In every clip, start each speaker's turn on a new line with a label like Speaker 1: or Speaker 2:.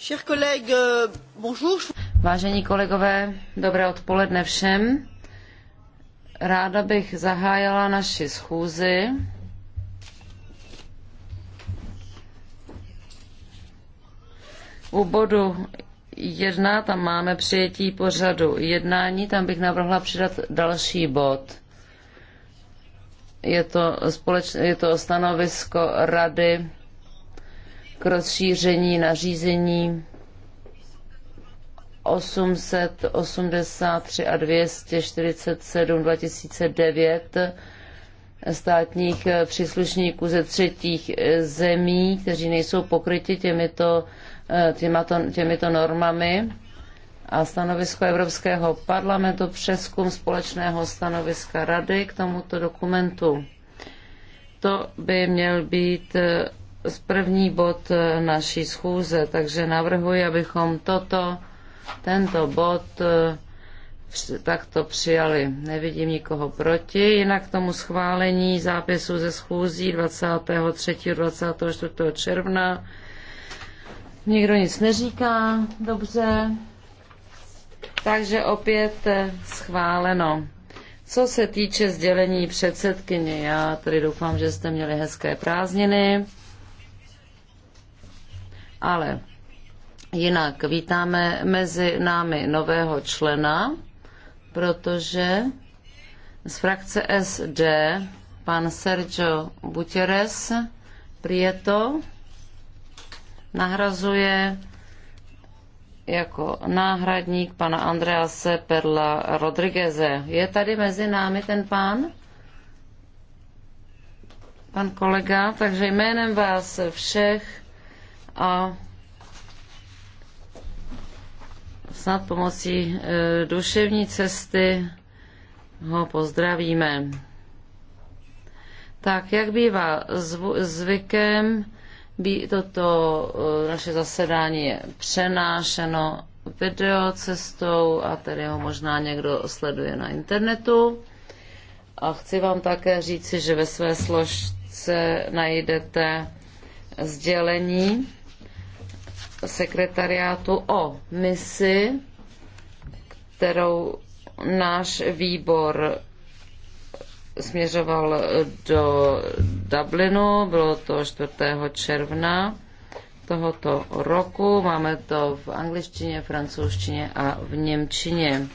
Speaker 1: Euh, Vážení kolegové, dobré odpoledne všem. Ráda bych zahájila naši schůzi. U bodu jedna tam máme přijetí pořadu jednání, tam bych navrhla přidat další bod. Je to, společ, je to stanovisko Rady k rozšíření nařízení 883 a 247 2009 státních příslušníků ze třetích zemí, kteří nejsou pokryti těmito, těmato, těmito normami a stanovisko Evropského parlamentu přeskum společného stanoviska Rady k tomuto dokumentu. To by měl být první bod e, naší schůze, takže navrhuji, abychom toto, tento bod e, takto přijali. Nevidím nikoho proti. Jinak tomu schválení zápisu ze schůzí 23. 24. června nikdo nic neříká. Dobře. Takže opět e, schváleno. Co se týče sdělení předsedkyně, já tedy doufám, že jste měli hezké prázdniny. Ale jinak vítáme mezi námi nového člena, protože z frakce SD pan Sergio Buteres Prieto nahrazuje jako náhradník pana Andrease Perla Rodrigueze. Je tady mezi námi ten pán? Pan kolega, takže jménem vás všech a snad pomocí e, duševní cesty ho pozdravíme. Tak, jak bývá zvykem, bí, toto e, naše zasedání je přenášeno video cestou a tedy ho možná někdo sleduje na internetu. A chci vám také říci, že ve své složce najdete sdělení sekretariátu o misi, kterou náš výbor směřoval do Dublinu, bylo to 4. června tohoto roku. Máme to v angličtině, francouzštině a v němčině.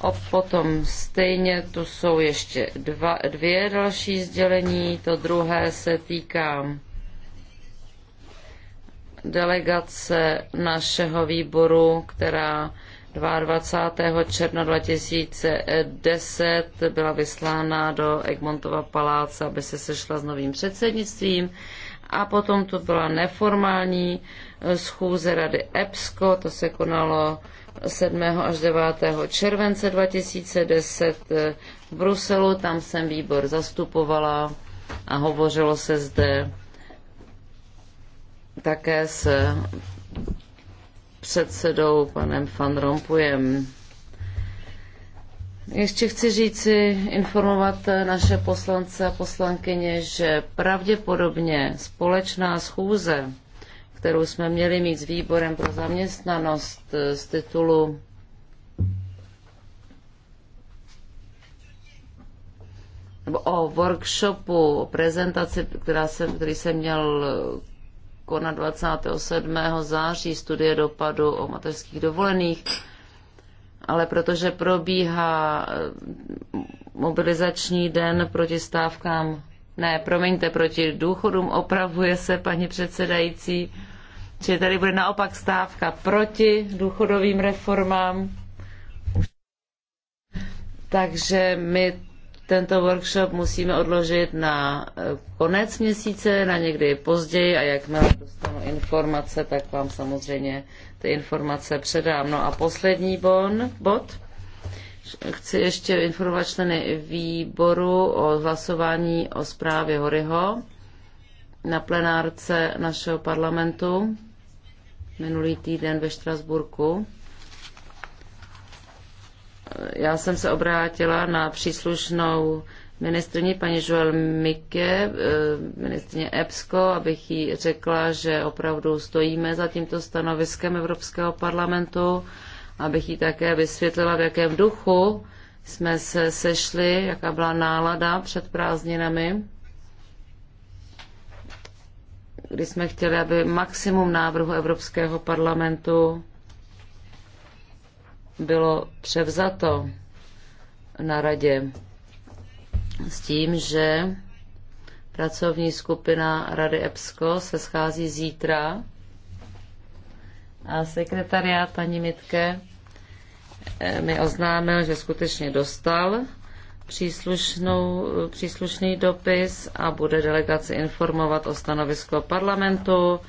Speaker 1: A potom stejně tu jsou ještě dva, dvě další sdělení. To druhé se týká delegace našeho výboru, která 22. června 2010 byla vyslána do Egmontova paláce, aby se sešla s novým předsednictvím. A potom to byla neformální eh, schůze Rady EPSCO, to se konalo 7. až 9. července 2010 eh, v Bruselu, tam jsem výbor zastupovala a hovořilo se zde také s předsedou panem Van Rompuyem. Ještě chci říci, informovat naše poslance a poslankyně, že pravděpodobně společná schůze, kterou jsme měli mít s výborem pro zaměstnanost z titulu nebo o workshopu, o prezentaci, která se, který se měl konat 27. září studie dopadu o mateřských dovolených, ale protože probíhá eh, mobilizační den proti stávkám, ne, promiňte, proti důchodům, opravuje se paní předsedající, Čili tady bude naopak stávka proti důchodovým reformám. Takže my tento workshop musíme odložit na eh, konec měsíce, na někdy později a jakmile dostanu informace, tak vám samozřejmě ty informace předám. No a poslední bon, bod. Chci ještě informovat členy výboru o hlasování o zprávě Horyho na plenárce našeho parlamentu minulý týden ve Štrasburku já jsem se obrátila na příslušnou ministrní paní Joel Mike, eh, ministrně EPSCO, abych jí řekla, že opravdu stojíme za tímto stanoviskem Evropského parlamentu, abych jí také vysvětlila, v jakém duchu jsme se sešli, jaká byla nálada před prázdninami, kdy jsme chtěli, aby maximum návrhu Evropského parlamentu bylo převzato na radě s tím, že pracovní skupina Rady EPSCO se schází zítra a sekretariát paní Mitke eh, mi oznámil, že skutečně dostal příslušnou, příslušný dopis a bude delegaci informovat o stanovisko parlamentu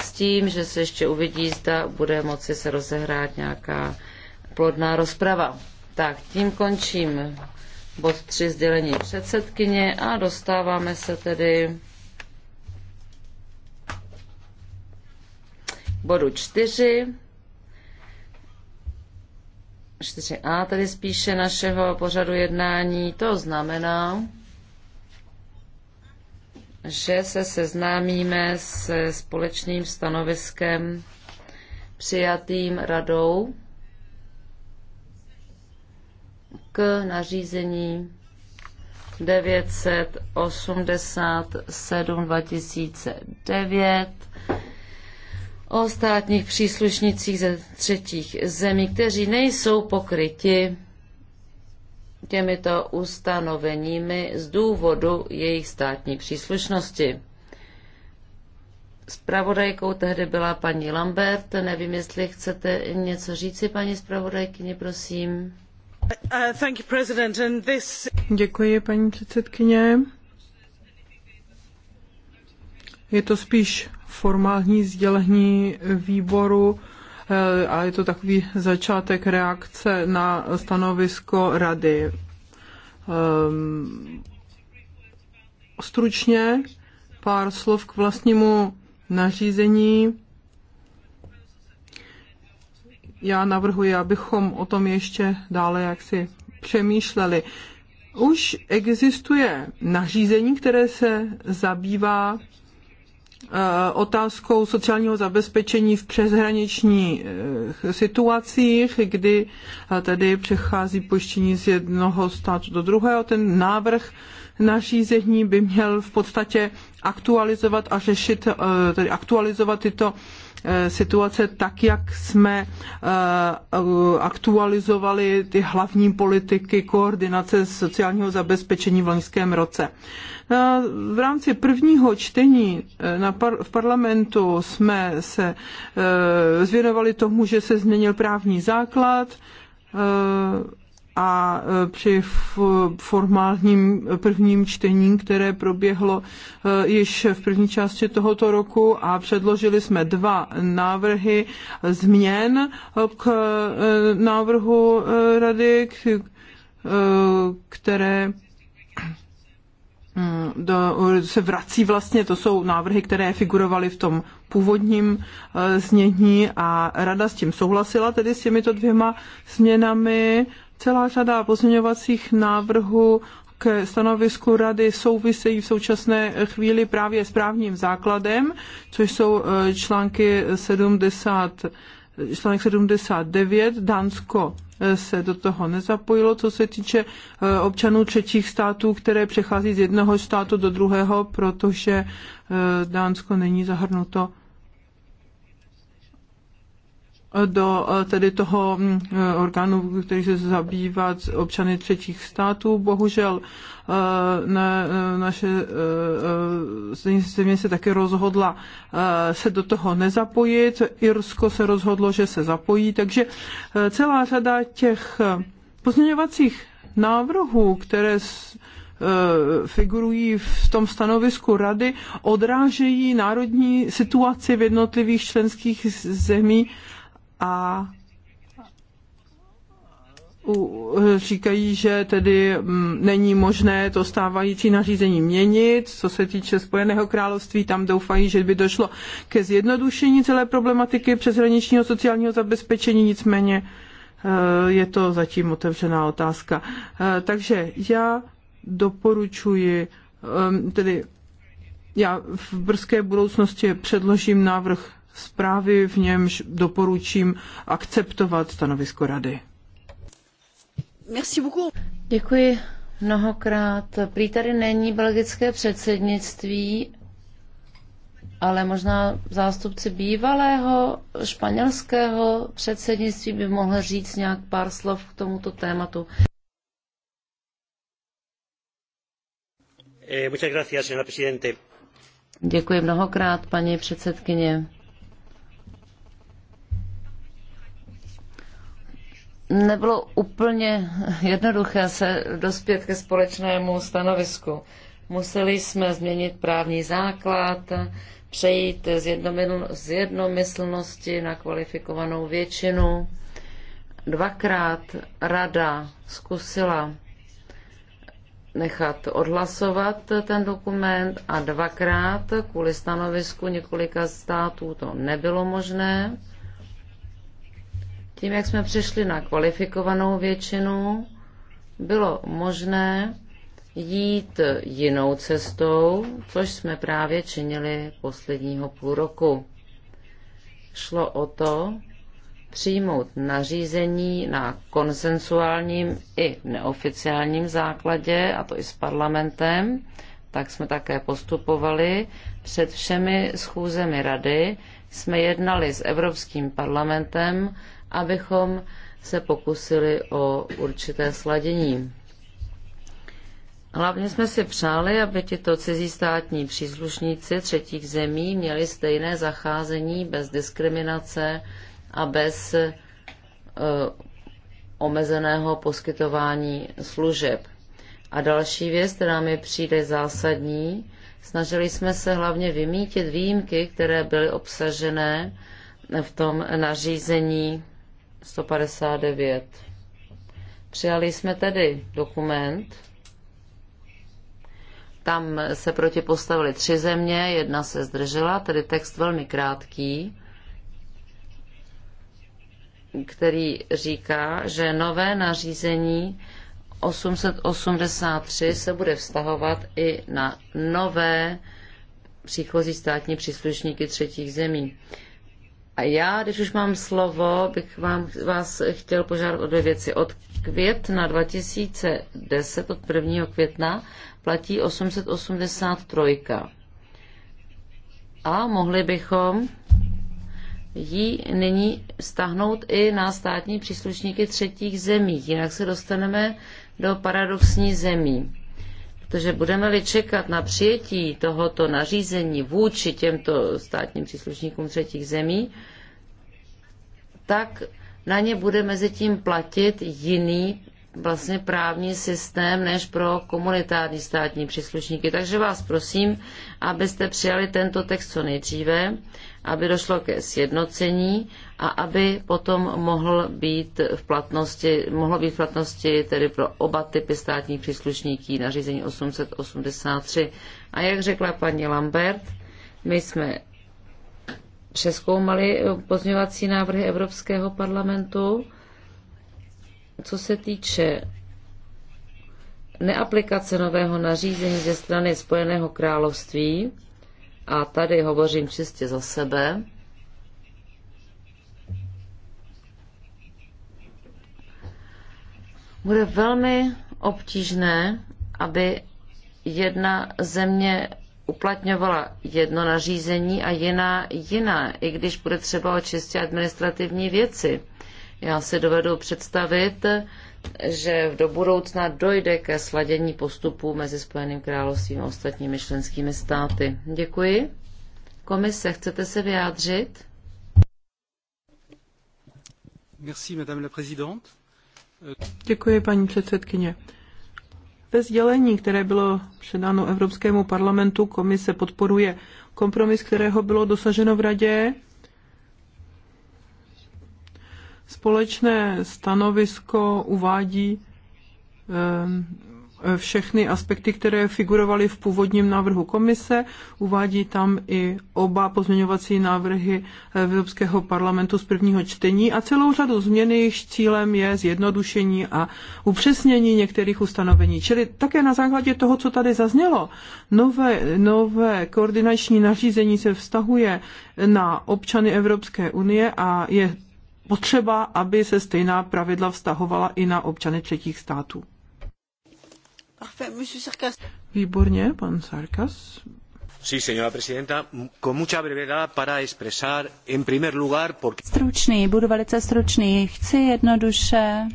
Speaker 1: s tím, že se ještě uvidí, zda bude moci se rozehrát nějaká plodná rozprava. Tak, tím končím bod 3 sdělení předsedkyně a dostáváme se tedy k bodu 4. 4a tedy spíše našeho pořadu jednání, to znamená, že se seznámíme se společným stanoviskem přijatým radou k nařízení 987 2009 o státních příslušnicích ze třetích zemí, kteří nejsou pokryti těmito ustanoveními z důvodu jejich státní příslušnosti. Spravodajkou tehdy byla paní Lambert. Nevím, jestli chcete něco říci, paní spravodajkyně, prosím.
Speaker 2: Děkuji, paní předsedkyně. Je to spíš formální sdělení výboru Eh, a je to takový začátek reakce na stanovisko rady. Ehm, stručně pár slov k vlastnímu nařízení. Já navrhuji, abychom o tom ještě dále jaksi přemýšleli. Už existuje nařízení, které se zabývá Eh, otázkou sociálního zabezpečení v přeshraničních eh, situacích, kdy eh, tedy přechází pojištění z jednoho státu do druhého. Ten návrh nařízení by měl v podstatě aktualizovat a řešit, tedy aktualizovat tyto situace tak, jak jsme aktualizovali ty hlavní politiky koordinace sociálního zabezpečení v loňském roce. V rámci prvního čtení e, na par- v parlamentu jsme se e, zvěnovali tomu, že se změnil právní základ e, a při formálním prvním čtení, které proběhlo již v první části tohoto roku a předložili jsme dva návrhy změn k návrhu rady, které Mm, do, se vrací vlastně, to jsou návrhy, které figurovaly v tom původním eh, znění a rada s tím souhlasila, tedy s těmito dvěma změnami. Celá řada pozměňovacích návrhů k stanovisku rady souvisejí v současné chvíli právě s právním základem, což jsou eh, články 70, článek 79, Dánsko se do toho nezapojilo. Co se týče e, občanů třetích států, které přechází z jednoho státu do druhého, protože e, Dánsko není zahrnuto do eh, tedy toho mm, eh, orgánu, který se zabývá občany třetích států. Bohužel eh, na, naše země se také rozhodla se do toho nezapojit. Irsko se rozhodlo, že se zapojí, takže celá řada těch pozměňovacích návrhů, které figurují v tom stanovisku rady, odrážejí národní situaci v jednotlivých členských zemí a říkají, že tedy mm, není možné to stávající nařízení měnit. Co se týče Spojeného království, tam doufají, že by došlo ke zjednodušení celé problematiky přeshraničního sociálního zabezpečení, nicméně eh, je to zatím otevřená otázka. Eh, takže já doporučuji, eh, tedy já v brzké budoucnosti předložím návrh zprávy, v němž doporučím akceptovat stanovisko rady.
Speaker 1: Děkuji mnohokrát. Prý tady není belgické předsednictví, ale možná zástupci bývalého španělského předsednictví by mohl říct nějak pár slov k tomuto tématu. Eh, Děkuji mnohokrát, paní předsedkyně. nebylo úplně jednoduché se dospět ke společnému stanovisku. Museli jsme změnit právní základ, přejít z, jednomysl, z jednomyslnosti na kvalifikovanou většinu. Dvakrát rada zkusila nechat odhlasovat ten dokument a dvakrát kvůli stanovisku několika států to nebylo možné. Tím, jak jsme přišli na kvalifikovanou většinu, bylo možné jít jinou cestou, což jsme právě činili posledního půl roku. Šlo o to přijmout nařízení na konsensuálním i neoficiálním základě, a to i s parlamentem, tak jsme také postupovali. Před všemi schůzemi rady jsme jednali s Evropským parlamentem abychom se pokusili o určité sladění. Hlavně jsme si přáli, aby tito cizí státní příslušníci třetích zemí měli stejné zacházení bez diskriminace a bez e, omezeného poskytování služeb. A další věc, která mi přijde zásadní, snažili jsme se hlavně vymítit výjimky, které byly obsažené v tom nařízení 159. Přijali jsme tedy dokument. Tam se proti postavili tři země, jedna se zdržela, tedy text velmi krátký, který říká, že nové nařízení 883 se bude vztahovat i na nové příchozí státní příslušníky třetích zemí. A já, když už mám slovo, bych vám, vás chtěl požádat o dvě věci. Od května 2010, od 1. května, platí 883. A mohli bychom ji nyní stáhnout i na státní příslušníky třetích zemí. Jinak se dostaneme do paradoxní zemí. Protože budeme-li čekat na přijetí tohoto nařízení vůči těmto státním příslušníkům třetích zemí, tak na ně bude mezi tím platit jiný vlastně právní systém než pro komunitární státní příslušníky. Takže vás prosím, abyste přijali tento text co nejdříve, aby došlo ke sjednocení a aby potom mohl být v platnosti, mohlo být v platnosti tedy pro oba typy státních příslušníků nařízení 883. A jak řekla paní Lambert, my jsme přeskoumali pozměňovací návrhy Evropského parlamentu co se týče neaplikace nového nařízení ze strany Spojeného království, a tady hovořím čistě za sebe, bude velmi obtížné, aby jedna země uplatňovala jedno nařízení a jiná jiná, i když bude třeba o čistě administrativní věci. Já si dovedu představit, že do budoucna dojde ke sladění postupů mezi Spojeným královstvím a ostatními členskými státy. Děkuji. Komise, chcete se vyjádřit?
Speaker 2: Merci, madame la présidente. Děkuji, paní předsedkyně. Ve sdělení, které bylo předáno Evropskému parlamentu, komise podporuje kompromis, kterého bylo dosaženo v radě Společné stanovisko uvádí eh, všechny aspekty, které figurovaly v původním návrhu komise. Uvádí tam i oba pozměňovací návrhy eh, Evropského parlamentu z prvního čtení a celou řadu změn, jejichž cílem je zjednodušení a upřesnění některých ustanovení. Čili také na základě toho, co tady zaznělo, nové, nové koordinační nařízení se vztahuje na občany Evropské unie a je potřeba, aby se stejná pravidla vztahovala i na občany třetích států. Výborně, pan Sarkas. Sí, señora
Speaker 3: presidenta, con mucha brevedad para expresar en primer lugar porque... Stručný, budu velice stručný. Chci jednoduše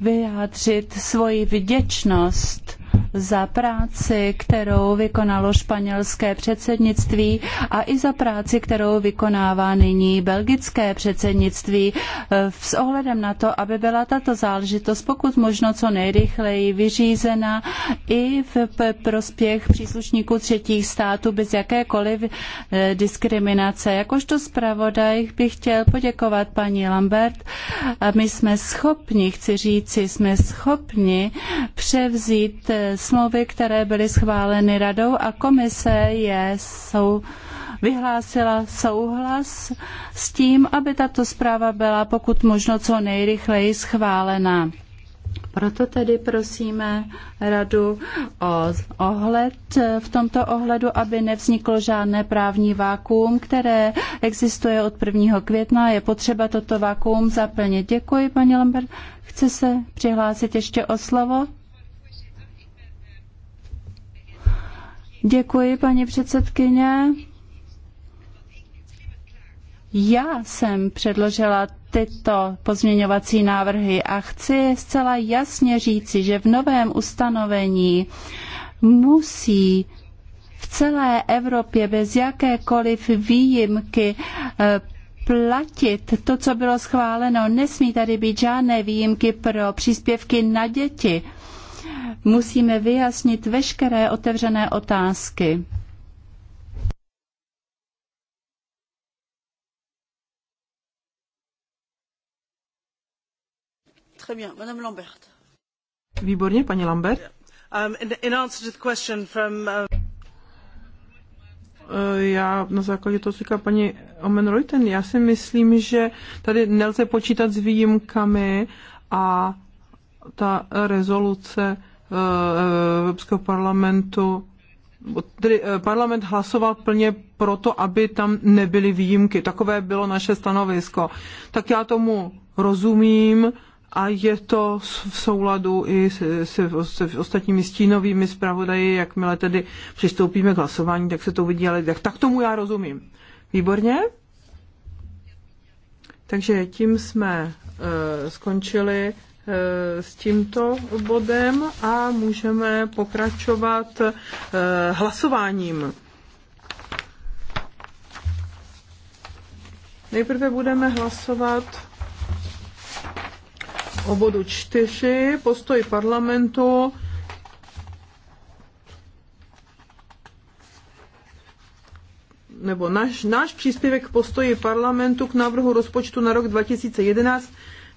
Speaker 3: vyjádřit svoji vděčnost za práci, kterou vykonalo španělské předsednictví a i za práci, kterou vykonává nyní belgické předsednictví eh, s ohledem na to, aby byla tato záležitost pokud možno co nejrychleji vyřízena i v prospěch příslušníků třetích států bez jakékoliv eh, diskriminace. Jakožto zpravodaj bych chtěl poděkovat paní Lambert. My jsme schopni, chci říci, jsme schopni převzít eh, smlouvy, které byly schváleny radou a komise je jsou vyhlásila souhlas s tím, aby tato zpráva byla pokud možno co nejrychleji schválena. Proto tedy prosíme radu o ohled v tomto ohledu, aby nevzniklo žádné právní vákuum, které existuje od 1. května. Je potřeba toto vákuum zaplnit. Děkuji, paní Lambert. Chce se přihlásit ještě o slovo? Děkuji, paní předsedkyně. Já jsem předložila tyto pozměňovací návrhy a chci zcela jasně říci, že v novém ustanovení musí v celé Evropě bez jakékoliv výjimky eh, platit to, co bylo schváleno. Nesmí tady být žádné výjimky pro příspěvky na děti musíme vyjasnit veškeré otevřené otázky.
Speaker 2: Výborně, paní Lambert. Um, uh, eh, já na základě toho, říká paní Omen Reuten, já si myslím, že tady nelze počítat s výjimkami a ta rezoluce Eh, Evropského parlamentu tedy eh, parlament hlasoval plně proto, aby tam nebyly výjimky. Takové bylo naše stanovisko. Tak já tomu rozumím a je to v souladu i se, se, se ostatními stínovými zpravodaji, jakmile tedy přistoupíme k hlasování, tak se to uvidí, ale tak, tak tomu já rozumím. Výborně? Takže tím jsme uh, skončili E, s tímto bodem a můžeme pokračovat e, hlasováním. Nejprve budeme hlasovat o bodu čtyři, postoj parlamentu nebo náš, náš příspěvek k postoji parlamentu k návrhu rozpočtu na rok 2011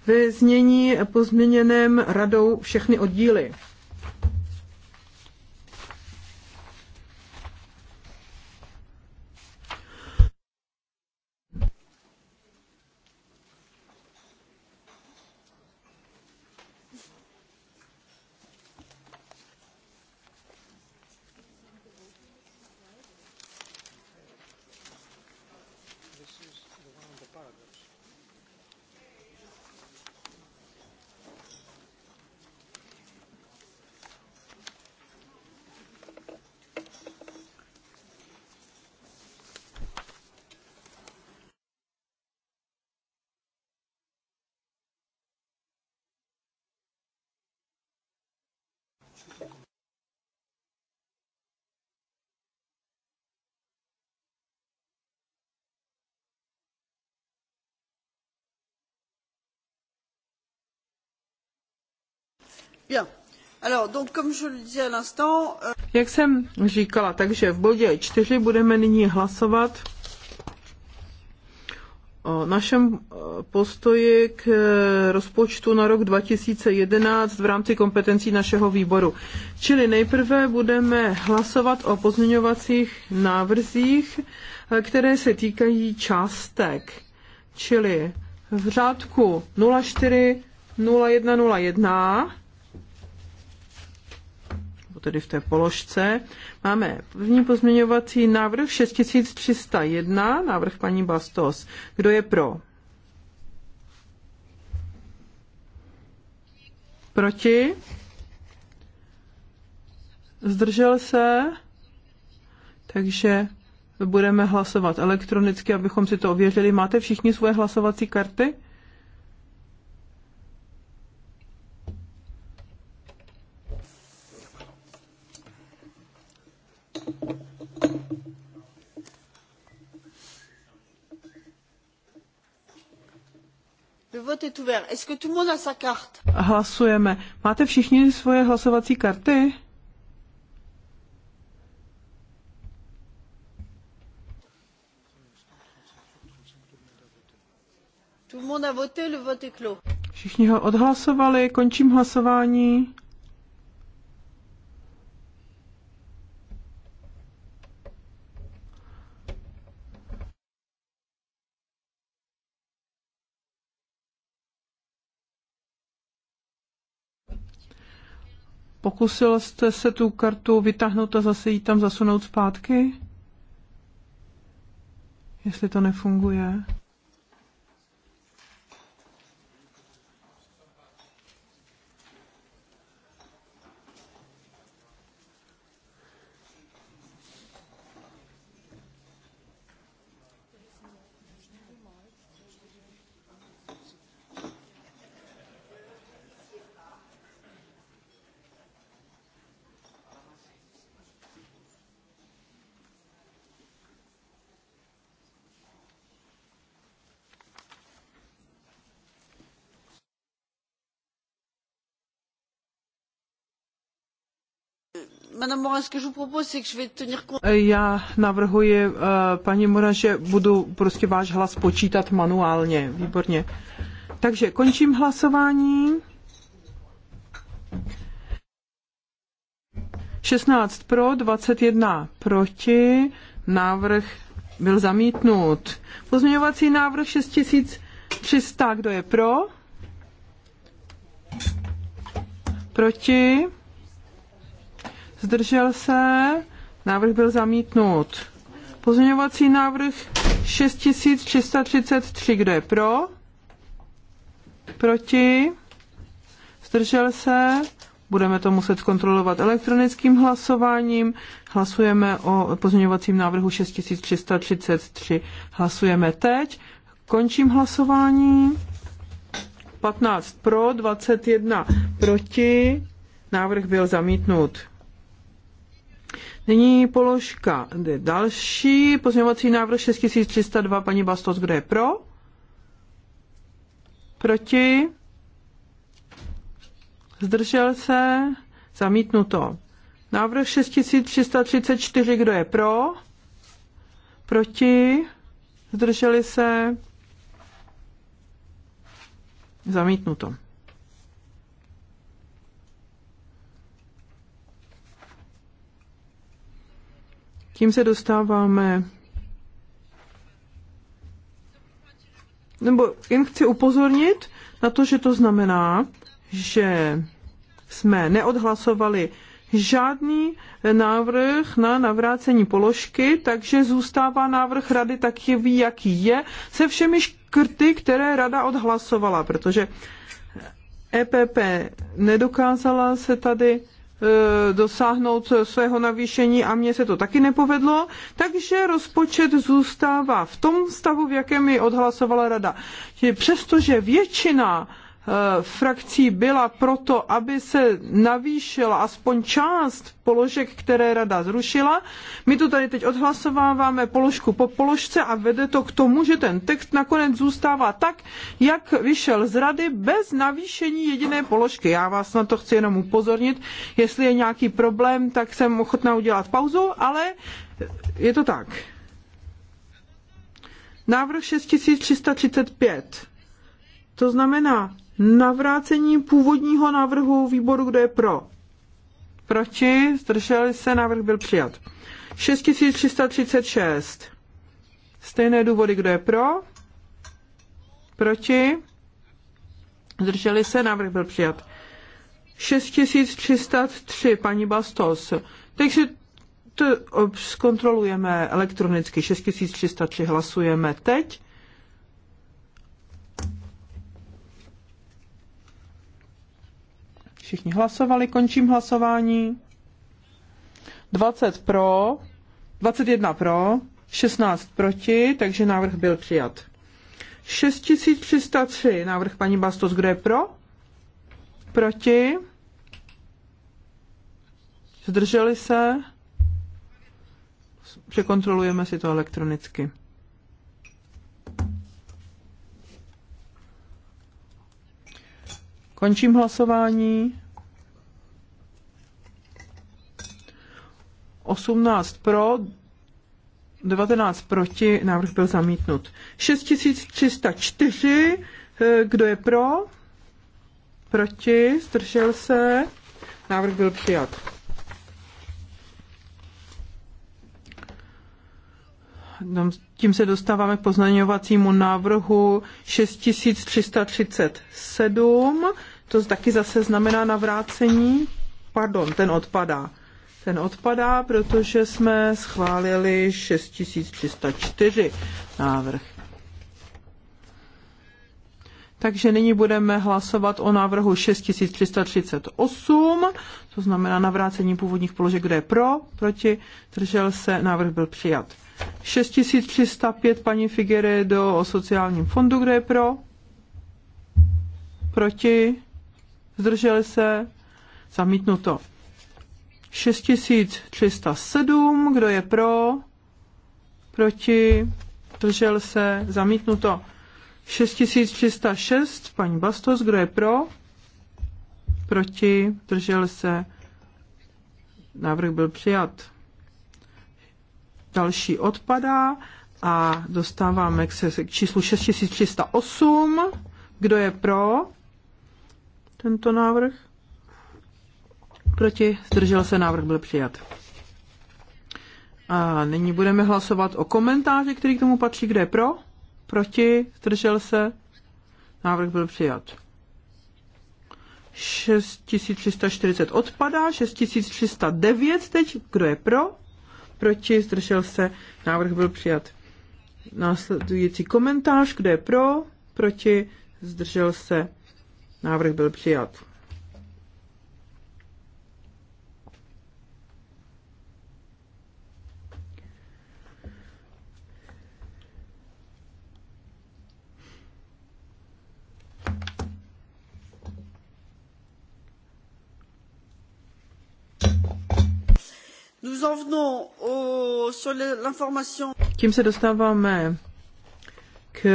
Speaker 2: ve znění pozměněném radou všechny oddíly. Euh, Jak jsem říkala, takže v bodě 4 budeme nyní hlasovat o našem postoji k e, rozpočtu na rok 2011 v rámci kompetencí našeho výboru. Čili nejprve budeme hlasovat o pozměňovacích návrzích, e, které se týkají částek, čili v řádku 04 0101 tedy v té položce. Máme první pozměňovací návrh 6301, návrh paní Bastos. Kdo je pro? Proti? Zdržel se? Takže budeme hlasovat elektronicky, abychom si to ověřili. Máte všichni svoje hlasovací karty?
Speaker 3: vote est ouvert. Est-ce que tout le monde a sa carte?
Speaker 2: Hlasujeme. Máte všichni svoje hlasovací karty?
Speaker 3: Tout le monde a voté, le vote est clos.
Speaker 2: Všichni ho odhlasovali, končím hlasování. Pokusil jste se tu kartu vytáhnout a zase ji tam zasunout zpátky? Jestli to nefunguje. Eh, já navrhuji, eh, paní Mora, že budu prostě váš hlas počítat manuálně. Výborně. Takže končím hlasování. 16 pro, 21 proti. Návrh byl zamítnut. Pozměňovací návrh 6300. Kdo je pro? Proti? zdržel se, návrh byl zamítnut. Pozměňovací návrh 6333, kdo je pro? Proti? Zdržel se? Budeme to muset kontrolovat elektronickým hlasováním. Hlasujeme o pozměňovacím návrhu 6333. Hlasujeme teď. Končím hlasování. 15 pro, 21 proti. Návrh byl zamítnut. Nyní položka další, pozměňovací návrh 6302, paní Bastos, kdo je pro? Proti? Zdržel se? Zamítnuto. Návrh 6334, kdo je pro? Proti? Zdrželi se? Zamítnuto. Tím se dostáváme nebo jen chci upozornit na to, že to znamená, že jsme neodhlasovali žádný návrh na navrácení položky, takže zůstává návrh rady takový, jaký je, se všemi škrty, které rada odhlasovala, protože EPP nedokázala se tady E, dosáhnout svého navýšení a mně se to taky nepovedlo, takže rozpočet zůstává v tom stavu, v jakém ji odhlasovala rada. Přestože většina Eh, frakcí byla proto, aby se navýšila aspoň část položek, které rada zrušila. My to tady teď odhlasováváme položku po položce a vede to k tomu, že ten text nakonec zůstává tak, jak vyšel z rady bez navýšení jediné položky. Já vás na to chci jenom upozornit. Jestli je nějaký problém, tak jsem ochotná udělat pauzu, ale je to tak. Návrh 6335. To znamená Navrácení původního návrhu výboru, kdo je pro? Proti? Zdrželi se? Návrh byl přijat. 6336. Stejné důvody, kdo je pro? Proti? Zdrželi se? Návrh byl přijat. 6303, paní Bastos. Takže to zkontrolujeme elektronicky. 6303 hlasujeme teď. Všichni hlasovali, končím hlasování. 20 pro, 21 pro, 16 proti, takže návrh byl přijat. 6303, návrh paní Bastos, kdo je pro? Proti? Zdrželi se? Překontrolujeme si to elektronicky. Končím hlasování. 18 pro, 19 proti, návrh byl zamítnut. 6304, eh, kdo je pro? Proti, zdržel se, návrh byl přijat. Tím se dostáváme k poznaňovacímu návrhu 6337, to taky zase znamená navrácení, pardon, ten odpadá ten odpadá, protože jsme schválili 6304 návrh. Takže nyní budeme hlasovat o návrhu 6338, to znamená navrácení původních položek, kde je pro, proti, držel se, návrh byl přijat. 6305 paní do o sociálním fondu, kde je pro, proti, zdrželi se, zamítnuto. 6307, kdo je pro, proti, držel se, zamítnuto. 6306, paní Bastos, kdo je pro, proti, držel se, návrh byl přijat. Další odpadá a dostáváme k, se, k číslu 6308. Kdo je pro tento návrh? Proti? Zdržel se? Návrh byl přijat. A nyní budeme hlasovat o komentáři, který k tomu patří. Kde je pro? Proti? Zdržel se? Návrh byl přijat. 6340 odpadá, 6309 teď, kdo je pro? Proti, zdržel se, návrh byl přijat. Následující komentář, kdo je pro? Proti, zdržel se, návrh byl přijat. Tím se dostáváme k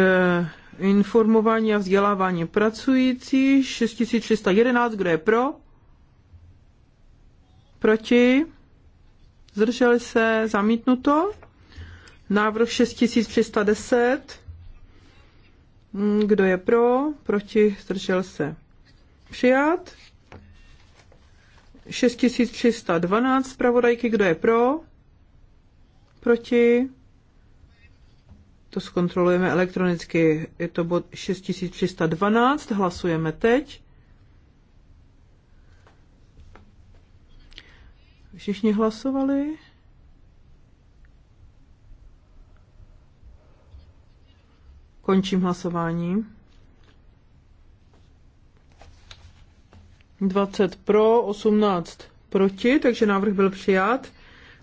Speaker 2: informování a vzdělávání pracující 6311, kdo je pro? Proti? Zdrželi se? Zamítnuto? Návrh 6310. Kdo je pro? Proti? Zdržel se? Přijat. 6312 zpravodajky, kdo je pro? Proti? To zkontrolujeme elektronicky. Je to bod 6312, hlasujeme teď. Všichni hlasovali? Končím hlasování. 20 pro, 18 proti, takže návrh byl přijat.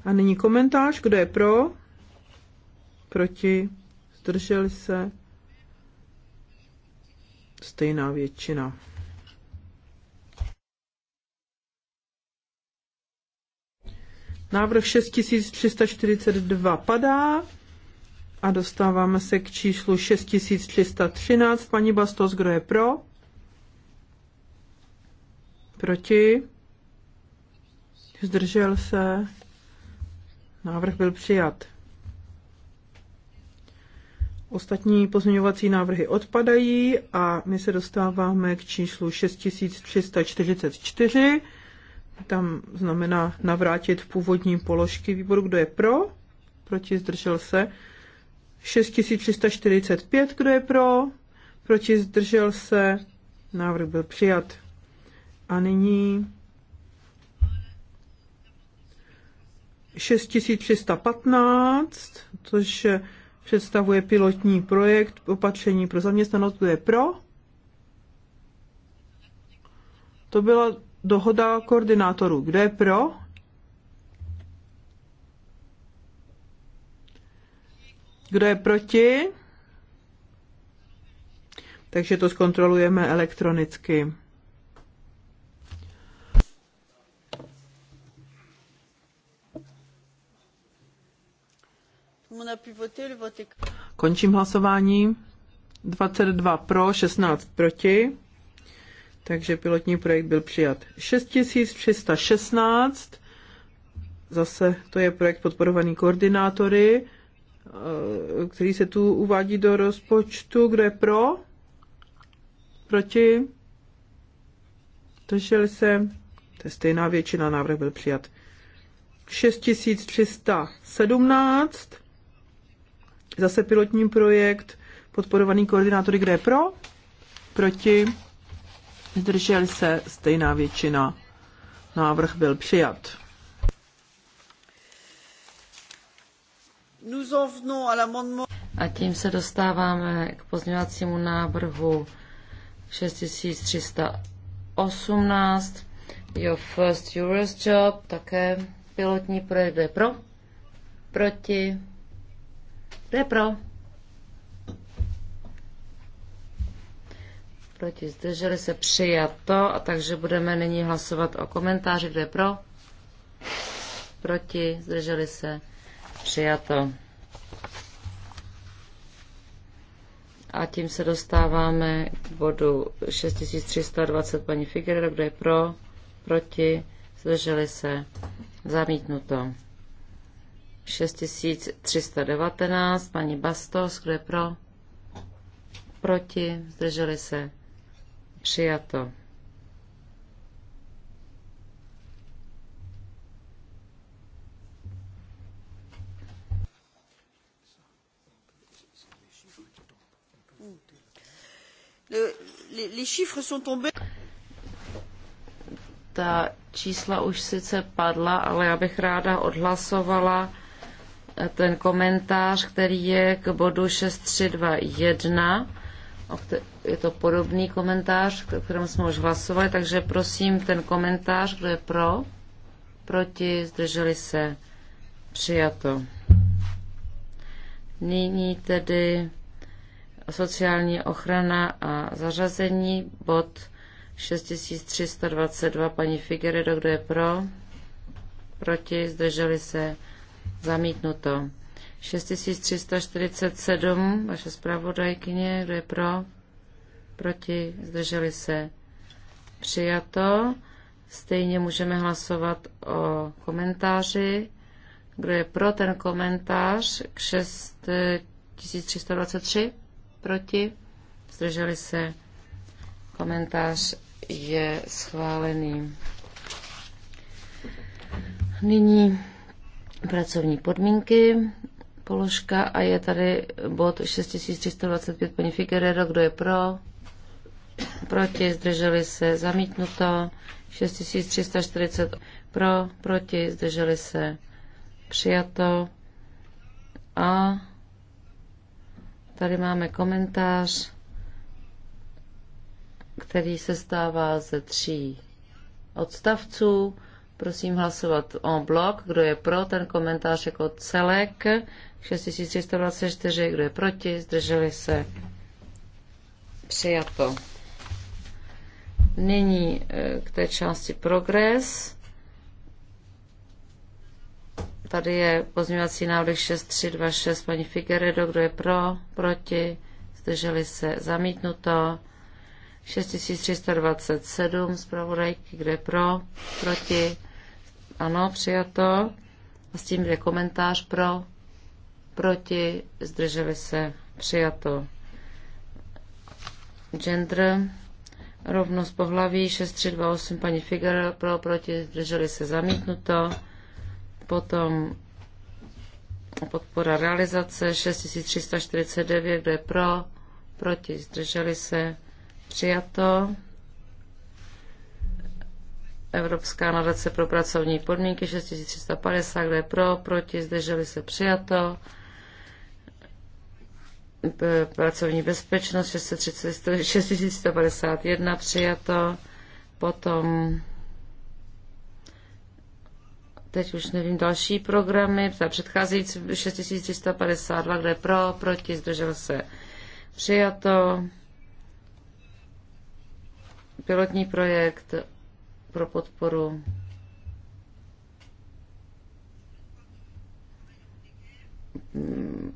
Speaker 2: A nyní komentář, kdo je pro, proti, zdrželi se, stejná většina. Návrh 6342 padá a dostáváme se k číslu 6313. Paní Bastos, kdo je pro? Proti? Zdržel se? Návrh byl přijat. Ostatní pozměňovací návrhy odpadají a my se dostáváme k číslu 6344. Tam znamená navrátit původní položky výboru. Kdo je pro? Proti zdržel se. 6345. Kdo je pro? Proti zdržel se. Návrh byl přijat. A nyní 6315, což představuje pilotní projekt opatření pro zaměstnanost, kdo je pro. To byla dohoda koordinátorů. Kdo je pro? Kdo je proti? Takže to zkontrolujeme elektronicky. Končím hlasování. 22 pro, 16 proti. Takže pilotní projekt byl přijat. 6316. Zase to je projekt podporovaný koordinátory, eh, který se tu uvádí do rozpočtu. Kdo je pro? Proti? Drželi se? To je stejná většina, návrh byl přijat. 6317 Zase pilotní projekt, podporovaný koordinátory, kde pro, proti, zdrželi se stejná většina. Návrh byl přijat.
Speaker 1: A tím se dostáváme k pozměňovacímu návrhu 6318. Your first Eurosjob, také pilotní projekt je pro, proti, to je pro? Proti zdrželi se přijato, a takže budeme nyní hlasovat o komentáři. Kdo je pro? Proti zdrželi se přijato. A tím se dostáváme k bodu 6320 paní Figueredo, kde je pro, proti, zdrželi se, zamítnuto. 6319, paní Bastos, kdo je pro? Proti, zdrželi se. Přijato. Ta čísla už sice padla, ale já bych ráda odhlasovala ten komentář, který je k bodu 6321. Je to podobný komentář, o kterém jsme už hlasovali, takže prosím ten komentář, kdo je pro, proti, zdrželi se, přijato. Nyní tedy sociální ochrana a zařazení, bod 6322, paní Figueredo, kdo je pro, proti, zdrželi se, Zamítnuto. 6347, vaše zpravodajkyně, kdo je pro? Proti? Zdrželi se? Přijato. Stejně můžeme hlasovat o komentáři. Kdo je pro ten komentář k 6323? Proti? Zdrželi se? Komentář je schválený. Nyní pracovní podmínky, položka a je tady bod 6325 paní Figueredo, kdo je pro, proti, zdrželi se, zamítnuto, 6340 pro, proti, zdrželi se, přijato a tady máme komentář, který se stává ze tří odstavců. Prosím hlasovat en bloc, kdo je pro ten komentář jako celek. 6324, kdo je proti, zdrželi se. Přijato. Nyní e, k té části progres. Tady je pozměňovací návrh 6326 paní Figueredo, kdo je pro, proti, zdrželi se, zamítnuto. 6327 zpravodajky, kde pro, proti, ano, přijato. A s tím je komentář pro, proti, zdrželi se, přijato. Gender, rovnost pohlaví, 6328, paní Figueroa, pro, proti, zdrželi se, zamítnuto. Potom podpora realizace 6349, kdo je pro, proti, zdrželi se, přijato. Evropská nadace pro pracovní podmínky 6350, kde je pro, proti, zdrželi se přijato. Pracovní bezpečnost 6351 přijato. Potom teď už nevím, další programy, ta předcházející 6352, kde je pro, proti, zdržel se přijato. Pilotní projekt pro podporu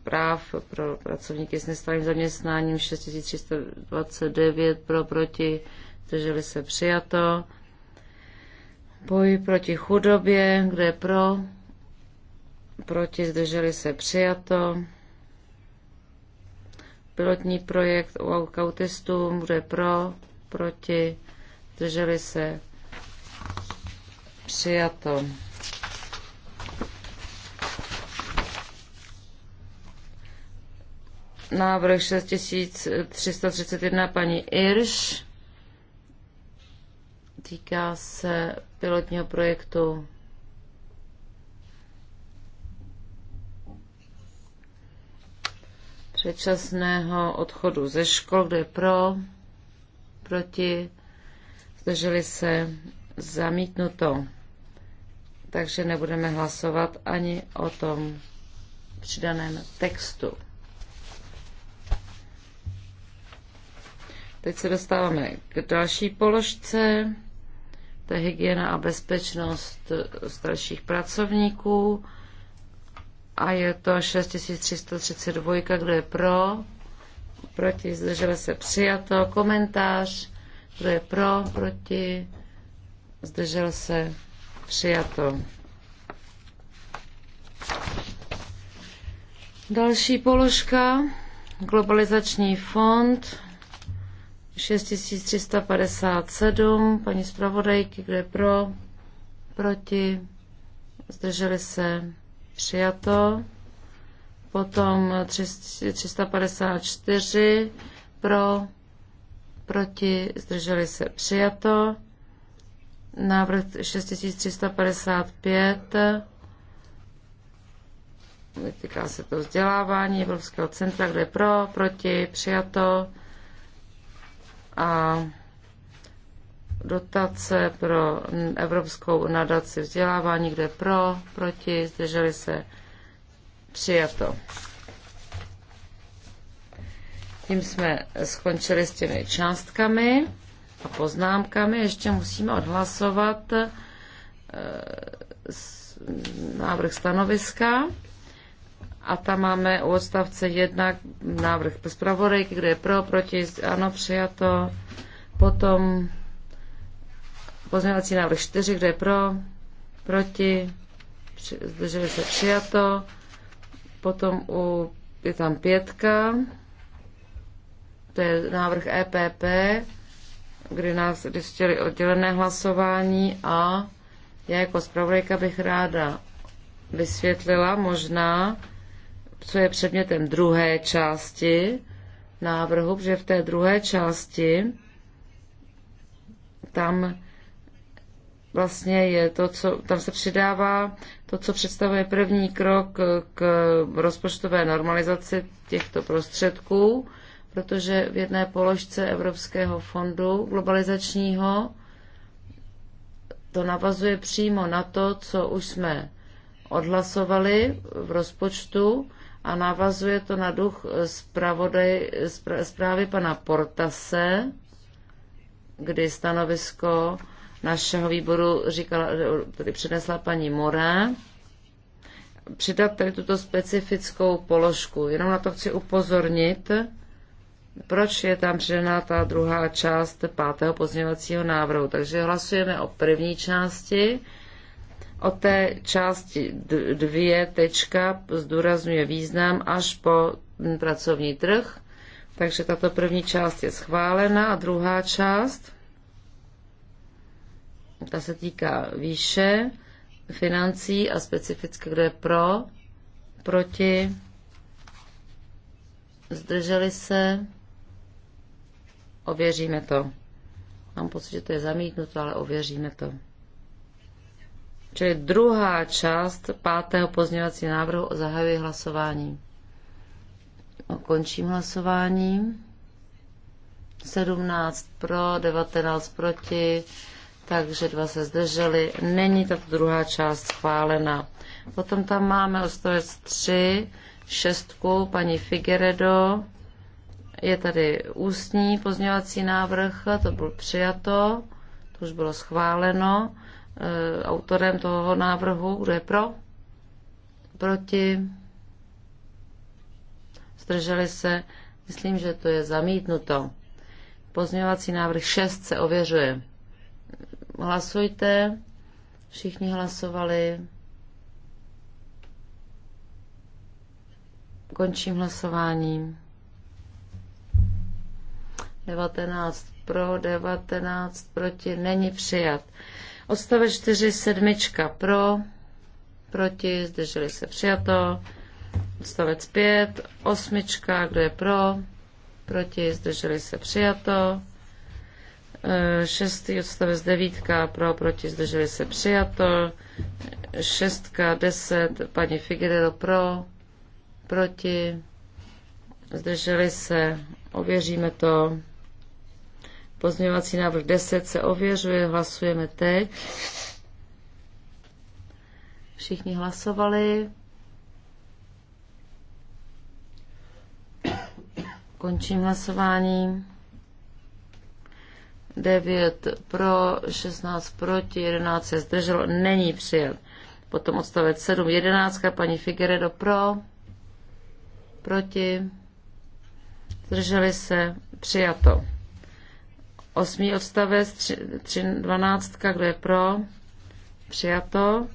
Speaker 1: práv pro pracovníky s nestálým zaměstnáním 6329 pro proti, drželi se přijato. Boj proti chudobě, kde pro, proti zdrželi se přijato. Pilotní projekt u autistů, kde pro, proti, zdrželi se Přijato. Návrh 6331 paní Irš týká se pilotního projektu předčasného odchodu ze škol, kde je pro, proti, zdrželi se zamítnuto takže nebudeme hlasovat ani o tom přidaném textu. Teď se dostáváme k další položce, to je hygiena a bezpečnost starších pracovníků a je to 6332, kdo je pro, proti, zdrželi se přijato, komentář, kdo je pro, proti, zdržel se Přijato. Další položka, globalizační fond, 6357, paní zpravodajky, kde pro, proti, zdrželi se, přijato. Potom 354 pro, proti, zdrželi se, přijato. Návrh 6355. Týká se to vzdělávání Evropského centra, kde je pro, proti, přijato. A dotace pro Evropskou nadaci vzdělávání, kde pro, proti, zdrželi se, přijato. Tím jsme skončili s těmi částkami a poznámkami. Ještě musíme odhlasovat eh, návrh stanoviska a tam máme u odstavce 1 návrh zpravodajky, kde je pro, proti, ano, přijato. Potom pozměňovací návrh 4, kde je pro, proti, při, zdrželi se přijato. Potom u, je tam pětka, to je návrh EPP, kdy nás dostali oddělené hlasování a já jako zpravodajka bych ráda vysvětlila možná, co je předmětem druhé části návrhu, protože v té druhé části tam vlastně je to, co, tam se přidává to, co představuje první krok k rozpočtové normalizaci těchto prostředků protože v jedné položce Evropského fondu globalizačního to navazuje přímo na to, co už jsme odhlasovali v rozpočtu a navazuje to na duch zpravodaj, zprávy pana Portase, kdy stanovisko našeho výboru říkala, tedy přinesla paní Moré, přidat tady tuto specifickou položku. Jenom na to chci upozornit, proč je tam přidaná ta druhá část pátého pozměňovacího návrhu. Takže hlasujeme o první části. O té části dvě tečka zdůrazňuje význam až po pracovní trh. Takže tato první část je schválena a druhá část, ta se týká výše, financí a specificky, kde je pro, proti, zdrželi se, Ověříme to. Mám pocit, že to je zamítnuto, ale ověříme to. Čili druhá část pátého pozměňovacího návrhu zahajuji hlasování. No, končím hlasování. 17 pro, 19 proti, takže dva se zdrželi. Není tato druhá část schválena. Potom tam máme ostrovec 3, šestku, paní Figueredo. Je tady ústní pozměňovací návrh, to bylo přijato, to už bylo schváleno eh, autorem toho návrhu. Kdo je pro? Proti? Zdrželi se? Myslím, že to je zamítnuto. Pozměňovací návrh 6 se ověřuje. Hlasujte. Všichni hlasovali. Končím hlasování. 19 pro, 19 proti, není přijat. Odstave 4, sedmička pro, proti, zdrželi se přijato. Odstavec 5, osmička, kdo je pro, proti, zdrželi se přijato. E, šestý odstavec devítka, pro, proti, zdrželi se přijato. Šestka, deset, paní Figueredo pro, proti, zdrželi se, ověříme to. Pozměňovací návrh 10 se ověřuje, hlasujeme teď. Všichni hlasovali. Končím hlasování. 9 pro, 16 proti, 11 se zdrželo, není přijat. Potom odstavec 7, 11, paní Figueredo pro, proti, zdrželi se, přijato. Osmý odstavec, tři, tři, dvanáctka, kdo je pro? Přijato.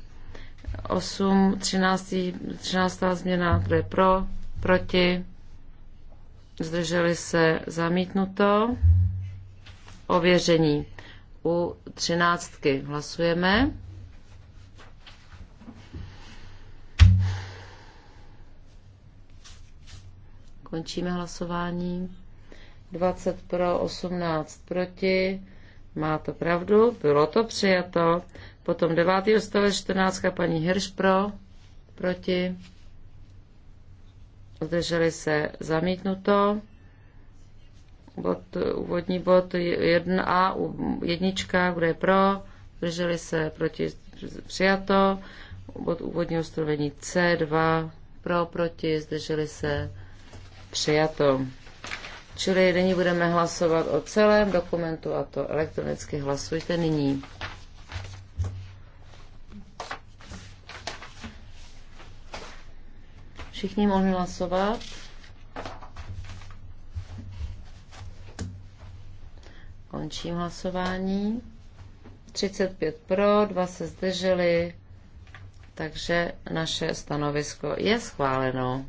Speaker 1: Osm, třináctý, třináctá změna, kdo je pro? Proti? Zdrželi se zamítnuto. Ověření. U třináctky hlasujeme. Končíme hlasování. 20 pro, 18 proti. má to pravdu, bylo to přijato. Potom 9. odstavec 14. paní Hirš pro, proti. Zdrželi se zamítnuto. Bod, úvodní bod 1a, jednička, kde je pro, zdrželi se proti přijato. Bod úvodního ustanovení C2, pro, proti, zdrželi se přijato. Čili nyní budeme hlasovat o celém dokumentu a to elektronicky hlasujte nyní. Všichni mohli hlasovat. Končím hlasování. 35 pro, dva se zdrželi, takže naše stanovisko je schváleno.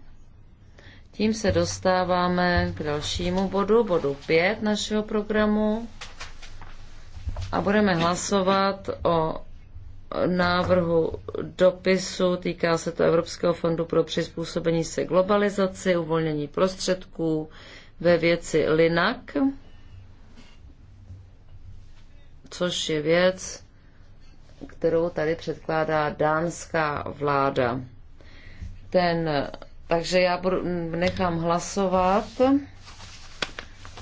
Speaker 1: Tím se dostáváme k dalšímu bodu, bodu 5 našeho programu a budeme hlasovat o návrhu dopisu, týká se to Evropského fondu pro přizpůsobení se globalizaci, uvolnění prostředků ve věci LINAK, což je věc, kterou tady předkládá dánská vláda. Ten takže já budu, nechám hlasovat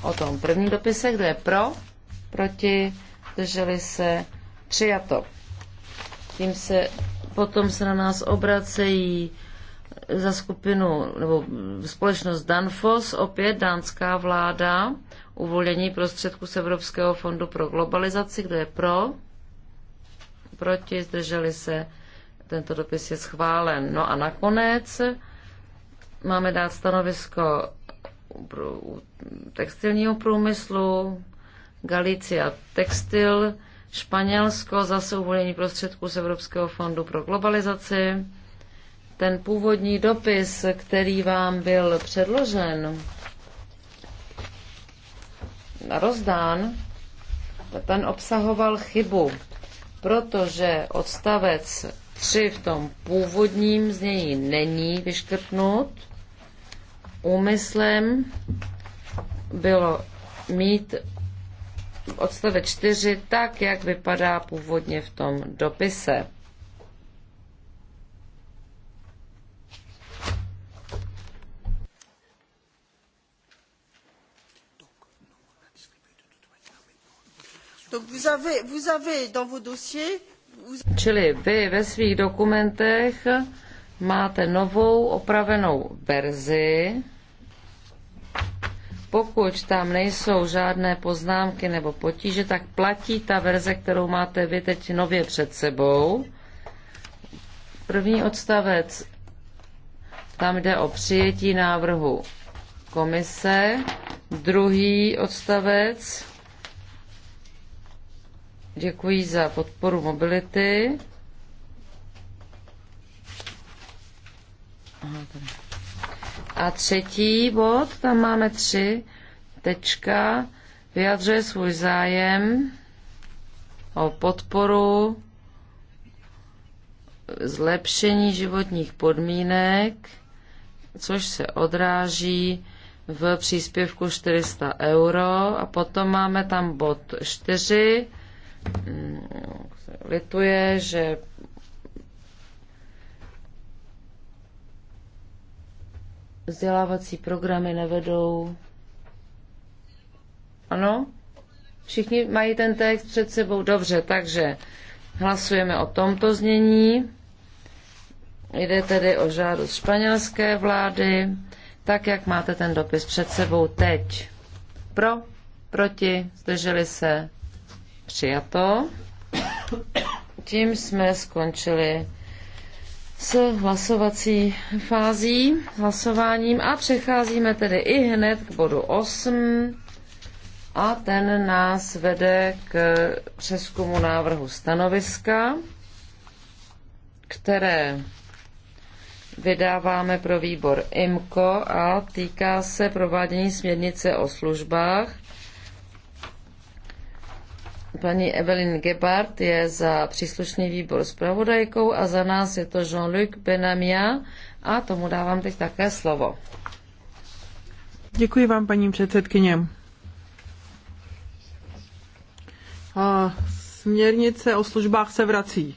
Speaker 1: o tom prvním dopise, kdo je pro, proti, drželi se, přijato. Tím se potom se na nás obracejí za skupinu nebo společnost Danfos, opět dánská vláda, uvolnění prostředků z Evropského fondu pro globalizaci, kdo je pro, proti, zdrželi se, tento dopis je schválen. No a nakonec Máme dát stanovisko textilního průmyslu, Galicia Textil, Španělsko zase uvolnění prostředků z Evropského fondu pro globalizaci. Ten původní dopis, který vám byl předložen, rozdán, ten obsahoval chybu, protože odstavec 3 v tom původním znění není vyškrtnut, úmyslem bylo mít odstavec 4 tak, jak vypadá původně v tom dopise. Čili vy ve svých dokumentech máte novou opravenou verzi pokud tam nejsou žádné poznámky nebo potíže, tak platí ta verze, kterou máte vy teď nově před sebou. První odstavec, tam jde o přijetí návrhu komise. Druhý odstavec, děkuji za podporu mobility. Aha, tady. A třetí bod, tam máme tři, tečka, vyjadřuje svůj zájem o podporu zlepšení životních podmínek, což se odráží v příspěvku 400 euro a potom máme tam bod 4. Mm, lituje, že vzdělávací programy nevedou. Ano? Všichni mají ten text před sebou. Dobře, takže hlasujeme o tomto znění. Jde tedy o žádost španělské vlády, tak jak máte ten dopis před sebou teď. Pro, proti, zdrželi se, přijato. Tím jsme skončili s hlasovací fází, hlasováním a přecházíme tedy i hned k bodu 8 a ten nás vede k přeskumu návrhu stanoviska, které vydáváme pro výbor IMCO a týká se provádění směrnice o službách Paní Evelyn Gebhardt je za příslušný výbor s pravodajkou a za nás je to Jean-Luc Benamia a tomu dávám teď také slovo.
Speaker 2: Děkuji vám, paní předsedkyně. A směrnice o službách se vrací.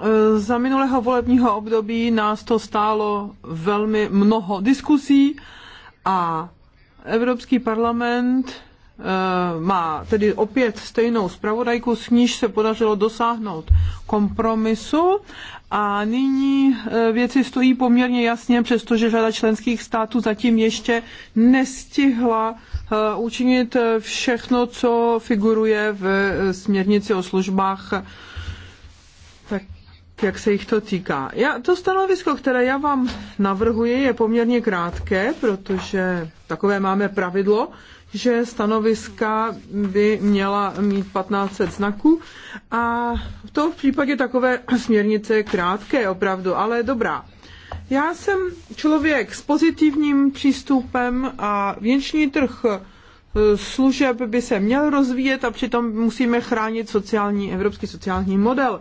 Speaker 2: E, za minulého volebního období nás to stálo velmi mnoho diskusí a Evropský parlament Eh, má tedy opět stejnou zpravodajku, s níž se podařilo dosáhnout kompromisu a nyní eh, věci stojí poměrně jasně, přestože řada členských států zatím ještě nestihla eh, učinit všechno, co figuruje v směrnici o službách tak jak se jich to týká. Já, to stanovisko, které já vám navrhuji, je poměrně krátké, protože takové máme pravidlo že stanoviska by měla mít 1500 znaků a to v případě takové směrnice krátké opravdu, ale dobrá. Já jsem člověk s pozitivním přístupem a věnční trh eh, služeb by se měl rozvíjet a přitom musíme chránit sociální, evropský sociální model.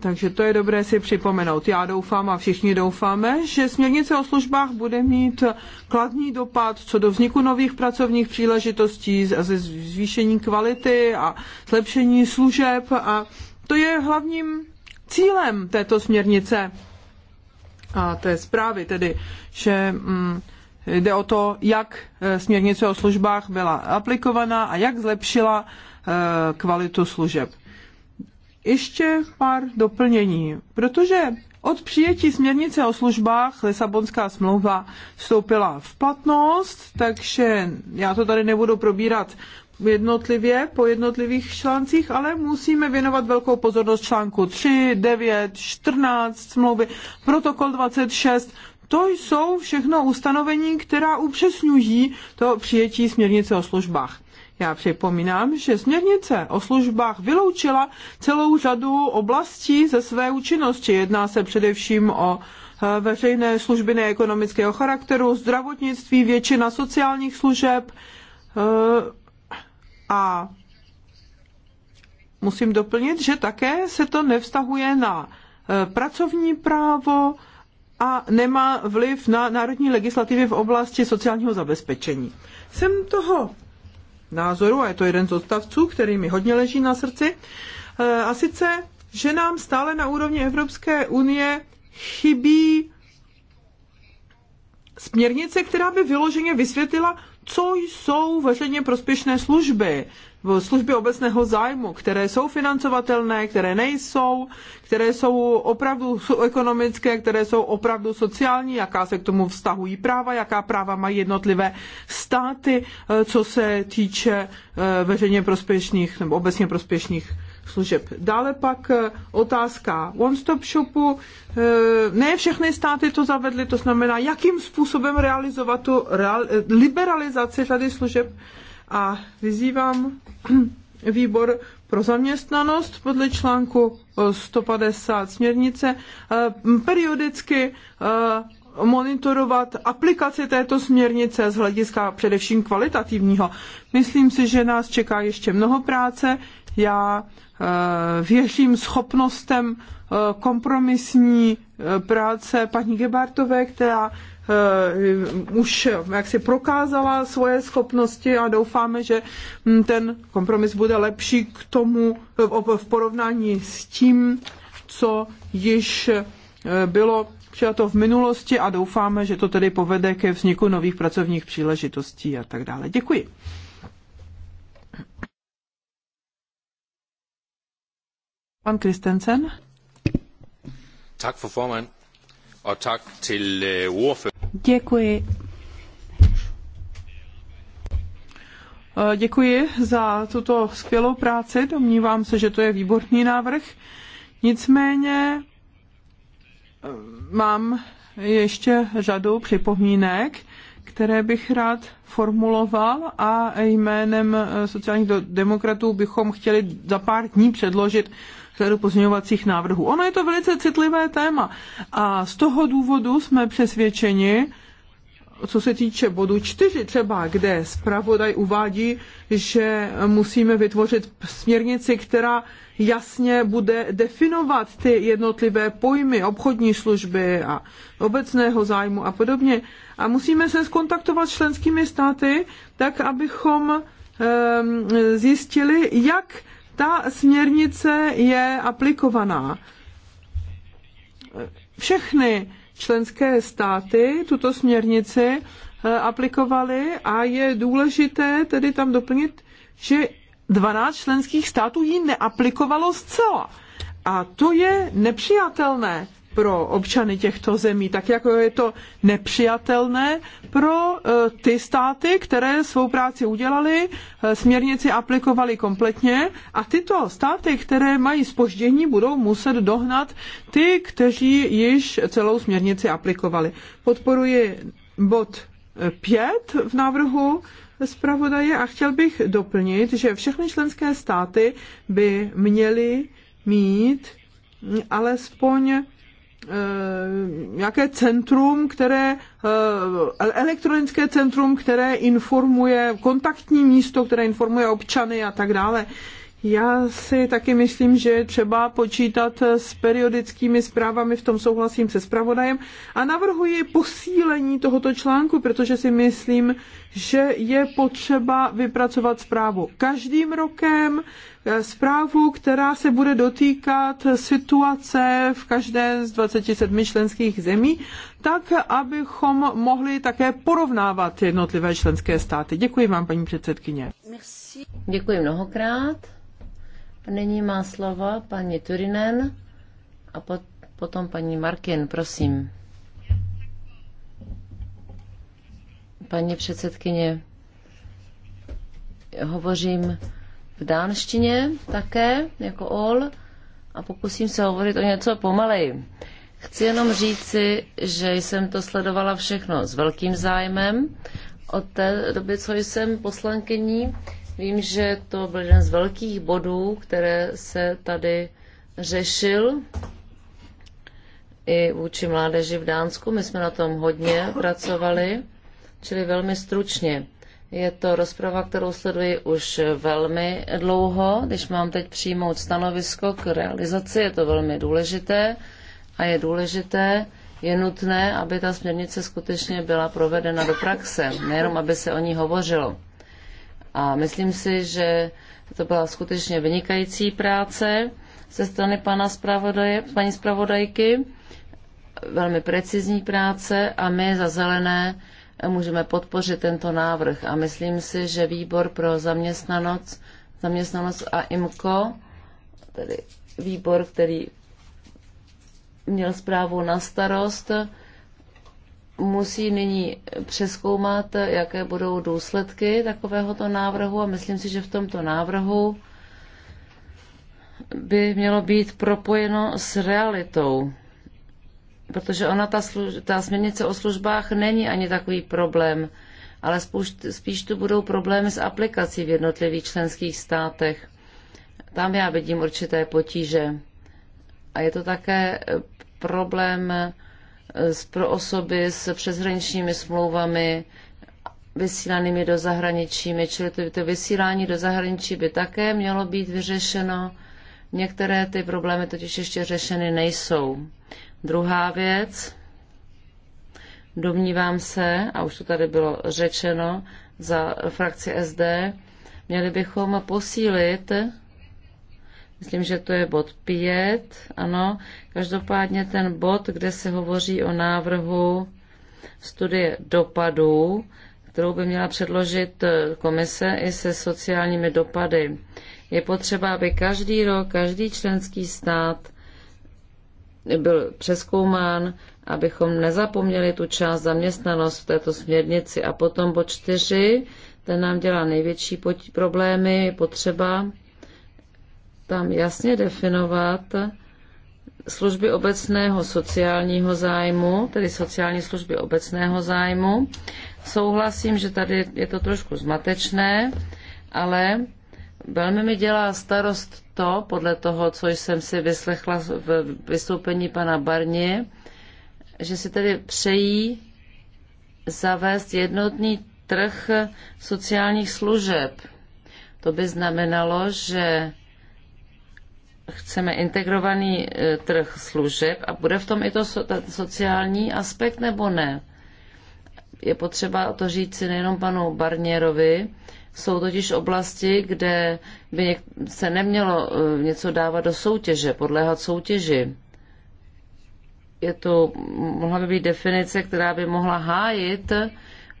Speaker 2: Takže to je dobré si připomenout. Já doufám a všichni doufáme, že směrnice o službách bude mít kladný dopad co do vzniku nových pracovních příležitostí, zvýšení kvality a zlepšení služeb. A to je hlavním cílem této směrnice a té zprávy, tedy, že mm, jde o to, jak e, směrnice o službách byla aplikovaná a jak zlepšila e, kvalitu služeb. Ještě pár doplnění, protože od přijetí směrnice o službách Lisabonská smlouva vstoupila v platnost, takže já to tady nebudu probírat jednotlivě po jednotlivých článcích, ale musíme věnovat velkou pozornost článku 3, 9, 14 smlouvy, protokol 26. To jsou všechno ustanovení, která upřesňují to přijetí směrnice o službách. Já připomínám, že směrnice o službách vyloučila celou řadu oblastí ze své účinnosti. Jedná se především o eh, veřejné služby neekonomického charakteru, zdravotnictví, většina sociálních služeb eh, a musím doplnit, že také se to nevztahuje na eh, pracovní právo a nemá vliv na národní legislativy v oblasti sociálního zabezpečení. Jsem toho názoru, a je to jeden z odstavců, který mi hodně leží na srdci, e, a sice, že nám stále na úrovni Evropské unie chybí směrnice, která by vyloženě vysvětlila, co jsou veřejně prospěšné služby služby obecného zájmu, které jsou financovatelné, které nejsou, které jsou opravdu ekonomické, které jsou opravdu sociální, jaká se k tomu vztahují práva, jaká práva mají jednotlivé státy, eh, co se týče eh, veřejně prospěšných nebo obecně prospěšných služeb. Dále pak eh, otázka one-stop shopu. Ne všechny státy to zavedly, to znamená, jakým způsobem realizovat tu liberalizaci řady služeb a vyzývám výbor pro zaměstnanost podle článku 150 eh, směrnice eh, periodicky eh, monitorovat aplikaci této směrnice z hlediska především kvalitativního. Myslím si, že nás čeká ještě mnoho práce. Já věřím schopnostem kompromisní práce paní Gebartové, která eh, už jak si prokázala svoje schopnosti a doufáme, že hm, ten kompromis bude lepší k tomu v porovnání s tím, co již eh, bylo přijato v minulosti a doufáme, že to tedy povede ke vzniku nových pracovních příležitostí a tak dále. Děkuji. Pan Kristensen? Øh, děkuji. E, děkuji za tuto skvělou práci. Domnívám se, že to je výborný návrh. Nicméně e, mám ještě řadu připomínek, které bych rád formuloval a jménem e, sociálních demokratů bychom chtěli za pár dní předložit řadu pozměňovacích návrhů. Ono je to velice citlivé téma a z toho důvodu jsme přesvědčeni, co se týče bodu čtyři třeba, kde zpravodaj uvádí, že musíme vytvořit směrnici, která jasně bude definovat ty jednotlivé pojmy, obchodní služby a obecného zájmu a podobně. A musíme se skontaktovat s členskými státy, tak abychom ehm, zjistili, jak ta směrnice je aplikovaná. Všechny členské státy tuto směrnici eh, aplikovaly a je důležité tedy tam doplnit, že 12 členských států ji neaplikovalo zcela. A to je nepřijatelné pro občany těchto zemí, tak jako je to nepřijatelné pro e, ty státy, které svou práci udělali, e, směrnici aplikovali kompletně a tyto státy, které mají spoždění, budou muset dohnat ty, kteří již celou směrnici aplikovali. Podporuji bod 5 e, v návrhu zpravodaje a chtěl bych doplnit, že všechny členské státy by měly mít alespoň Eh, nějaké centrum, které, eh, elektronické centrum, které informuje, kontaktní místo, které informuje občany a tak dále. Já si taky myslím, že je třeba počítat s periodickými zprávami, v tom souhlasím se zpravodajem a navrhuji posílení tohoto článku, protože si myslím, že je potřeba vypracovat zprávu každým rokem, zprávu, která se bude dotýkat situace v každé z 27 členských zemí, tak abychom mohli také porovnávat jednotlivé členské státy. Děkuji vám, paní předsedkyně.
Speaker 1: Merci. Děkuji mnohokrát. Nyní má slova paní Turinen a pot, potom paní Markin, prosím. Paní předsedkyně, hovořím v dánštině také, jako ol, a pokusím se hovořit o něco pomalej. Chci jenom říci, že jsem to sledovala všechno s velkým zájmem. Od té doby, co jsem poslankyní, vím, že to byl jeden z velkých bodů, které se tady řešil i vůči mládeži v Dánsku. My jsme na tom hodně pracovali, čili velmi stručně. Je to rozprava, kterou sleduji už velmi dlouho. Když mám teď přijmout stanovisko k realizaci, je to velmi důležité a je důležité, je nutné, aby ta směrnice skutečně byla provedena do praxe, nejenom aby se o ní hovořilo. A myslím si, že to byla skutečně vynikající práce ze strany pana zpravodaje, paní zpravodajky, velmi precizní práce a my za zelené můžeme podpořit tento návrh. A myslím si, že výbor pro zaměstnanost, zaměstnanost a IMCO, tedy výbor, který měl zprávu na starost, musí nyní přeskoumat, jaké budou důsledky takovéhoto návrhu a myslím si, že v tomto návrhu by mělo být propojeno s realitou protože ona ta, služ, ta směrnice o službách není ani takový problém, ale spíš, spíš tu budou problémy s aplikací v jednotlivých členských státech. Tam já vidím určité potíže. A je to také eh, problém eh, s, pro osoby s přeshraničními smlouvami, vysílanými do zahraničí, čili to, to vysílání do zahraničí by také mělo být vyřešeno. Některé ty problémy totiž ještě řešeny nejsou. Druhá věc, domnívám se, a už to tady bylo řečeno za frakci SD, měli bychom posílit, myslím, že to je bod 5, ano, každopádně ten bod, kde se hovoří o návrhu studie dopadů, kterou by měla předložit komise i se sociálními dopady. Je potřeba, aby každý rok, každý členský stát byl přeskoumán, abychom nezapomněli tu část zaměstnanost v této směrnici. A potom bod čtyři, ten nám dělá největší problémy, potřeba tam jasně definovat služby obecného sociálního zájmu, tedy sociální služby obecného zájmu. Souhlasím, že tady je to trošku zmatečné, ale Velmi mi dělá starost to, podle toho, co jsem si vyslechla v vystoupení pana Barně, že si tedy přejí zavést jednotný trh sociálních služeb. To by znamenalo, že chceme integrovaný e, trh služeb a bude v tom i to sociální aspekt nebo ne? Je potřeba to říct si nejenom panu Barnierovi, jsou totiž oblasti, kde by se nemělo eh, něco dávat do soutěže, podléhat soutěži. Je to, mohla by být definice, která by mohla hájit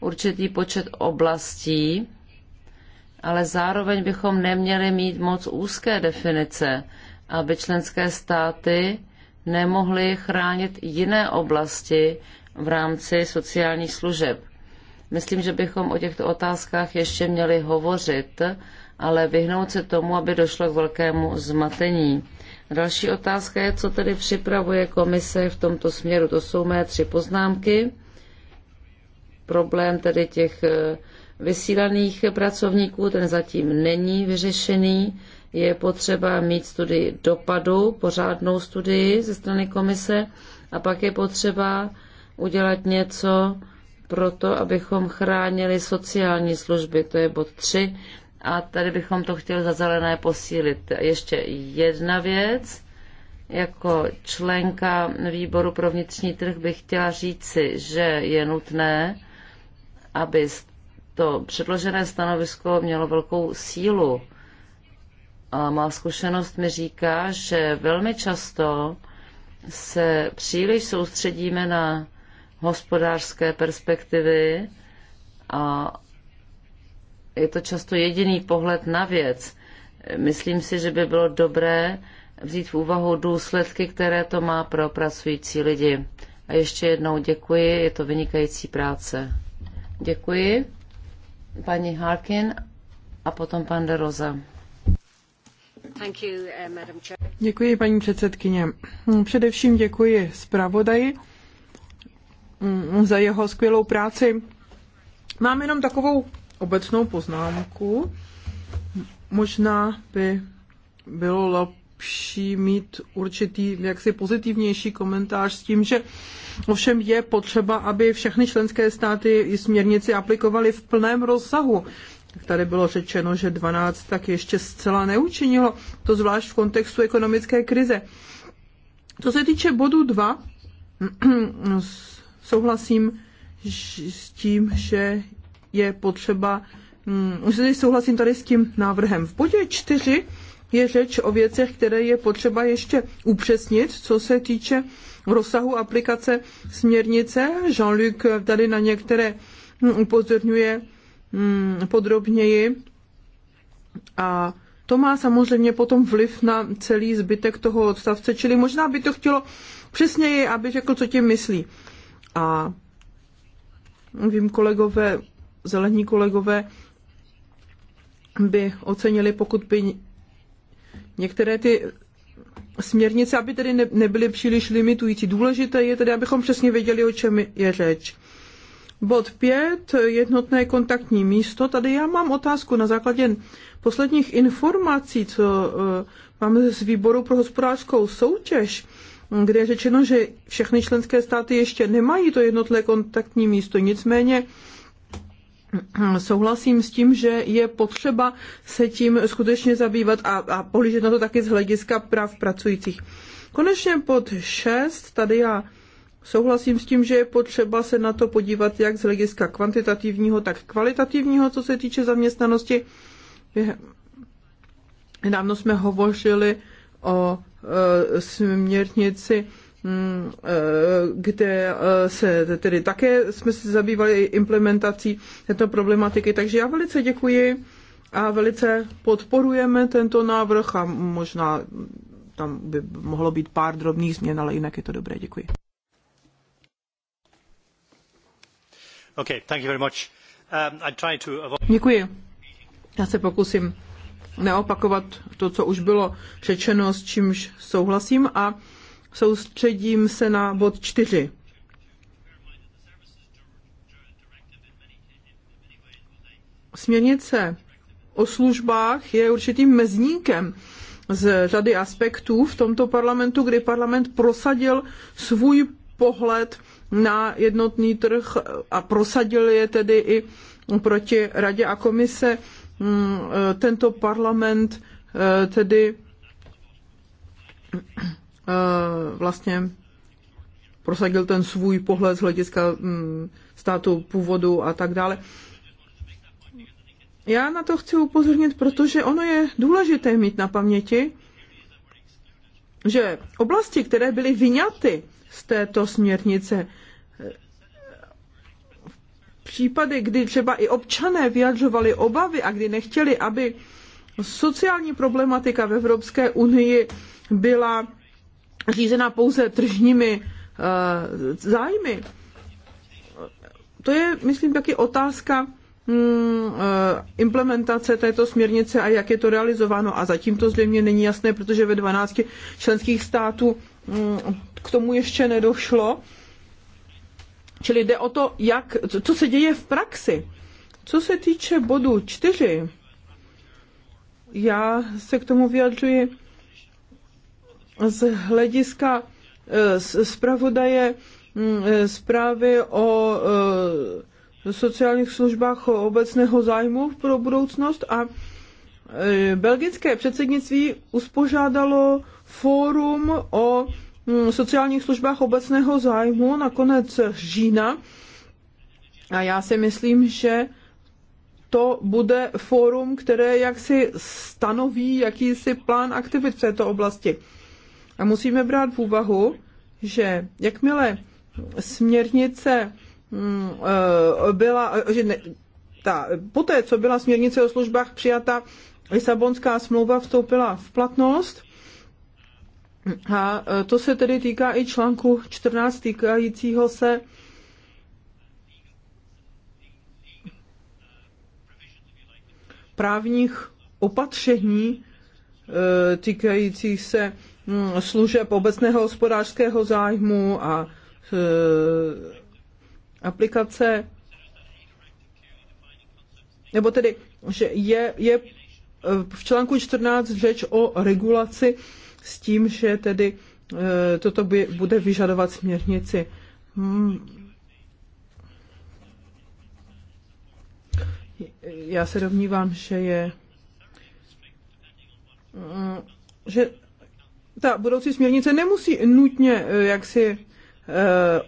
Speaker 1: určitý počet oblastí, ale zároveň bychom neměli mít moc úzké definice, aby členské státy nemohly chránit jiné oblasti v rámci sociálních služeb. Myslím, že bychom o těchto otázkách ještě měli hovořit, ale vyhnout se tomu, aby došlo k velkému zmatení. Další otázka je, co tedy připravuje komise v tomto směru. To jsou mé tři poznámky. Problém tedy těch eh, vysílaných pracovníků, ten zatím není vyřešený. Je potřeba mít studii dopadu, pořádnou studii ze strany komise a pak je potřeba udělat něco, proto, abychom chránili sociální služby, to je bod 3, a tady bychom to chtěli za zelené posílit. Ještě jedna věc, jako členka výboru pro vnitřní trh bych chtěla říci, že je nutné, aby to předložené stanovisko mělo velkou sílu. A má zkušenost mi říká, že velmi často se příliš soustředíme na hospodářské perspektivy a je to často jediný pohled na věc. Myslím si, že by bylo dobré vzít v úvahu důsledky, které to má pro pracující lidi. A ještě jednou děkuji, je to vynikající práce. Děkuji, paní Harkin a potom pan de Rosa. Eh,
Speaker 2: děkuji, paní předsedkyně. Především děkuji zpravodaji Mm, za jeho skvělou práci. Mám jenom takovou obecnou poznámku. Možná by bylo lepší mít určitý jaksi pozitivnější komentář s tím, že ovšem je potřeba, aby všechny členské státy i směrnici aplikovaly v plném rozsahu. Tak tady bylo řečeno, že 12 tak ještě zcela neučinilo, to zvlášť v kontextu ekonomické krize. Co se týče bodu 2, souhlasím s tím, že je potřeba, mm, že souhlasím tady s tím návrhem. V bodě Čtyři je řeč o věcech, které je potřeba ještě upřesnit, co se týče rozsahu aplikace směrnice. Jean-Luc tady na některé mm, upozorňuje mm, podrobněji. A to má samozřejmě potom vliv na celý zbytek toho odstavce, čili možná by to chtělo přesněji, aby řekl, co tím myslí. A vím, kolegové, zelení kolegové by ocenili, pokud by některé ty směrnice, aby tedy ne, nebyly příliš limitující. Důležité je tedy, abychom přesně věděli, o čem je řeč. Bod 5, jednotné kontaktní místo. Tady já mám otázku na základě posledních informací, co uh, máme z výboru pro hospodářskou soutěž kde je řečeno, že všechny členské státy ještě nemají to jednotné kontaktní místo. Nicméně souhlasím s tím, že je potřeba se tím skutečně zabývat a, a pohlížet na to taky z hlediska práv pracujících. Konečně pod 6, tady já Souhlasím s tím, že je potřeba se na to podívat jak z hlediska kvantitativního, tak kvalitativního, co se týče zaměstnanosti. Nedávno jsme hovořili o Eh, směrnici mm, eh, kde eh, se tedy také jsme se zabývali implementací této problematiky. Takže já velice děkuji a velice podporujeme tento návrh a možná tam by mohlo být pár drobných změn, ale jinak je to dobré. Děkuji.
Speaker 1: Okay, thank
Speaker 3: you very much. Um, I try to avoid...
Speaker 2: Děkuji. Já se pokusím neopakovat to, co už bylo řečeno, s čímž souhlasím a soustředím se na bod čtyři. Směrnice o službách je určitým mezníkem z řady aspektů v tomto parlamentu, kdy parlament prosadil svůj pohled na jednotný trh a prosadil je tedy i proti radě a komise Mm, eh, tento parlament eh, tedy eh, vlastně prosadil ten svůj pohled z hlediska mm, státu původu a tak dále. Já na to chci upozornit, protože ono je důležité mít na paměti, že oblasti, které byly vyňaty z této směrnice, případy, kdy třeba i občané vyjadřovali obavy a kdy nechtěli, aby sociální problematika v Evropské unii byla řízena pouze tržními eh, zájmy. To je, myslím, taky otázka hm, eh, implementace této směrnice a jak je to realizováno. A zatím to zřejmě není jasné, protože ve 12 členských států hm, k tomu ještě nedošlo. Čili jde o to, jak, co se děje v praxi. Co se týče bodu čtyři, já se k tomu vyjadřuji z hlediska eh, zpravodaje mm, eh, zprávy o eh, sociálních službách obecného zájmu pro budoucnost a belgické předsednictví uspořádalo fórum o sociálních službách obecného zájmu na konec října. A já si myslím, že to bude fórum, které jaksi stanoví jakýsi plán aktivit v této oblasti. A musíme brát v úvahu, že jakmile směrnice mm, eh, byla, eh, že ne, ta, poté, co byla směrnice o službách přijata, Lisabonská smlouva vstoupila v platnost a e, to se tedy týká i článku 14 týkajícího se právních opatření e, týkajících se mm, služeb obecného hospodářského zájmu a e, aplikace, nebo tedy, že je, je v článku 14 řeč o regulaci s tím, že tedy eh, toto by, bude vyžadovat směrnici. Hmm. Já se domnívám, že je eh, že ta budoucí směrnice nemusí nutně eh, jaksi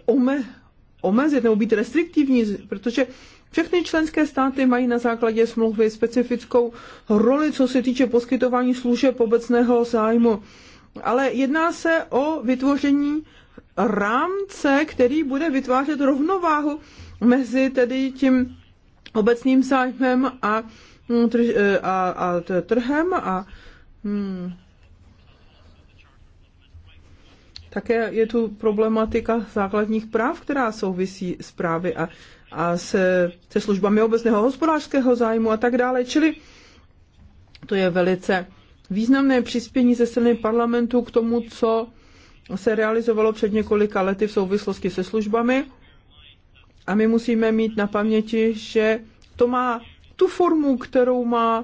Speaker 2: ome, omezit nebo být restriktivní, protože všechny členské státy mají na základě smlouvy specifickou roli, co se týče poskytování služeb obecného zájmu ale jedná se o vytvoření rámce, který bude vytvářet rovnováhu mezi tedy tím obecným zájmem a, mm, e, a, a trhem a hmm. Také je tu problematika základních práv, která souvisí s právy a, a se, se službami obecného hospodářského zájmu a tak dále. Čili to je velice významné přispění ze strany parlamentu k tomu, co se realizovalo před několika lety v souvislosti se službami. A my musíme mít na paměti, že to má tu formu, kterou má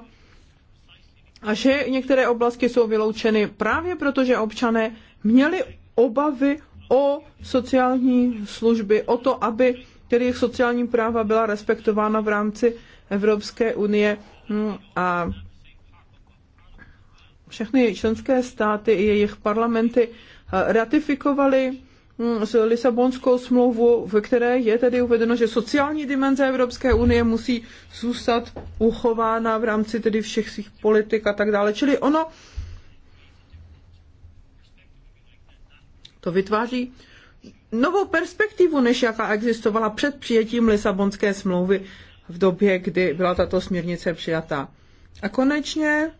Speaker 2: a že některé oblasti jsou vyloučeny právě proto, že občané měli obavy o sociální služby, o to, aby tedy jejich sociální práva byla respektována v rámci Evropské unie hmm, a všechny členské státy i jejich parlamenty eh, ratifikovaly hm, s Lisabonskou smlouvu, ve které je tedy uvedeno, že sociální dimenze Evropské unie musí zůstat uchována v rámci tedy všech svých politik a tak dále. Čili ono to vytváří novou perspektivu, než jaká existovala před přijetím Lisabonské smlouvy v době, kdy byla tato směrnice přijatá. A konečně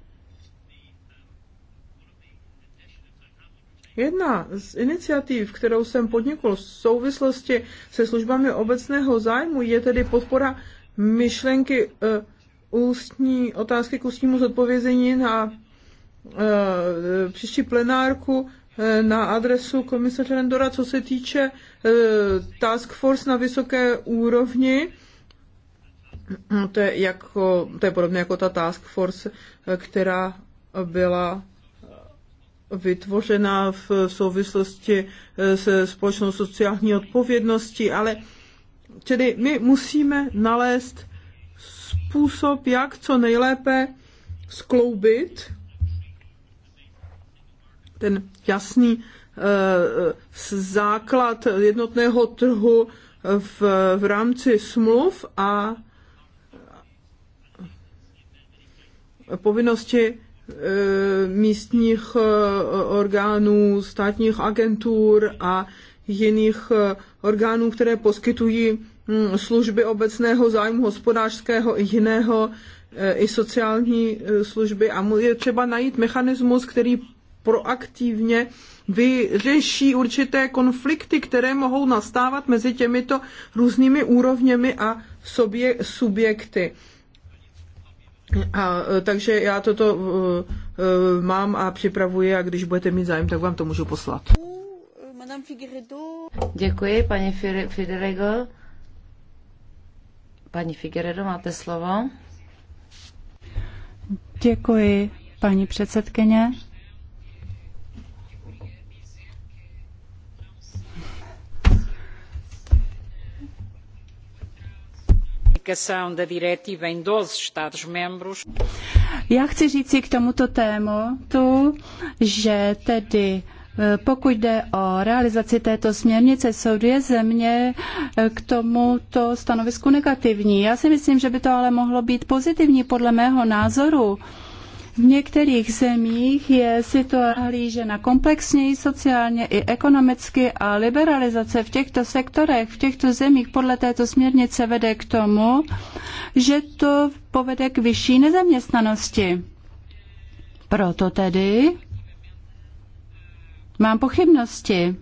Speaker 2: Jedna z iniciativ, kterou jsem podnikl v souvislosti se službami obecného zájmu, je tedy podpora myšlenky e, ústní otázky k ústnímu zodpovězení na e, příští plenárku e, na adresu komisaře Rendora, co se týče task force na vysoké úrovni. No, to je, jako, to je podobně jako ta task force, která byla vytvořena v souvislosti eh, se společnou sociální odpovědností, ale tedy my musíme nalézt způsob, jak co nejlépe skloubit ten jasný eh, základ jednotného trhu v, v rámci smluv a povinnosti Eh, místních eh, orgánů, státních agentur a jiných eh, orgánů, které poskytují hm, služby obecného zájmu hospodářského i jiného, i sociální služby. A je třeba najít mechanismus, který proaktivně vyřeší určité konflikty, které mohou nastávat mezi těmito různými úrovněmi a sobě subjekty. A, e, takže já toto uh, uh, mám a připravuji a když budete mít zájem, tak vám to můžu poslat. Děkuji, paní Figueredo.
Speaker 1: Paní Figueredo, máte slovo.
Speaker 3: Děkuji, paní předsedkyně. aplicação da diretiva em 12 Estados-membros. Já chci říci k tomuto tématu, že tedy eh, pokud jde o realizaci této směrnice, jsou dvě země eh, k tomuto stanovisku negativní. Já si myslím, že by to ale mohlo být pozitivní podle mého názoru v některých zemích je situace hlížena komplexněji sociálně i ekonomicky a liberalizace v těchto sektorech, v těchto zemích podle této směrnice vede k tomu, že to povede k vyšší nezaměstnanosti. Proto tedy mám pochybnosti,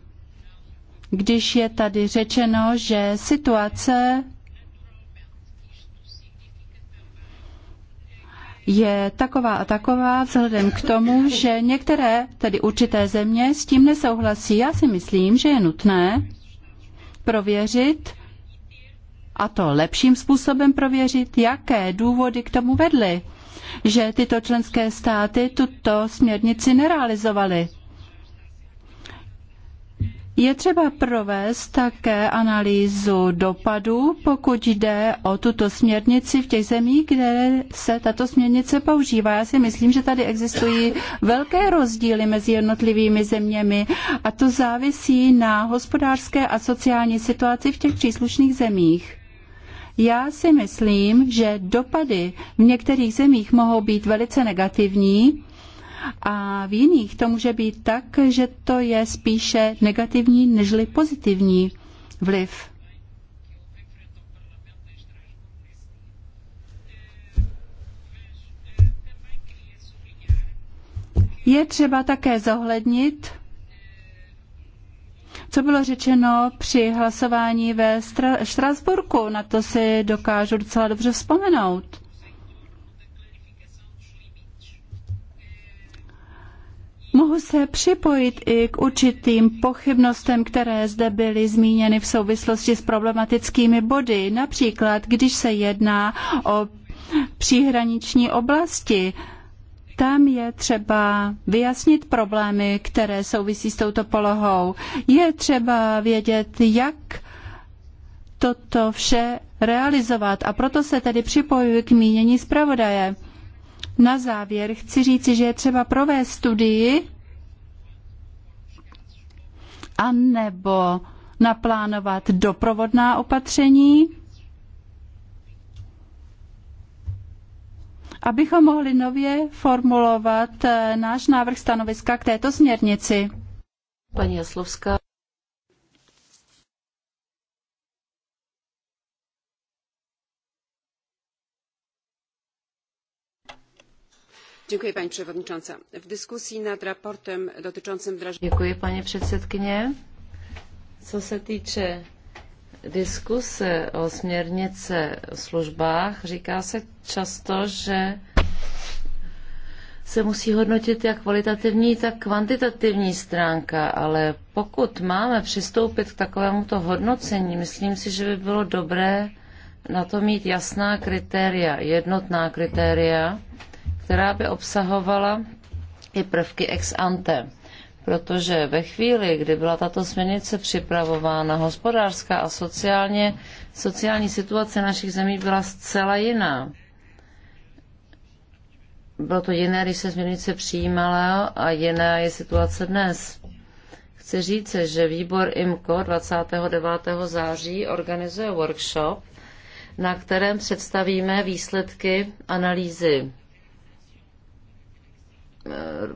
Speaker 3: když je tady řečeno, že situace je taková a taková vzhledem k tomu, že některé, tedy určité země, s tím nesouhlasí. Já si myslím, že je nutné prověřit, a to lepším způsobem prověřit, jaké důvody k tomu vedly, že tyto členské státy tuto směrnici nerealizovaly. Je třeba provést také analýzu dopadu, pokud jde o tuto směrnici v těch zemích, kde se tato směrnice používá. Já si myslím, že tady existují velké rozdíly mezi jednotlivými zeměmi a to závisí na hospodářské a sociální situaci v těch příslušných zemích. Já si myslím, že dopady v některých zemích mohou být velice negativní a v jiných to může být tak, že to je spíše negativní nežli pozitivní vliv. Je třeba také zohlednit, co bylo řečeno při hlasování ve Stra- Štrasburku. Na to si dokážu docela dobře vzpomenout. Mohu se připojit i k určitým pochybnostem, které zde byly zmíněny v souvislosti s problematickými body, například když se jedná o příhraniční oblasti. Tam je třeba vyjasnit problémy, které souvisí s touto polohou. Je třeba vědět, jak toto vše realizovat a proto se tedy připojuji k mínění zpravodaje. Na závěr chci říci, že je třeba provést studii a nebo naplánovat doprovodná opatření, abychom mohli nově formulovat eh, náš návrh stanoviska k této směrnici.
Speaker 1: Paní Jaslovská.
Speaker 3: Děkuji, paní předsedající. V diskusi nad raportem dotyczącym
Speaker 1: wdrażania... předsedkyně. Co se týče diskuse o směrnici o službách, říká se často, že se musí hodnotit jak kvalitativní, tak kvantitativní stránka, ale pokud máme přistoupit k takovémuto hodnocení, myslím si, že by bylo dobré na to mít jasná kritéria, jednotná kritéria, která by obsahovala i prvky ex ante. Protože ve chvíli, kdy byla tato směrnice připravována, hospodářská a sociálně, sociální situace našich zemí byla zcela jiná. Bylo to jiné, když se směrnice přijímala a jiná je situace dnes. Chci říct, že výbor IMCO 29. září organizuje workshop, na kterém představíme výsledky analýzy Eh,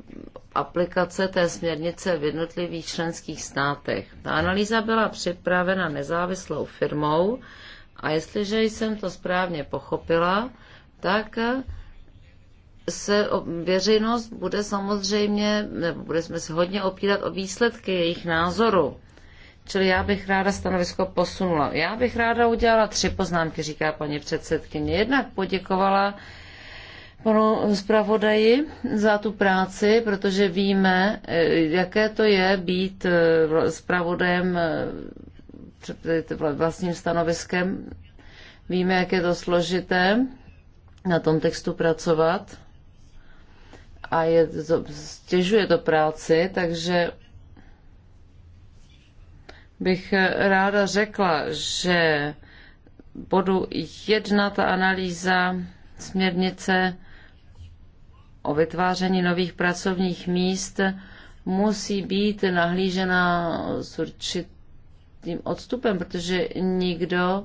Speaker 1: aplikace té směrnice v jednotlivých členských státech. Ta analýza byla připravena nezávislou firmou a jestliže jsem to správně pochopila, tak eh, se věřejnost bude samozřejmě, nebo budeme se hodně opírat o výsledky jejich názoru. Čili já bych ráda stanovisko posunula. Já bych ráda udělala tři poznámky, říká paní předsedkyně. Jednak poděkovala panu zpravodaji za tu práci, protože víme, eh, jaké to je být eh, zpravodajem eh, vlastním stanoviskem. Víme, jak je to složité na tom textu pracovat a je to, stěžuje to práci, takže bych ráda řekla, že bodu jedna ta analýza směrnice o vytváření nových pracovních míst musí být nahlížena s určitým odstupem, protože nikdo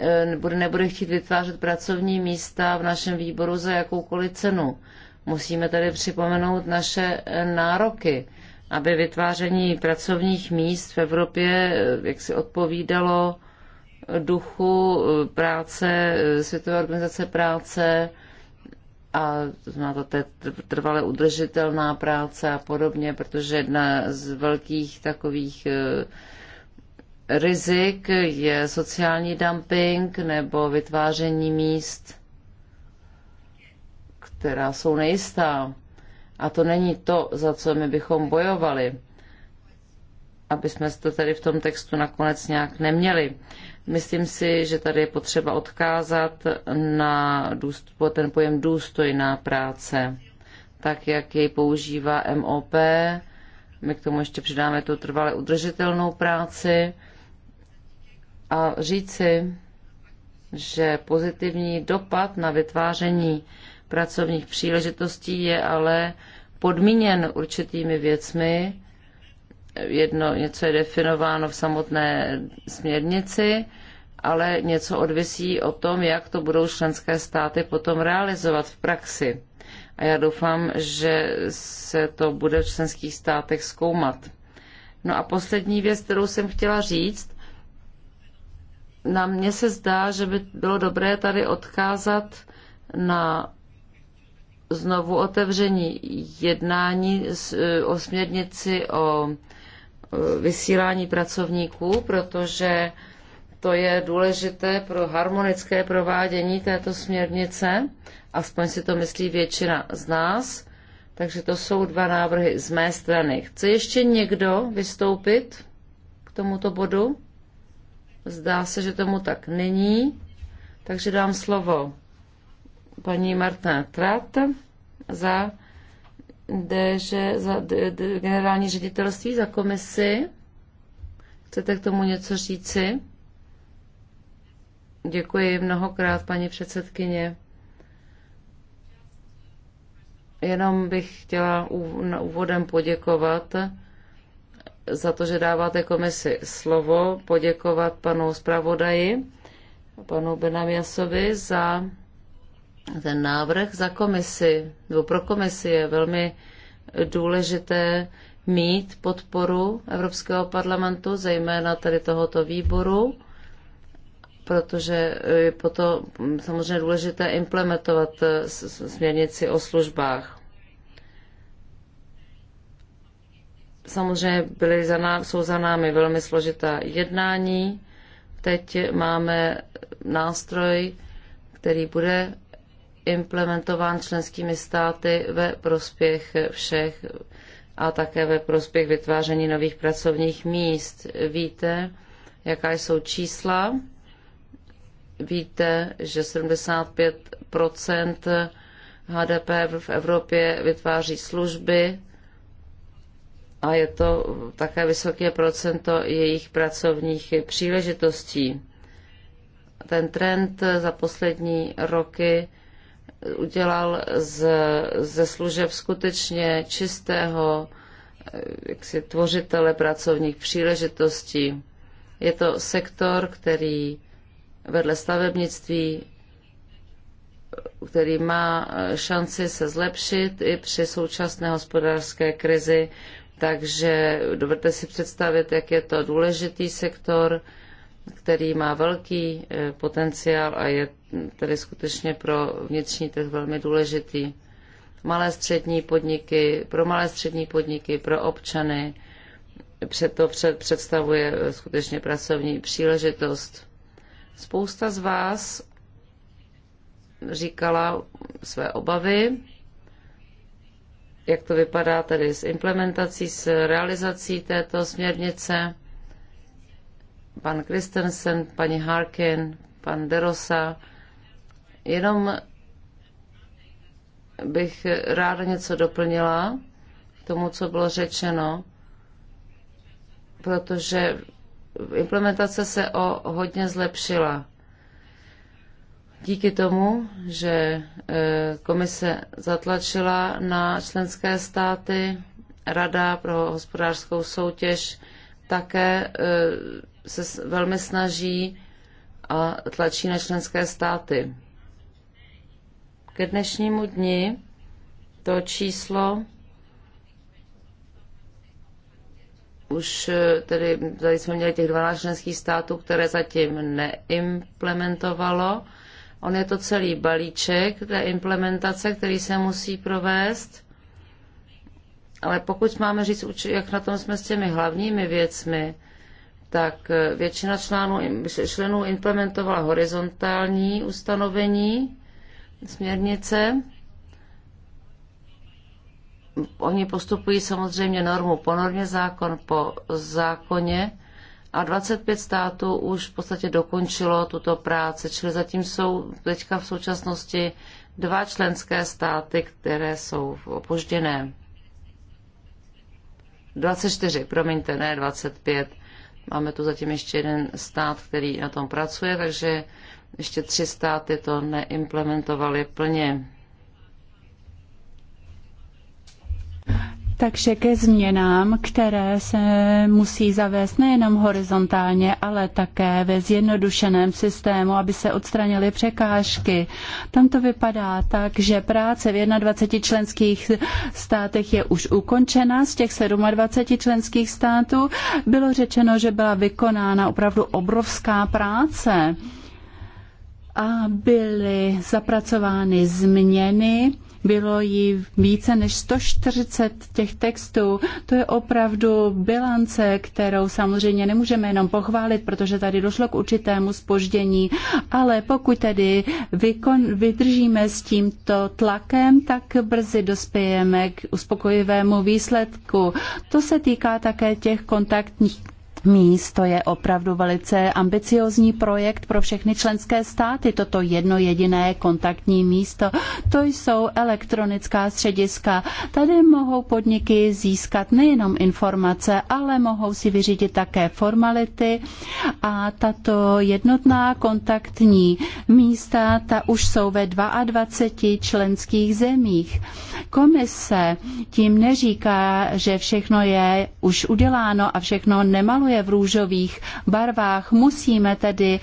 Speaker 1: eh, nebude, chtít vytvářet pracovní místa v našem výboru za jakoukoliv cenu. Musíme tady připomenout naše eh, nároky, aby vytváření pracovních míst v Evropě eh, jak si odpovídalo duchu práce, Světové organizace práce, a to znamená to trvale udržitelná práce a podobně, protože jedna z velkých takových e, rizik je sociální dumping nebo vytváření míst, která jsou nejistá. A to není to, za co my bychom bojovali, aby jsme to tady v tom textu nakonec nějak neměli. Myslím si, že tady je potřeba odkázat na ten pojem důstojná práce, tak jak jej používá MOP. My k tomu ještě přidáme tu trvale udržitelnou práci a říci, že pozitivní dopad na vytváření pracovních příležitostí je ale podmíněn určitými věcmi. Jedno, něco je definováno v samotné směrnici, ale něco odvisí o tom, jak to budou členské státy potom realizovat v praxi. A já doufám, že se to bude v členských státech zkoumat. No a poslední věc, kterou jsem chtěla říct, na mně se zdá, že by bylo dobré tady odkázat na znovu otevření jednání e, o směrnici o e, vysílání pracovníků, protože to je důležité pro harmonické provádění této směrnice, aspoň si to myslí většina z nás. Takže to jsou dva návrhy z mé strany. Chce ještě někdo vystoupit k tomuto bodu? Zdá se, že tomu tak není, takže dám slovo paní Martina Trat za, DŽ, za generální ředitelství, za komisi. Chcete k tomu něco říci? Děkuji mnohokrát, paní předsedkyně. Jenom bych chtěla na úvodem poděkovat za to, že dáváte komisi slovo, poděkovat panu zpravodaji, panu Benamiasovi za ten návrh za komisi, nebo pro komisi je velmi důležité mít podporu Evropského parlamentu, zejména tady tohoto výboru protože eh, je potom hm, samozřejmě důležité implementovat eh, směrnici o službách. Samozřejmě byly za ná, jsou za námi velmi složitá jednání. Teď máme nástroj, který bude implementován členskými státy ve prospěch všech a také ve prospěch vytváření nových pracovních míst. Víte, jaká jsou čísla? víte, že 75 HDP v Evropě vytváří služby a je to také vysoké procento jejich pracovních příležitostí. Ten trend za poslední roky udělal z, ze služeb skutečně čistého jaksi, tvořitele pracovních příležitostí. Je to sektor, který vedle stavebnictví, který má šanci se zlepšit i při současné hospodářské krizi. Takže dovedete si představit, jak je to důležitý sektor, který má velký eh, potenciál a je tedy skutečně pro vnitřní trh velmi důležitý. Malé střední podniky, pro malé střední podniky, pro občany, to představuje eh, skutečně pracovní příležitost. Spousta z vás říkala své obavy, jak to vypadá tedy s implementací, s realizací této směrnice. Pan Christensen, paní Harkin, pan Derosa. Jenom bych ráda něco doplnila k tomu, co bylo řečeno, protože implementace se o hodně zlepšila. Díky tomu, že e, komise zatlačila na členské státy, Rada pro hospodářskou soutěž také e, se velmi snaží a tlačí na členské státy. Ke dnešnímu dni to číslo Už eh, tedy tady jsme měli těch 12 členských států, které zatím neimplementovalo. On je to celý balíček té implementace, který se musí provést. Ale pokud máme říct, jak na tom jsme s těmi hlavními věcmi, tak eh, většina článů, členů implementovala horizontální ustanovení směrnice Oni postupují samozřejmě normu po normě, zákon po zákoně a 25 států už v podstatě dokončilo tuto práci, čili zatím jsou teďka v současnosti dva členské státy, které jsou opožděné. 24, promiňte, ne 25. Máme tu zatím ještě jeden stát, který na tom pracuje, takže ještě tři státy to neimplementovaly plně.
Speaker 3: Takže ke změnám, které se musí zavést nejenom horizontálně, ale také ve zjednodušeném systému, aby se odstranily překážky. Tam to vypadá tak, že práce v 21 členských státech je už ukončena. Z těch 27 členských států bylo řečeno, že byla vykonána opravdu obrovská práce a byly zapracovány změny bylo jí více než 140 těch textů. To je opravdu bilance, kterou samozřejmě nemůžeme jenom pochválit, protože tady došlo k určitému spoždění, ale pokud tedy vykon, vydržíme s tímto tlakem, tak brzy dospějeme k uspokojivému výsledku. To se týká také těch kontaktních míst. To je opravdu velice ambiciózní projekt pro všechny členské státy. Toto jedno jediné kontaktní místo, to jsou elektronická střediska. Tady mohou podniky získat nejenom informace, ale mohou si vyřídit také formality a tato jednotná kontaktní místa, ta už jsou ve 22 členských zemích. Komise tím neříká, že všechno je už uděláno a všechno nemaluje plánuje v růžových barvách. Musíme tedy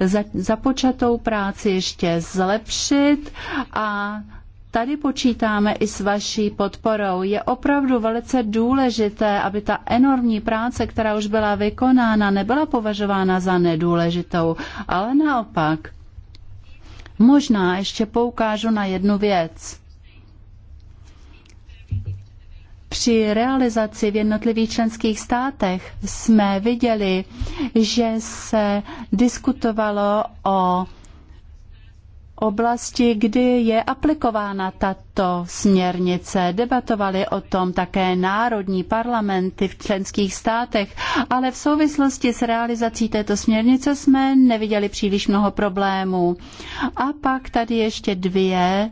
Speaker 3: za, započatou práci ještě zlepšit a Tady počítáme i s vaší podporou. Je opravdu velice důležité, aby ta enormní práce, která už byla vykonána, nebyla považována za nedůležitou, ale naopak. Možná ještě poukážu na jednu věc. Při realizaci v jednotlivých členských státech jsme viděli, že se diskutovalo o oblasti, kdy je aplikována tato směrnice. Debatovali o tom také národní parlamenty v členských státech, ale v souvislosti s realizací této směrnice jsme neviděli příliš mnoho problémů. A pak tady ještě dvě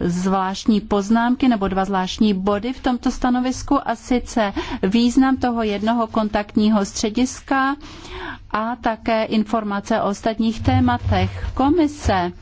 Speaker 3: zvláštní poznámky nebo dva zvláštní body v tomto stanovisku a sice význam toho jednoho kontaktního střediska a také informace o ostatních tématech. Komise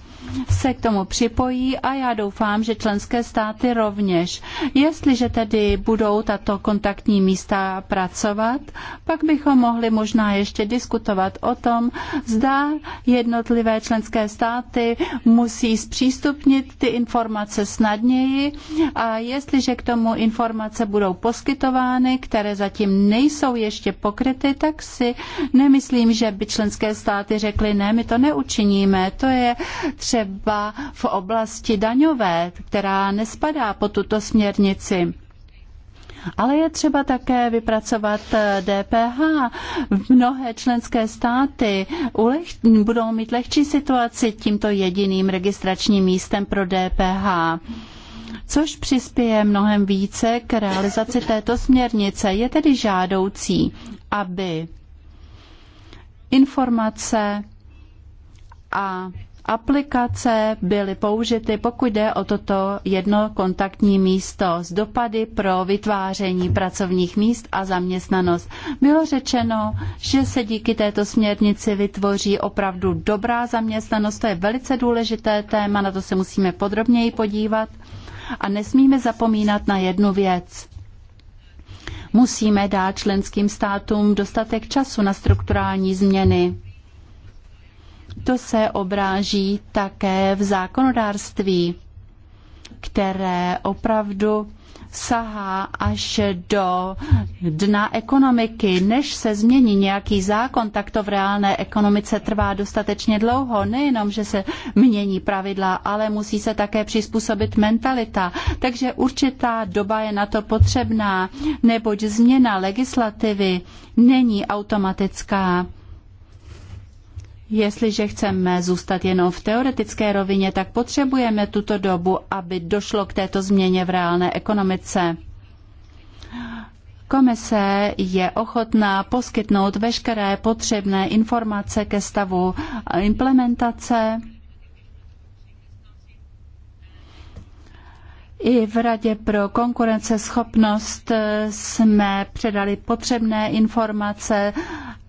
Speaker 3: se k tomu připojí a já doufám, že členské státy rovněž. Jestliže tedy budou tato kontaktní místa pracovat, pak bychom mohli možná ještě diskutovat o tom, zda jednotlivé členské státy musí zpřístupnit ty informace snadněji a jestliže k tomu informace budou poskytovány, které zatím nejsou ještě pokryty, tak si nemyslím, že by členské státy řekly, ne, my to neučiníme, to je třeba třeba v oblasti daňové, která nespadá po tuto směrnici. Ale je třeba také vypracovat DPH. Eh, Mnohé členské státy budou mít lehčí situaci tímto jediným registračním místem pro DPH což přispěje mnohem více k realizaci této směrnice. Je tedy žádoucí, aby informace a aplikace byly použity, pokud jde o toto jedno kontaktní místo s dopady pro vytváření pracovních míst a zaměstnanost. Bylo řečeno, že se díky této směrnici vytvoří opravdu dobrá zaměstnanost. To je velice důležité téma, na to se musíme podrobněji podívat. A nesmíme zapomínat na jednu věc musíme dát členským státům dostatek času na strukturální změny. To se obráží také v zákonodárství, které opravdu sahá až do dna ekonomiky. Než se změní nějaký zákon, tak to v reálné ekonomice trvá dostatečně dlouho. Nejenom, že se mění pravidla, ale musí se také přizpůsobit mentalita. Takže určitá doba je na to potřebná, neboť změna legislativy není automatická. Jestliže chceme zůstat jenom v teoretické rovině, tak potřebujeme tuto dobu, aby došlo k této změně v reálné ekonomice. Komise je ochotná poskytnout veškeré potřebné informace ke stavu implementace. I v Radě pro konkurenceschopnost jsme předali potřebné informace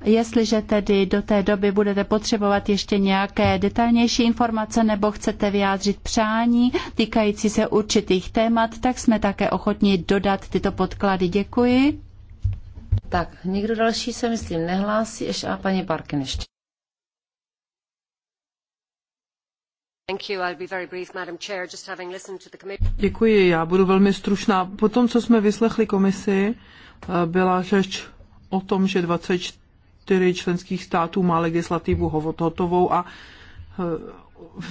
Speaker 3: Jestliže tedy do té doby budete potřebovat ještě nějaké detailnější informace nebo chcete vyjádřit přání týkající se určitých témat, tak jsme také
Speaker 1: ochotni dodat tyto podklady. Děkuji. Tak, nikdo další se, myslím, nehlásí, ještě a paní Parkin ještě.
Speaker 2: Děkuji, já budu velmi stručná. Po tom, co jsme vyslechli komisi, eh, byla řeč o tom, že 24 který členských států má legislativu hotovou a eh,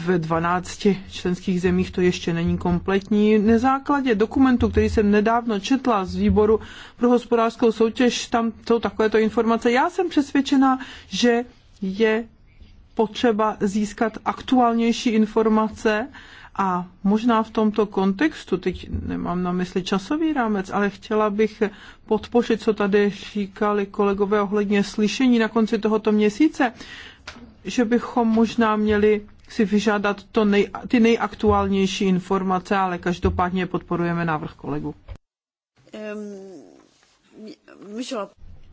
Speaker 2: ve 12 členských zemích to ještě není kompletní. Na základě dokumentu, který jsem nedávno četla z výboru pro hospodářskou soutěž, tam jsou takovéto informace. Já jsem přesvědčena, že je potřeba získat aktuálnější informace a možná v tomto kontextu, teď nemám na mysli časový rámec, ale chtěla bych podpořit, co tady říkali kolegové ohledně slyšení na konci tohoto měsíce, že bychom možná měli si vyžádat to nej, ty nejaktuálnější informace, ale každopádně podporujeme návrh kolegu.
Speaker 1: Um,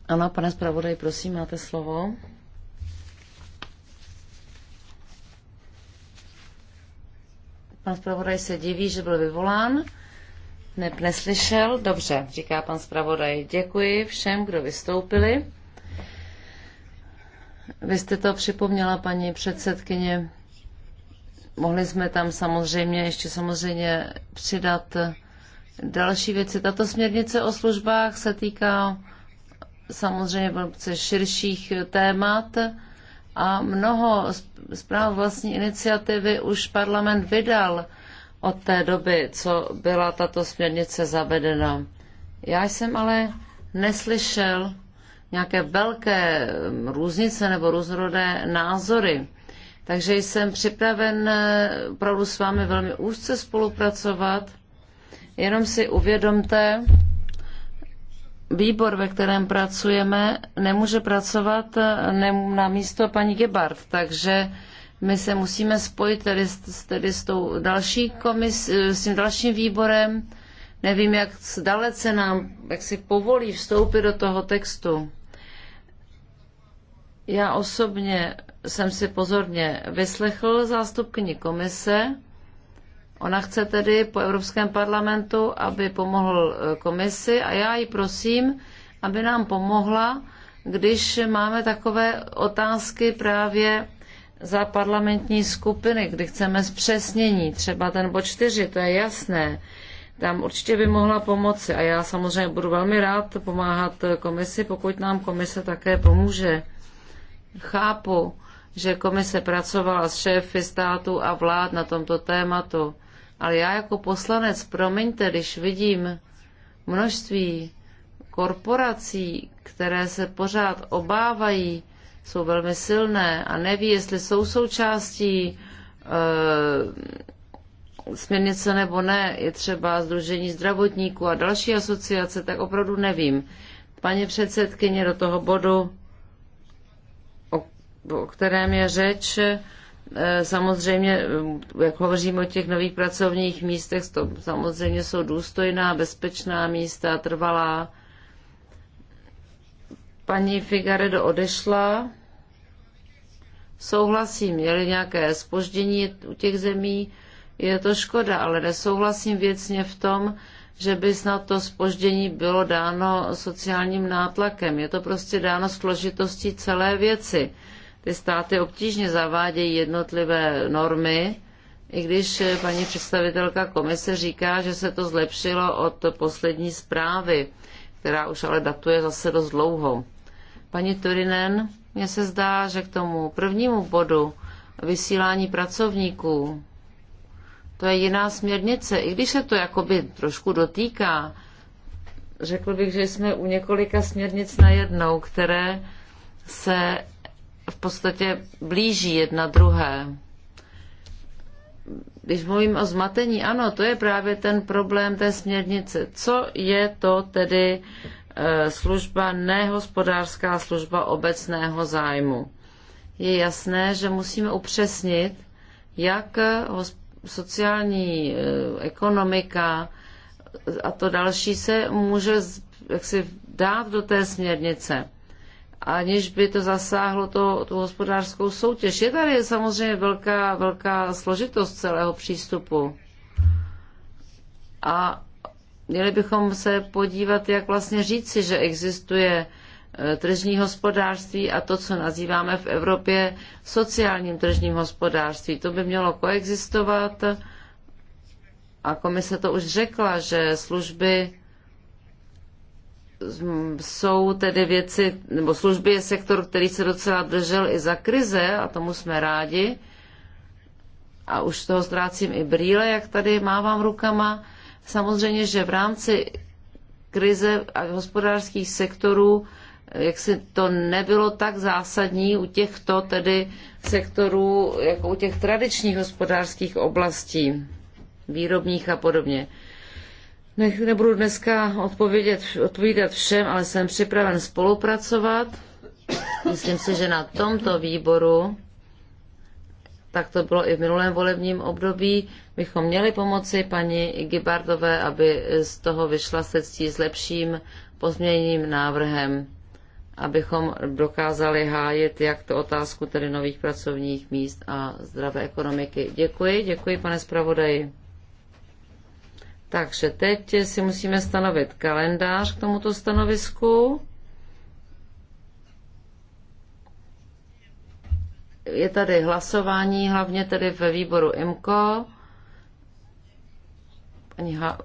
Speaker 1: Ano, pane zpravodaj, prosím, máte slovo. Pan zpravodaj se diví, že byl vyvolán. Ne, neslyšel. Dobře, říká pan zpravodaj. Děkuji všem, kdo vystoupili. Vy jste to připomněla, paní předsedkyně. Mohli jsme tam samozřejmě ještě samozřejmě přidat další věci. Tato směrnice o službách se týká samozřejmě velice širších témat a mnoho zpráv vlastní iniciativy už parlament vydal od té doby, co byla tato směrnice zavedena. Já jsem ale neslyšel nějaké velké mm, různice nebo různorodé názory. Takže jsem připraven eh, opravdu s vámi velmi úzce spolupracovat. Jenom si uvědomte, výbor, ve kterém pracujeme, nemůže pracovat eh, na místo paní Gebhardt, takže my se musíme spojit tedy, tedy s, tou další komis, eh, s tím dalším výborem. Nevím, jak dalece nám, jak si povolí vstoupit do toho textu. Já osobně jsem si pozorně vyslechl zástupkyni komise Ona chce tedy po Evropském parlamentu, aby pomohl eh, komisi a já ji prosím, aby nám pomohla, když máme takové otázky právě za parlamentní skupiny, kdy chceme zpřesnění, třeba ten bod 4, to je jasné, tam určitě by mohla pomoci a já samozřejmě budu velmi rád pomáhat eh, komisi, pokud nám komise také pomůže. Chápu, že komise pracovala s šéfy států a vlád na tomto tématu ale já jako poslanec, promiňte, když vidím množství korporací, které se pořád obávají, jsou velmi silné a neví, jestli jsou součástí e, směrnice nebo ne, je třeba Združení zdravotníků a další asociace, tak opravdu nevím. Paní předsedkyně, do toho bodu, o, o kterém je řeč, Eh, samozřejmě, eh, jak hovoříme o těch nových pracovních místech, to samozřejmě jsou důstojná, bezpečná místa, trvalá. Paní Figaredo odešla. Souhlasím, měli nějaké spoždění u těch zemí, je to škoda, ale nesouhlasím věcně v tom, že by snad to spoždění bylo dáno sociálním nátlakem. Je to prostě dáno složitostí celé věci ty státy obtížně zavádějí jednotlivé normy, i když eh, paní představitelka komise říká, že se to zlepšilo od poslední zprávy, která už ale datuje zase dost dlouho. Paní Turinen, mně se zdá, že k tomu prvnímu bodu vysílání pracovníků, to je jiná směrnice, i když se to jakoby trošku dotýká. Řekl bych, že jsme u několika směrnic najednou, které se v podstatě blíží jedna druhé. Když mluvím o zmatení, ano, to je právě ten problém té směrnice. Co je to tedy e, služba, nehospodářská služba obecného zájmu? Je jasné, že musíme upřesnit, jak e, sociální e, ekonomika a to další se může jaksi dát do té směrnice aniž by to zasáhlo to, tu hospodářskou soutěž. Je tady samozřejmě velká, velká složitost celého přístupu. A měli bychom se podívat, jak vlastně říci, že existuje e, tržní hospodářství a to, co nazýváme v Evropě sociálním tržním hospodářství. To by mělo koexistovat a komise to už řekla, že služby jsou tedy věci, nebo služby je sektor, který se docela držel i za krize a tomu jsme rádi. A už toho ztrácím i brýle, jak tady mávám rukama. Samozřejmě, že v rámci krize a hospodářských sektorů jak si to nebylo tak zásadní u těchto tedy sektorů, jako u těch tradičních hospodářských oblastí, výrobních a podobně. Nech, nebudu dneska odpovědět, odpovídat všem, ale jsem připraven spolupracovat. Myslím si, že na tomto výboru, tak to bylo i v minulém volebním období, bychom měli pomoci paní Gibardové, aby z toho vyšla se ctí s lepším pozměněním návrhem, abychom dokázali hájit jak tu otázku tedy nových pracovních míst a zdravé ekonomiky. Děkuji, děkuji pane zpravodaji. Takže teď si musíme stanovit kalendář k tomuto stanovisku. Je tady hlasování, hlavně tedy ve výboru IMCO. Paní ha-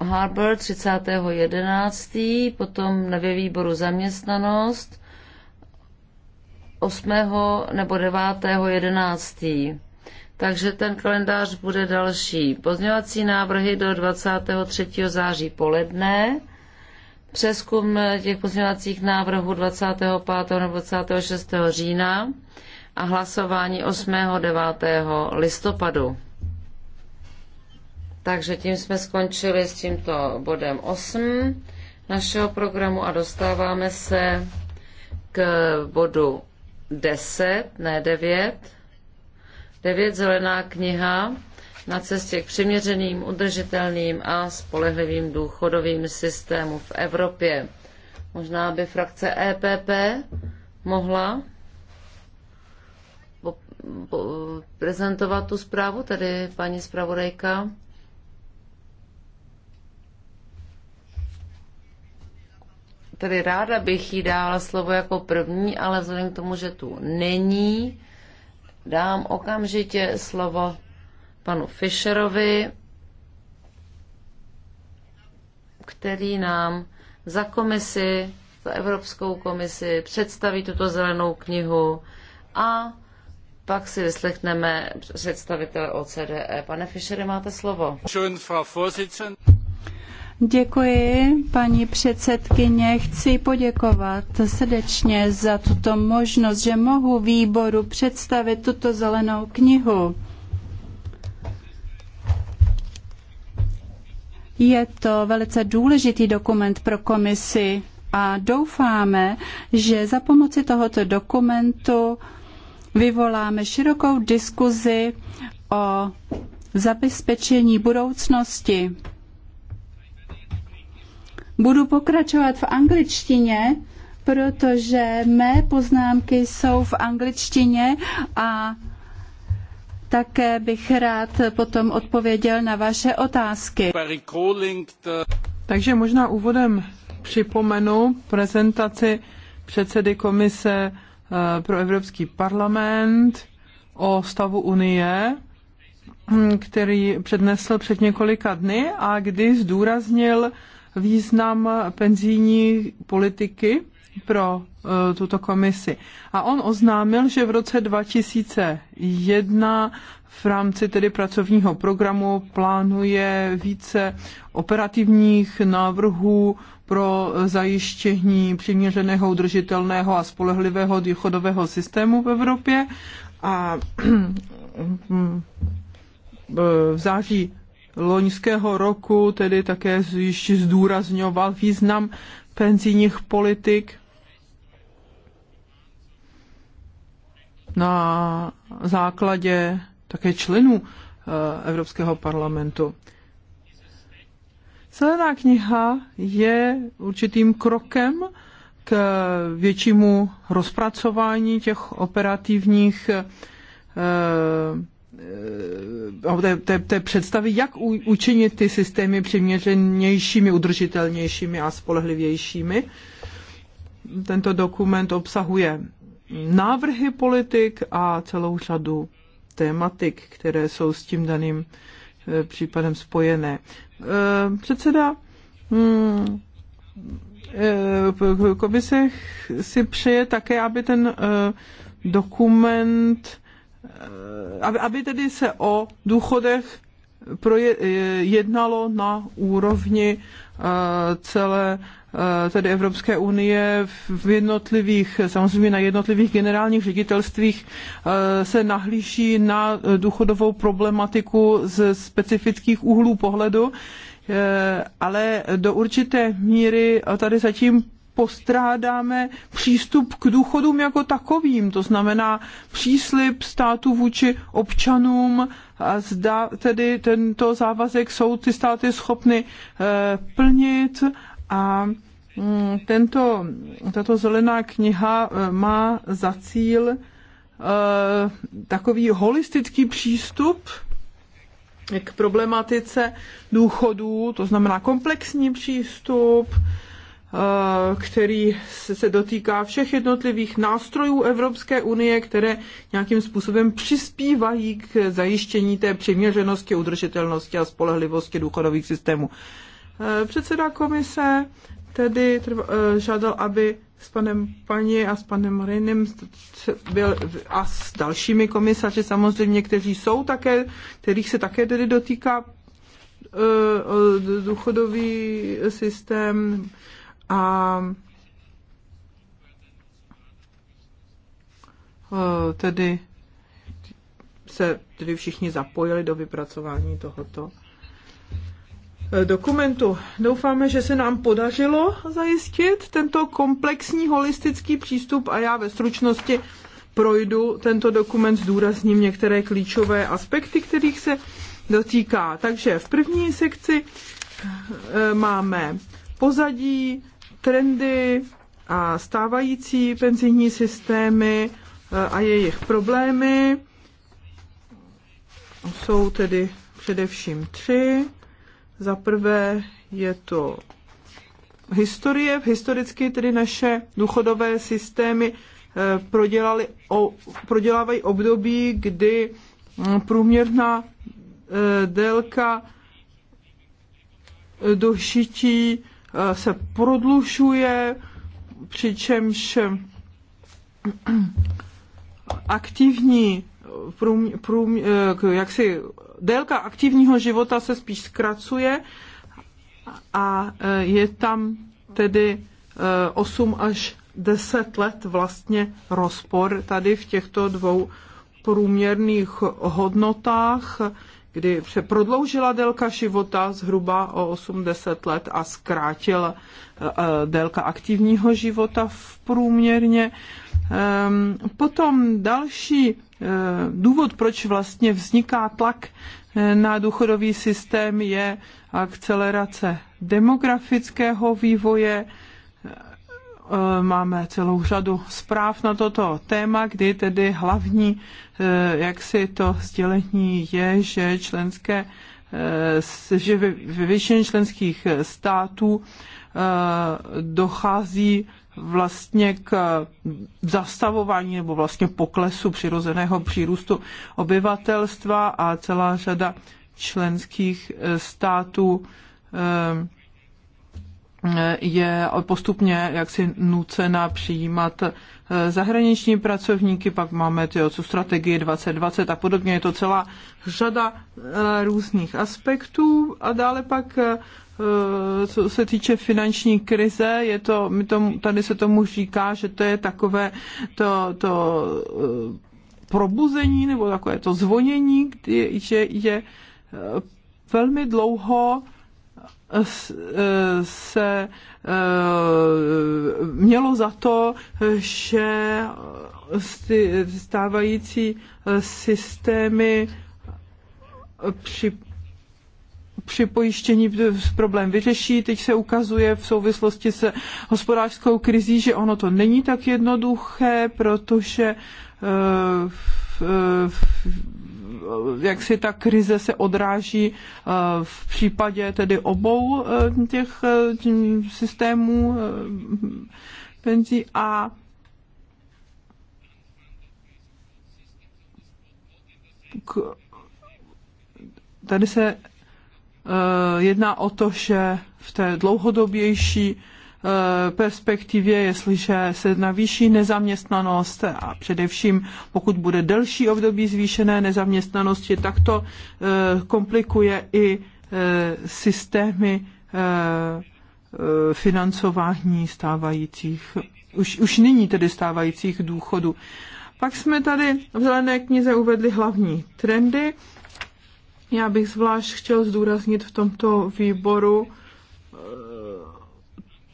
Speaker 1: Harbour 30.11., potom ve výboru zaměstnanost 8. nebo 9. 11 takže ten kalendář bude další. Pozměňovací návrhy do 23. září poledne, přeskum těch pozměňovacích návrhů 25. nebo 26. října a hlasování 8. 9. listopadu. Takže tím jsme skončili s tímto bodem 8 našeho programu a dostáváme se k bodu 10, ne 9. 9. Zelená kniha na cestě k přiměřeným, udržitelným a spolehlivým důchodovým systému v Evropě. Možná by frakce EPP mohla prezentovat tu zprávu, tedy paní zpravodajka. Tedy ráda bych jí dala slovo jako první, ale vzhledem k tomu, že tu není, dám okamžitě slovo panu Fischerovi, který nám za komisi, za Evropskou komisi představí tuto zelenou knihu a pak si vyslechneme představitele OCDE. Pane Fischere, máte slovo.
Speaker 3: Děkuji, paní předsedkyně. Chci poděkovat srdečně za tuto možnost, že mohu výboru představit tuto zelenou knihu. Je to velice důležitý dokument pro komisi a doufáme, že za pomoci tohoto dokumentu vyvoláme širokou diskuzi o zabezpečení budoucnosti Budu pokračovat v angličtině, protože mé poznámky jsou v angličtině a také bych rád potom odpověděl na vaše otázky.
Speaker 2: Takže možná úvodem připomenu prezentaci předsedy komise eh, pro Evropský parlament o stavu Unie, hm, který přednesl před několika dny a kdy zdůraznil význam penzijní politiky pro e, tuto komisi. A on oznámil, že v roce 2001 v rámci tedy pracovního programu plánuje více operativních návrhů pro zajištění přiměřeného, udržitelného a spolehlivého důchodového systému v Evropě. A v září loňského roku tedy také ještě zdůrazňoval význam penzijních politik na základě také členů eh, Evropského parlamentu. Zelená kniha je určitým krokem k většímu rozpracování těch operativních eh, té, té, té představy, jak u, učinit ty systémy přiměřenějšími, udržitelnějšími a spolehlivějšími. Tento dokument obsahuje návrhy politik a celou řadu tématik, které jsou s tím daným eh, případem spojené. Eh, předseda hmm, eh, komise si přeje také, aby ten dokument Eh, aby tedy se o důchodech eh, jednalo na úrovni eh, celé tedy Evropské unie v jednotlivých, samozřejmě na jednotlivých generálních ředitelstvích se nahlíží na důchodovou problematiku z specifických úhlů pohledu, ale do určité míry tady zatím postrádáme přístup k důchodům jako takovým, to znamená příslip státu vůči občanům, a zda tedy tento závazek jsou ty státy schopny e, plnit a mm, tento, tato zelená kniha e, má za cíl e, takový holistický přístup k problematice důchodů, to znamená komplexní přístup, který se dotýká všech jednotlivých nástrojů Evropské unie, které nějakým způsobem přispívají k zajištění té přiměřenosti, udržitelnosti a spolehlivosti důchodových systémů. Předseda komise tedy žádal, aby s panem Paní a s panem Marinem byl a s dalšími komisaři samozřejmě, kteří jsou také, kterých se také tedy dotýká e, e, důchodový systém a e, tedy se tedy všichni zapojili do vypracování tohoto e, dokumentu. Doufáme, že se nám podařilo zajistit tento komplexní holistický přístup a já ve stručnosti projdu tento dokument, důrazním některé klíčové aspekty, kterých se dotýká. Takže v první sekci e, máme pozadí, trendy a stávající penzijní systémy eh, a jejich problémy. Jsou tedy především tři. Za prvé je to historie. Historicky tedy naše důchodové systémy eh, prodělali, prodělávají období, kdy hm, průměrná eh, délka dožití Eh, se prodlužuje, přičemž aktivní prům, prům, eh, jaksi délka aktivního života se spíš zkracuje a eh, je tam tedy 8 až 10 let vlastně rozpor tady v těchto dvou průměrných hodnotách kdy se prodloužila délka života zhruba o 80 let a zkrátila eh, eh, délka aktivního života v průměrně. Ehm, potom další eh, důvod, proč vlastně vzniká tlak na důchodový systém, je akcelerace demografického vývoje, Eh, máme celou řadu zpráv na toto téma, kdy tedy hlavní, eh, jak si to sdělení je, že členské eh, že ve většině členských států dochází vlastně k zastavování nebo vlastně poklesu přirozeného přírůstu obyvatelstva a celá řada členských států je postupně jaksi nucena přijímat eh, zahraniční pracovníky, pak máme ty co strategii 2020 a podobně. Je to celá řada eh, různých aspektů a dále pak eh, co se týče finanční krize, je to, my tomu, tady se tomu říká, že to je takové to, to probuzení nebo takové to zvonění, kdy, že je velmi dlouho se eh, mělo za to, že stávající eh, systémy při připojištění problém vyřeší. Teď se ukazuje v souvislosti se hospodářskou krizí, že ono to není tak jednoduché, protože eh, Eh, jak si ta krize se odráží eh, v případě tedy obou eh, těch systémů penzí a k, tady se jedná o to, že v té dlouhodobější Eh, perspektivě, jestliže se navýší nezaměstnanost a především pokud bude delší období zvýšené nezaměstnanosti, tak to eh, komplikuje i eh, systémy financování stávajících, už, už nyní tedy stávajících důchodů. Pak jsme tady v zelené knize uvedli hlavní trendy. Já bych zvlášť chtěl zdůraznit v tomto výboru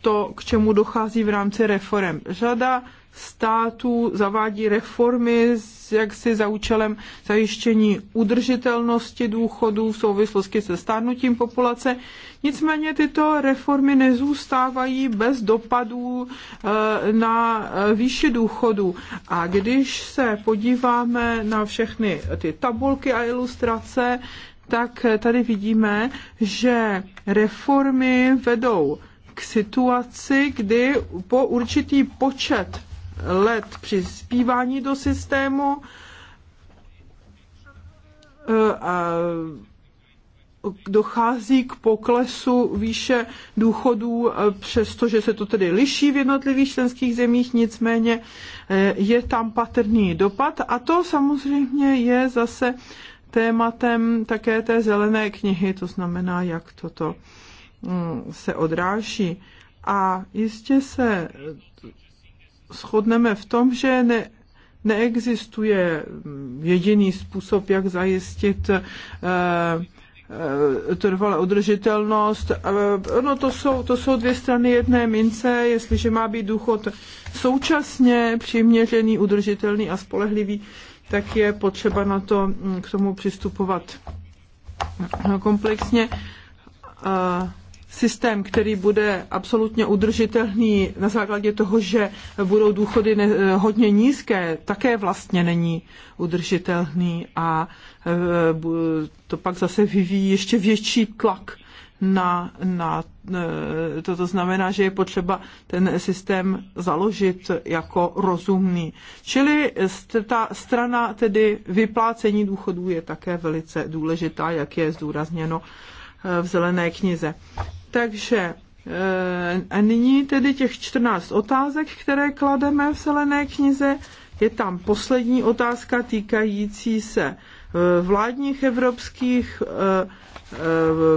Speaker 2: to, k čemu dochází v rámci reform. Řada států zavádí reformy jaksi za účelem zajištění udržitelnosti důchodů v souvislosti se stárnutím populace. Nicméně tyto reformy nezůstávají bez dopadů eh, na eh, výši důchodů. A když se podíváme na všechny ty tabulky a ilustrace, tak eh, tady vidíme, že reformy vedou k situaci, kdy po určitý počet let při zpívání do systému eh, a dochází k poklesu výše důchodů, eh, přestože se to tedy liší v jednotlivých členských zemích, nicméně eh, je tam patrný dopad a to samozřejmě je zase tématem také té zelené knihy, to znamená, jak toto Mm, se odráží. A jistě se shodneme v tom, že ne, neexistuje jediný způsob, jak zajistit eh, eh trvale udržitelnost. Eh, no to jsou, to jsou dvě strany jedné mince, jestliže má být důchod současně přiměřený, udržitelný a spolehlivý, tak je potřeba na to mm, k tomu přistupovat no, komplexně. Eh, systém, který bude absolutně udržitelný na základě toho, že budou důchody hodně nízké, také vlastně není udržitelný a e, to pak zase vyvíjí ještě větší tlak na, na e, to, to znamená, že je potřeba ten systém založit jako rozumný. Čili ta strana tedy vyplácení důchodů je také velice důležitá, jak je zdůrazněno e, v zelené knize. Takže eh, a nyní tedy těch 14 otázek, které klademe v Selené knize. Je tam poslední otázka týkající se eh, vládních evropských eh,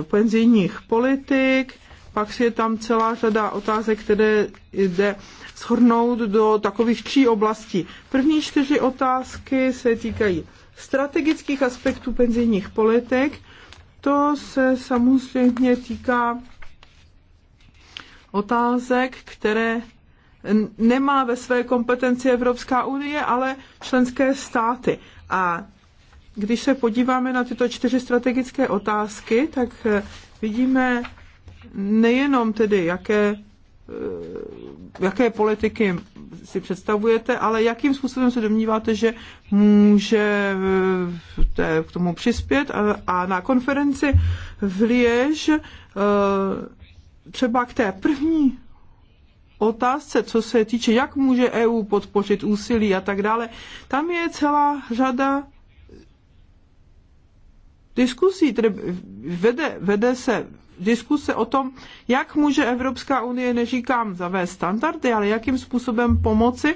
Speaker 2: penzijních politik, pak je tam celá řada otázek, které jde shrnout do takových tří oblastí. První čtyři otázky se týkají strategických aspektů penzijních politik. To se samozřejmě týká otázek, které nemá ve své kompetenci Evropská unie, ale členské státy. A když se podíváme na tyto čtyři strategické otázky, tak eh, vidíme nejenom tedy, jaké, eh, jaké politiky si představujete, ale jakým způsobem se domníváte, že může eh, k tomu přispět. A na konferenci v Liež třeba k té první otázce, co se týče, jak může EU podpořit úsilí a tak dále, tam je celá řada diskusí, tedy vede, vede se diskuse o tom, jak může Evropská unie, neříkám zavést standardy, ale jakým způsobem pomoci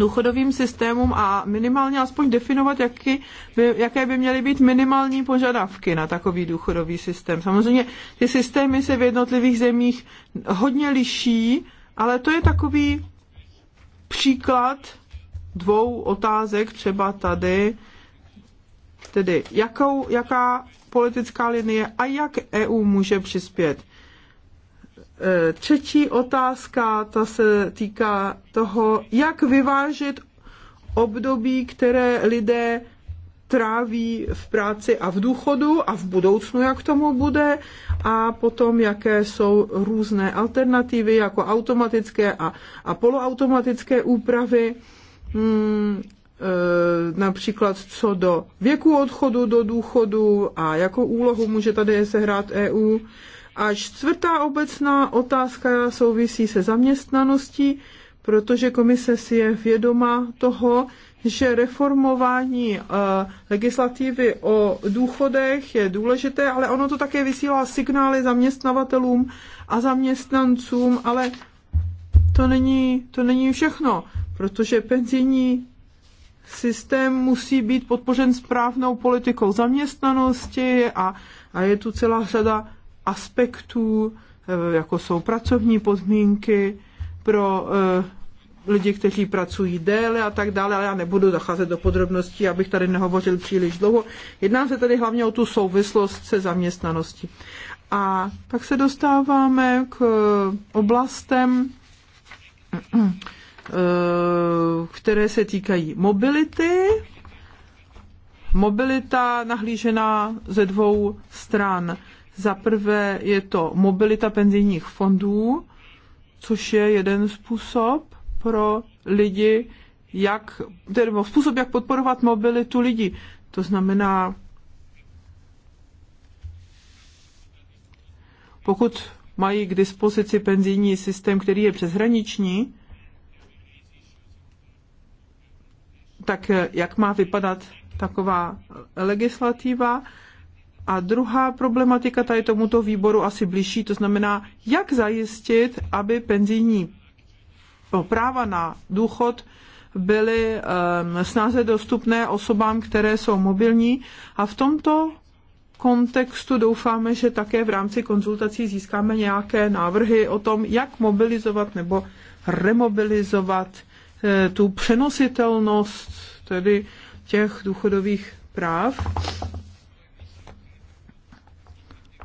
Speaker 2: důchodovým systémům a minimálně aspoň definovat, jaký by, jaké by měly být minimální požadavky na takový důchodový systém. Samozřejmě ty systémy se v jednotlivých zemích hodně liší, ale to je takový příklad dvou otázek třeba tady, tedy jakou, jaká politická linie a jak EU může přispět. Eh, třetí otázka, ta se týká toho, jak vyvážit období, které lidé tráví v práci a v důchodu a v budoucnu, jak tomu bude a potom, jaké jsou různé alternativy, jako automatické a, a poloautomatické úpravy, hmm, e, například co do věku odchodu do důchodu a jakou úlohu může tady sehrát EU. E, Až čtvrtá obecná otázka souvisí se zaměstnaností, protože komise si je vědoma toho, že reformování eh, legislativy o důchodech je důležité, ale ono to také vysílá signály zaměstnavatelům a zaměstnancům, ale to není, to není všechno, protože penzijní systém musí být podpořen správnou politikou zaměstnanosti a, a je tu celá řada aspektů, eh, jako jsou pracovní podmínky pro eh, lidi, kteří pracují déle a tak dále, ale já nebudu zacházet do podrobností, abych tady nehovořil příliš dlouho. Jedná se tady hlavně o tu souvislost se zaměstnaností. A pak se dostáváme k eh, oblastem, které se týkají mobility. Mobilita nahlížená ze dvou stran za prvé je to mobilita penzijních fondů, což je jeden způsob pro lidi, jak, tedy způsob, jak podporovat mobilitu lidí. To znamená, pokud mají k dispozici penzijní systém, který je přeshraniční, tak jak má vypadat taková legislativa a druhá problematika tady tomuto výboru asi blížší, to znamená, jak zajistit, aby penzijní práva na důchod byly ehm, snáze dostupné osobám, které jsou mobilní. A v tomto kontextu doufáme, že také v rámci konzultací získáme nějaké návrhy o tom, jak mobilizovat nebo remobilizovat eh, tu přenositelnost tedy těch důchodových práv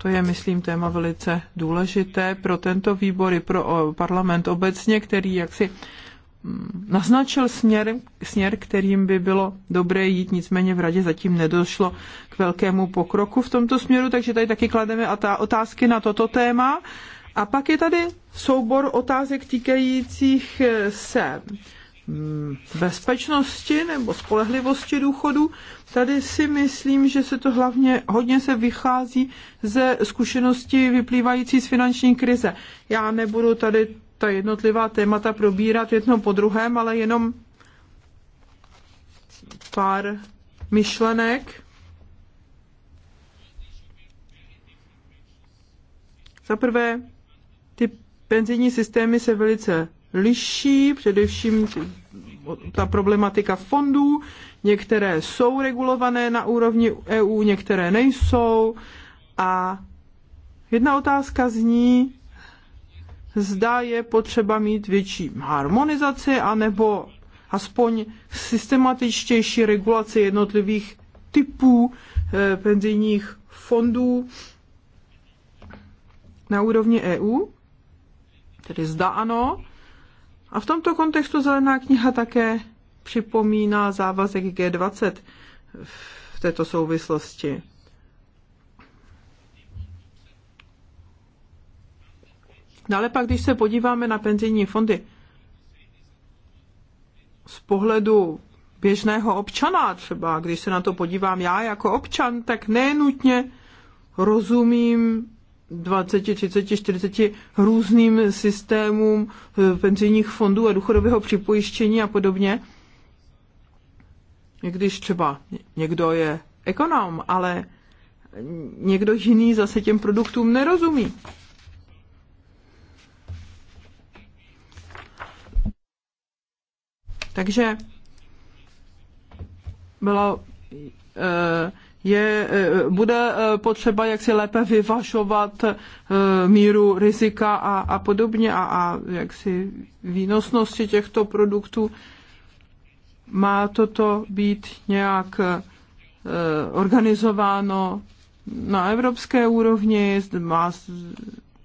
Speaker 2: to je, myslím, téma velice důležité pro tento výbor i pro parlament obecně, který jaksi mm, naznačil směr, směr, kterým by bylo dobré jít, nicméně v radě zatím nedošlo k velkému pokroku v tomto směru, takže tady taky klademe otázky na toto téma. A pak je tady soubor otázek týkajících eh, se Mm, bezpečnosti nebo spolehlivosti důchodu. Tady si myslím, že se to hlavně hodně se vychází ze zkušenosti vyplývající z finanční krize. Já nebudu tady ta jednotlivá témata probírat jedno po druhém, ale jenom pár myšlenek. Za prvé, ty penzijní systémy se velice liší, především ta problematika fondů. Některé jsou regulované na úrovni EU, některé nejsou. A jedna otázka zní, zda je potřeba mít větší harmonizaci anebo aspoň systematičtější regulaci jednotlivých typů eh, penzijních fondů na úrovni EU? Tedy zda ano, a v tomto kontextu Zelená kniha také připomíná závazek G20 v této souvislosti. Dále pak, když se podíváme na penzijní fondy z pohledu běžného občana, třeba když se na to podívám já jako občan, tak nenutně rozumím 20, 30, 40 různým systémům eh, penzijních fondů a důchodového připojištění a podobně. I když třeba někdo je ekonom, ale někdo jiný zase těm produktům nerozumí. Takže bylo eh, je, eh, bude eh, potřeba jak si lépe vyvažovat eh, míru rizika a, a podobně a, a jak si výnosnosti těchto produktů. Má toto být nějak organizováno na evropské úrovni, má,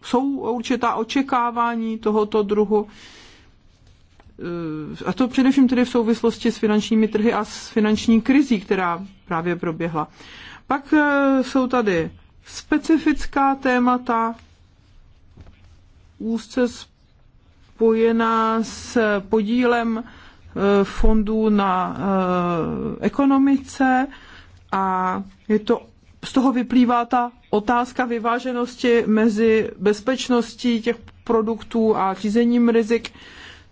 Speaker 2: jsou určitá očekávání tohoto druhu. Eh, a to především tedy v souvislosti s finančními trhy a s finanční krizí, která právě proběhla. Pak eh, jsou tady specifická témata úzce spojená s podílem eh, fondů na ekonomice a je to, z toho vyplývá ta otázka vyváženosti mezi bezpečností těch produktů a řízením rizik.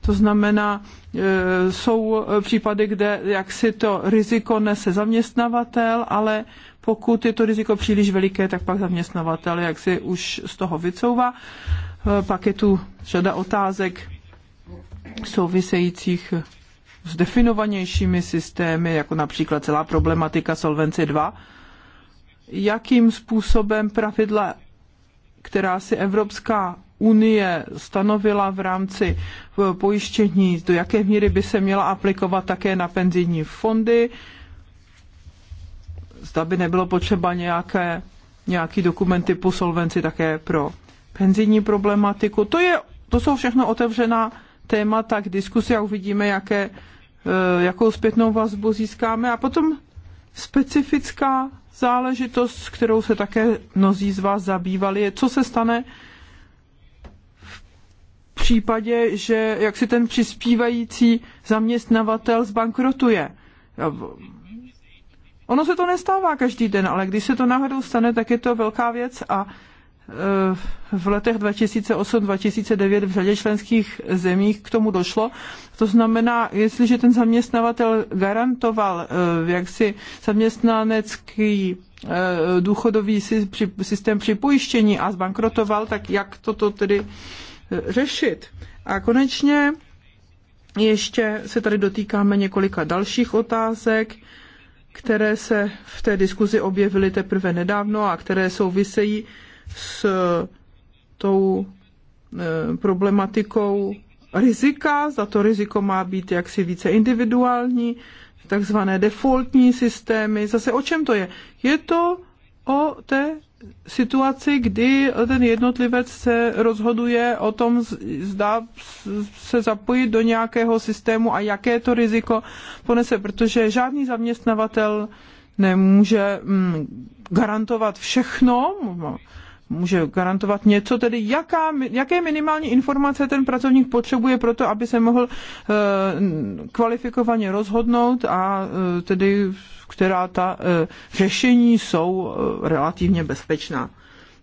Speaker 2: To znamená, e, jsou případy, kde jak si to riziko nese zaměstnavatel, ale pokud je to riziko příliš veliké, tak pak zaměstnavatel jak si už z toho vycouvá. E, pak je tu řada otázek souvisejících s definovanějšími systémy, jako například celá problematika Solvency 2, jakým způsobem pravidla, která si Evropská unie stanovila v rámci eh, pojištění, do jaké míry by se měla aplikovat také na penzijní fondy. Zda by nebylo potřeba nějaké, nějaký dokumenty po solvenci také pro penzijní problematiku. To, je, to jsou všechno otevřená témata k diskusi a uvidíme, jaké, eh, jakou zpětnou vazbu získáme. A potom specifická záležitost, kterou se také mnozí z vás zabývali, je, co se stane, případě, že jak si ten přispívající zaměstnavatel zbankrotuje. Ono se to nestává každý den, ale když se to náhodou stane, tak je to velká věc a e, v letech 2008-2009 v řadě členských zemích k tomu došlo. To znamená, jestliže ten zaměstnavatel garantoval e, jaksi zaměstnanecký e, důchodový systém připojištění a zbankrotoval, tak jak toto tedy řešit. A konečně ještě se tady dotýkáme několika dalších otázek, které se v té diskuzi objevily teprve nedávno a které souvisejí s eh, tou eh, problematikou rizika, za to riziko má být jaksi více individuální, takzvané defaultní systémy. Zase o čem to je? Je to o té situaci, kdy ten jednotlivec se rozhoduje o tom, zda se zapojit do nějakého systému a jaké to riziko ponese, protože žádný zaměstnavatel nemůže mm, garantovat všechno, může garantovat něco, tedy jaká, jaké minimální informace ten pracovník potřebuje pro to, aby se mohl eh, kvalifikovaně rozhodnout a eh, tedy která ta e, řešení jsou e, relativně bezpečná.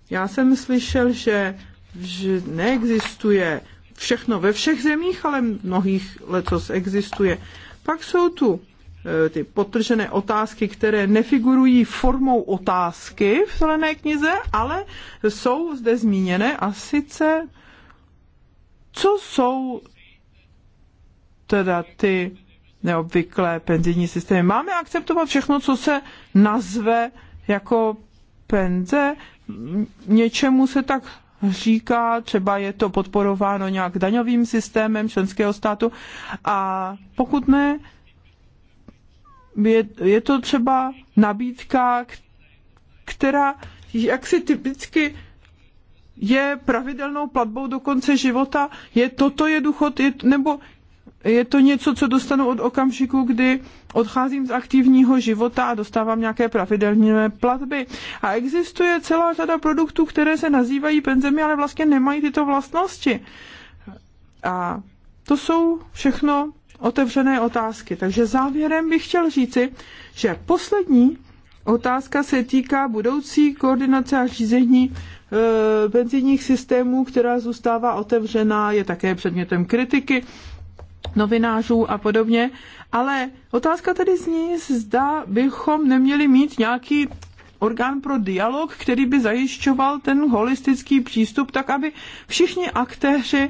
Speaker 2: Já jsem slyšel, že, že neexistuje všechno ve všech zemích, ale mnohých letos existuje. Pak jsou tu e, ty potržené otázky, které nefigurují formou otázky v zelené knize, ale jsou zde zmíněné a sice co jsou teda ty neobvyklé penzijní systémy. Máme akceptovat všechno, co se nazve jako penze. Něčemu se tak říká, třeba je to podporováno nějak daňovým systémem členského státu a pokud ne, je, je to třeba nabídka, která jaksi typicky je pravidelnou platbou do konce života, je toto je důchod, je, nebo je to něco, co dostanu od okamžiku, kdy odcházím z aktivního života a dostávám nějaké pravidelné platby. A existuje celá řada produktů, které se nazývají penzemi, ale vlastně nemají tyto vlastnosti. A to jsou všechno otevřené otázky. Takže závěrem bych chtěl říci, že poslední otázka se týká budoucí koordinace a řízení e, penzijních systémů, která zůstává otevřená, je také předmětem kritiky novinářů a podobně. Ale otázka tedy zní, zda bychom neměli mít nějaký orgán pro dialog, který by zajišťoval ten holistický přístup, tak aby všichni aktéři eh,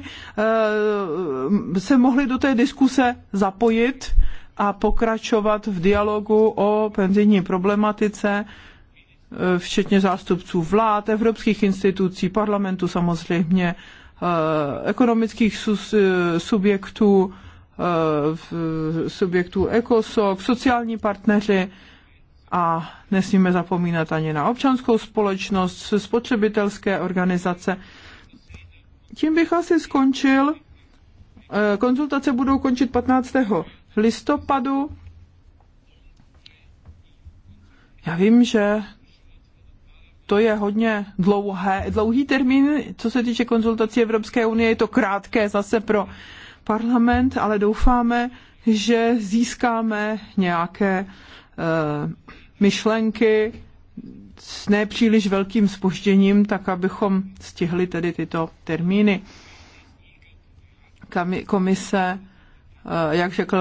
Speaker 2: se mohli do té diskuse zapojit a pokračovat v dialogu o penzijní problematice, eh, včetně zástupců vlád, evropských institucí, parlamentu samozřejmě, eh, ekonomických subjektů, subjektů ECOSOC, sociální partneři a nesmíme zapomínat ani na občanskou společnost, spotřebitelské organizace. Tím bych asi skončil. Eh, konzultace budou končit 15. listopadu. Já vím, že to je hodně dlouhé, dlouhý termín, co se týče konzultací Evropské unie, je to krátké zase pro parlament, ale doufáme, že získáme nějaké eh, myšlenky s nepříliš velkým spožděním, tak abychom stihli tedy tyto termíny. Komise, eh, jak řekl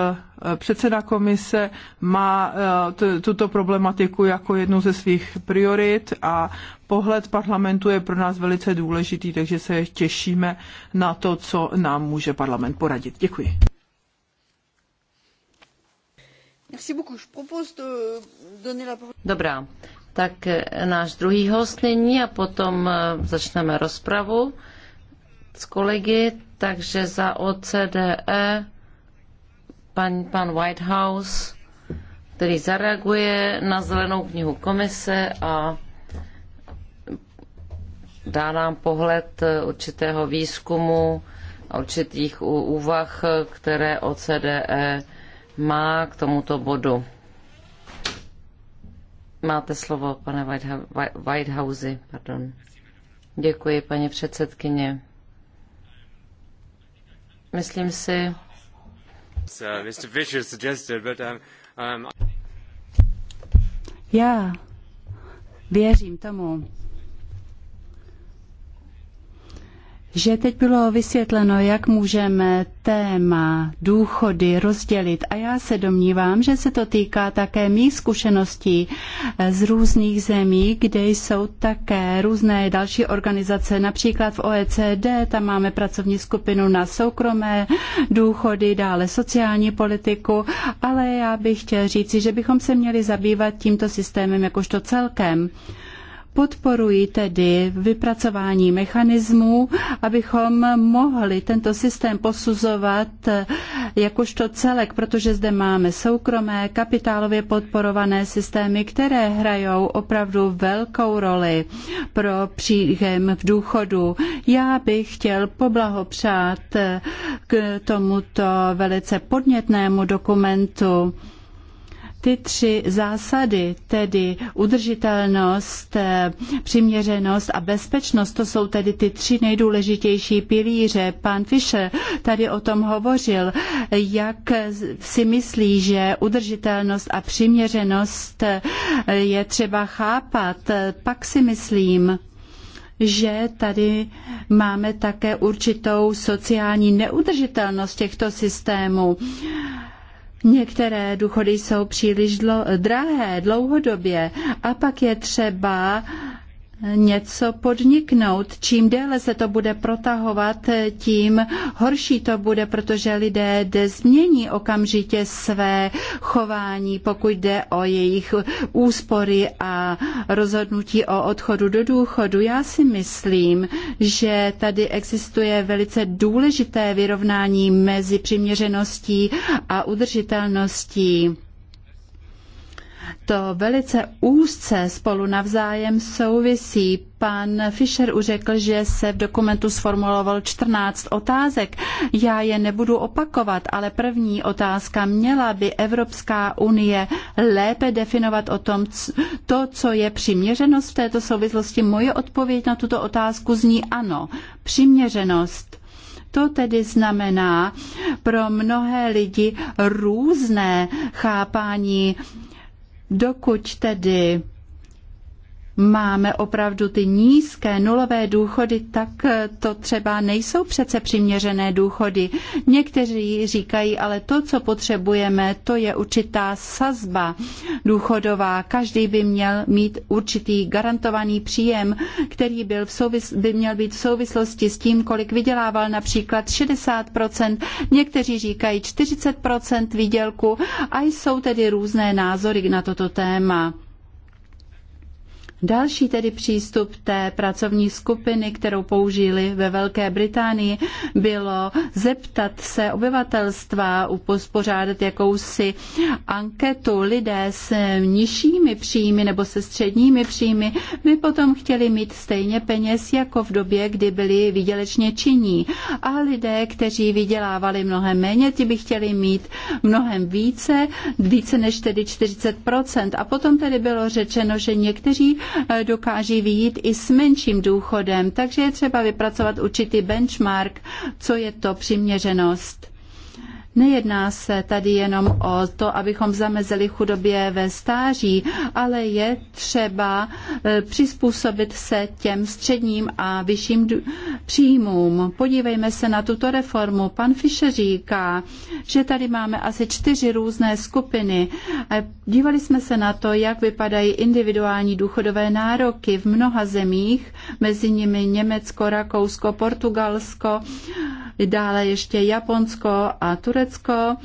Speaker 2: Předseda komise má eh, tuto problematiku jako jednu ze svých priorit a pohled parlamentu je pro nás velice důležitý, takže se těšíme na to, co nám může parlament poradit. Děkuji. Dobrá,
Speaker 1: tak eh, náš druhý host nyní a potom eh, začneme rozpravu s kolegy, takže za OCDE pan, pan Whitehouse, který zareaguje na zelenou knihu komise a dá nám pohled určitého výzkumu a určitých úvah, které OCDE má k tomuto bodu. Máte slovo, pane Whitehouse. Pardon. Děkuji, paní předsedkyně. Myslím si, Uh,
Speaker 3: um, um, Já věřím tomu, že teď bylo vysvětleno, jak můžeme téma důchody rozdělit. A já se domnívám, že se to týká také mých zkušeností eh, z různých zemí, kde jsou také různé další organizace. Například v OECD, tam máme pracovní skupinu na soukromé důchody, dále sociální politiku, ale já bych chtěl říci, že bychom se měli zabývat tímto systémem jakožto celkem. Podporuji tedy vypracování mechanismů, abychom mohli tento systém posuzovat eh, jakožto celek, protože zde máme soukromé, kapitálově podporované systémy, které hrajou opravdu velkou roli pro příjem v důchodu. Já bych chtěl poblahopřát eh, k tomuto velice podnětnému dokumentu ty tři zásady, tedy udržitelnost, eh, přiměřenost a bezpečnost, to jsou tedy ty tři nejdůležitější pilíře. Pan Fischer tady o tom hovořil, jak si myslí, že udržitelnost a přiměřenost eh, je třeba chápat. Pak si myslím, že tady máme také určitou sociální neudržitelnost těchto systémů. Některé důchody jsou příliš dlo, drahé dlouhodobě a pak je třeba něco podniknout. Čím déle se to bude protahovat, tím horší to bude, protože lidé změní okamžitě své chování, pokud jde o jejich úspory a rozhodnutí o odchodu do důchodu. Já si myslím, že tady existuje velice důležité vyrovnání mezi přiměřeností a udržitelností to velice úzce spolu navzájem souvisí. Pan Fischer uřekl, že se v dokumentu sformuloval 14 otázek. Já je nebudu opakovat, ale první otázka měla by Evropská unie lépe definovat o tom, to, co je přiměřenost v této souvislosti. Moje odpověď na tuto otázku zní ano. Přiměřenost. To tedy znamená pro mnohé lidi různé chápání Dokud tedy máme opravdu ty nízké nulové důchody, tak to třeba nejsou přece přiměřené důchody. Někteří říkají, ale to, co potřebujeme, to je určitá sazba důchodová. Každý by měl mít určitý garantovaný příjem, který byl v souvis- by měl být v souvislosti s tím, kolik vydělával například 60%, někteří říkají 40% výdělku a jsou tedy různé názory na toto téma. Další tedy přístup té pracovní skupiny, kterou použili ve Velké Británii, bylo zeptat se obyvatelstva, upospořádat jakousi anketu. Lidé s nižšími příjmy nebo se středními příjmy by potom chtěli mít stejně peněz jako v době, kdy byli výdělečně činní. A lidé, kteří vydělávali mnohem méně, ti by chtěli mít mnohem více, více než tedy 40%. A potom tedy bylo řečeno, že někteří Eh, dokáží vyjít i s menším důchodem. Takže je třeba vypracovat určitý benchmark, co je to přiměřenost. Nejedná se tady jenom o to, abychom zamezili chudobě ve stáří, ale je třeba e, přizpůsobit se těm středním a vyšším příjmům. Podívejme se na tuto reformu. Pan Fischer říká, že tady máme asi čtyři různé skupiny. Dívali jsme se na to, jak vypadají individuální důchodové nároky v mnoha zemích, mezi nimi Německo, Rakousko, Portugalsko, dále ještě Japonsko a Turecko Turecko,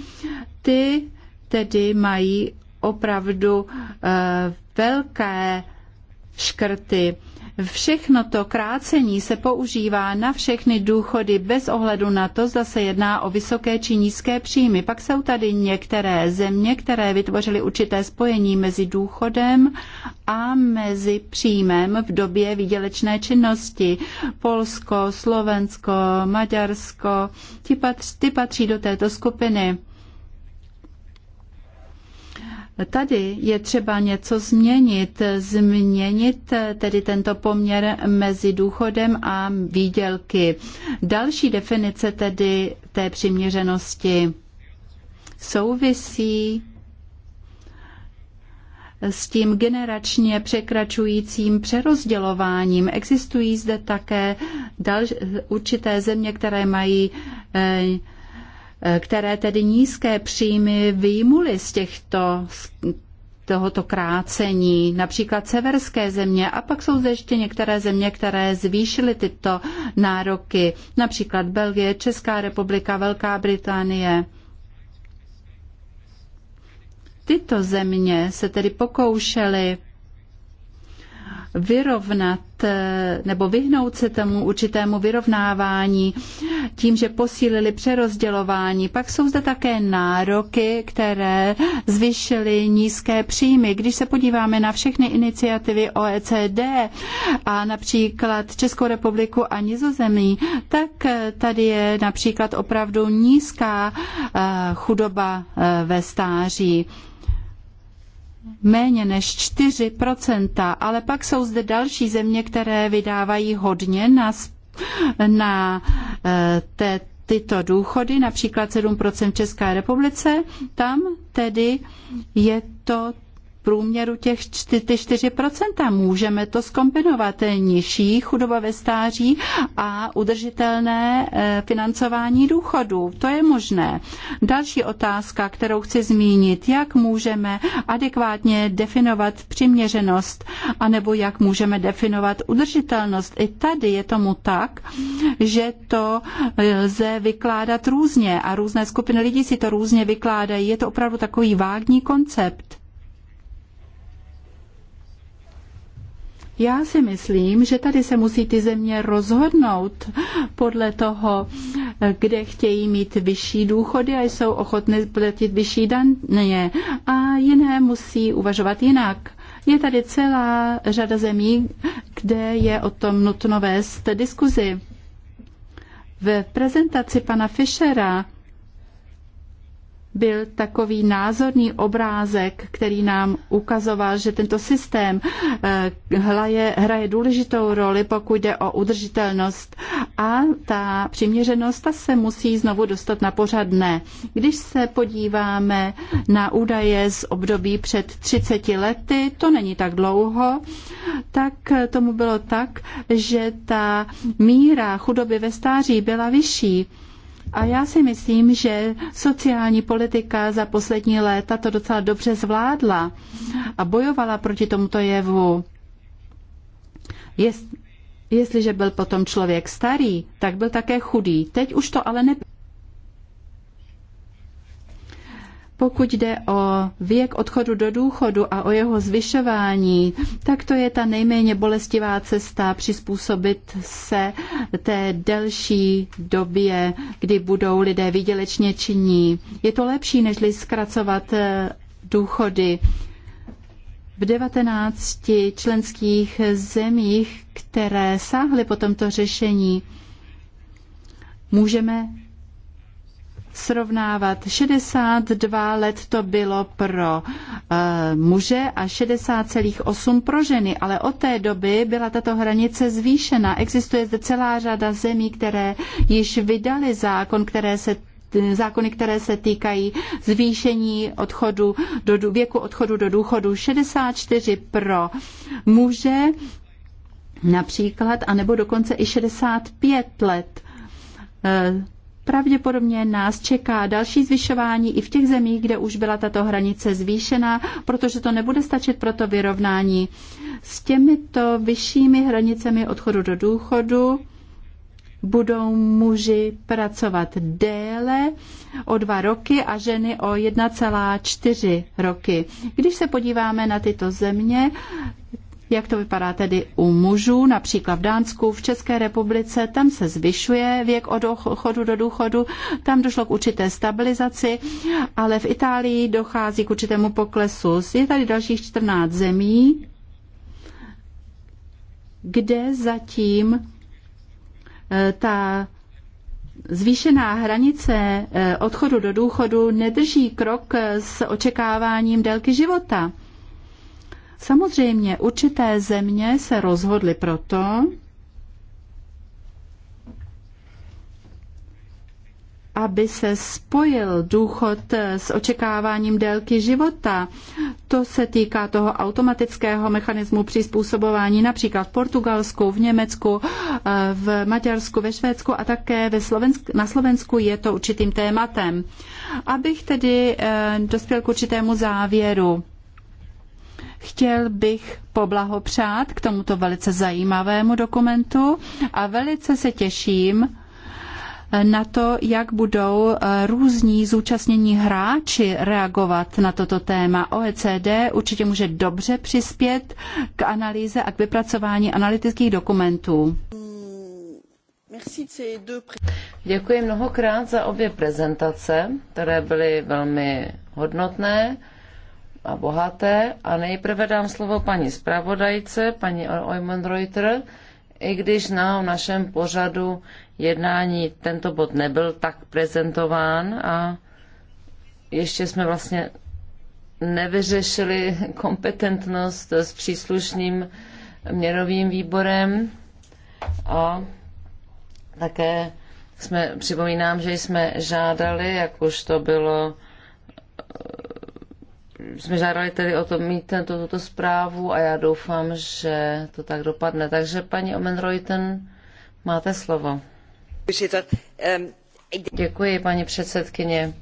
Speaker 3: ty tedy mají opravdu eh, velké škrty. Všechno to krácení se používá na všechny důchody bez ohledu na to, zda se jedná o vysoké či nízké příjmy. Pak jsou tady některé země, které vytvořily určité spojení mezi důchodem a mezi příjmem v době výdělečné činnosti. Polsko, Slovensko, Maďarsko, ty patří, ty patří do této skupiny. Tady je třeba něco změnit, změnit tedy tento poměr mezi důchodem a výdělky. Další definice tedy té přiměřenosti souvisí s tím generačně překračujícím přerozdělováním. Existují zde také dal, určité země, které mají eh, Eh, které tedy nízké příjmy vyjmuly z těchto tohoto krácení, například severské země a pak jsou zde ještě některé země, které zvýšily tyto nároky, například Belgie, Česká republika, Velká Británie. Tyto země se tedy pokoušely vyrovnat eh, nebo vyhnout se tomu určitému vyrovnávání tím, že posílili přerozdělování. Pak jsou zde také nároky, které zvyšily nízké příjmy. Když se podíváme na všechny iniciativy OECD a například Českou republiku a Nizozemí, tak eh, tady je například opravdu nízká eh, chudoba ve stáří méně než 4%, ale pak jsou zde další země, které vydávají hodně na, na eh, té, tyto důchody, například 7% v České republice, tam tedy je to průměru těch 4%. Můžeme to skombinovat nižší chudoba ve stáří a udržitelné eh, financování důchodů. To je možné. Další otázka, kterou chci zmínit, jak můžeme adekvátně definovat přiměřenost, anebo jak můžeme definovat udržitelnost. I tady je tomu tak, že to eh, lze vykládat různě a různé skupiny lidí si to různě vykládají. Je to opravdu takový vágní koncept. Já si myslím, že tady se musí ty země rozhodnout podle toho, kde chtějí mít vyšší důchody a jsou ochotné platit vyšší daně. A jiné musí uvažovat jinak. Je tady celá řada zemí, kde je o tom nutno vést diskuzi. V prezentaci pana Fischera byl takový názorný obrázek, který nám ukazoval, že tento systém eh, hraje, hraje důležitou roli, pokud jde o udržitelnost a ta přiměřenost ta se musí znovu dostat na pořadné. Když se podíváme na údaje z období před 30 lety, to není tak dlouho, tak tomu bylo tak, že ta míra chudoby ve stáří byla vyšší a já si myslím, že sociální politika za poslední léta to docela dobře zvládla a bojovala proti tomuto jevu. Jest, jestliže byl potom člověk starý, tak byl také chudý. Teď už to ale nebyl. Pokud jde o věk odchodu do důchodu a o jeho zvyšování, tak to je ta nejméně bolestivá cesta přizpůsobit se té delší době, kdy budou lidé výdělečně činní. Je to lepší, než zkracovat eh, důchody. V 19 členských zemích, které sáhly po tomto řešení, můžeme srovnávat. 62 let to bylo pro uh, muže a 60,8 pro ženy, ale od té doby byla tato hranice zvýšena. Existuje zde celá řada zemí, které již vydali zákon, které se zákony, které se týkají zvýšení odchodu do, věku odchodu do důchodu 64 pro muže například, anebo dokonce i 65 let. Eh, pravděpodobně nás čeká další zvyšování i v těch zemích, kde už byla tato hranice zvýšena, protože to nebude stačit pro to vyrovnání. S těmito vyššími hranicemi odchodu do důchodu budou muži pracovat déle o dva roky a ženy o 1,4 roky. Když se podíváme na tyto země, jak to vypadá tedy u mužů, například v Dánsku, v České republice, tam se zvyšuje věk od chodu do důchodu, tam došlo k určité stabilizaci, ale v Itálii dochází k určitému poklesu. Je tady dalších 14 zemí, kde zatím eh, ta zvýšená hranice eh, odchodu do důchodu nedrží krok eh, s očekáváním délky života. Samozřejmě určité země se rozhodly proto, aby se spojil důchod s očekáváním délky života. To se týká toho automatického mechanismu přizpůsobování například v Portugalsku, v Německu, v Maďarsku, ve Švédsku a také ve Slovensk- na Slovensku je to určitým tématem. Abych tedy eh, dospěl k určitému závěru. Chtěl bych poblahopřát k tomuto velice zajímavému dokumentu a velice se těším na to, jak budou eh, různí zúčastnění hráči reagovat na toto téma. OECD určitě může dobře přispět k analýze a k vypracování analytických dokumentů.
Speaker 1: Děkuji mnohokrát za obě prezentace, které byly velmi hodnotné a bohaté. A nejprve dám slovo paní zpravodajce, paní Oymenreuter, i když na našem pořadu jednání tento bod nebyl tak prezentován a ještě jsme vlastně nevyřešili kompetentnost s příslušným měrovým výborem a také jsme, připomínám, že jsme žádali, jak už to bylo jsme žádali tedy o to mít tento, tuto zprávu a já doufám, že to tak dopadne. Takže paní Omenreuten, máte slovo. Děkuji, paní předsedkyně.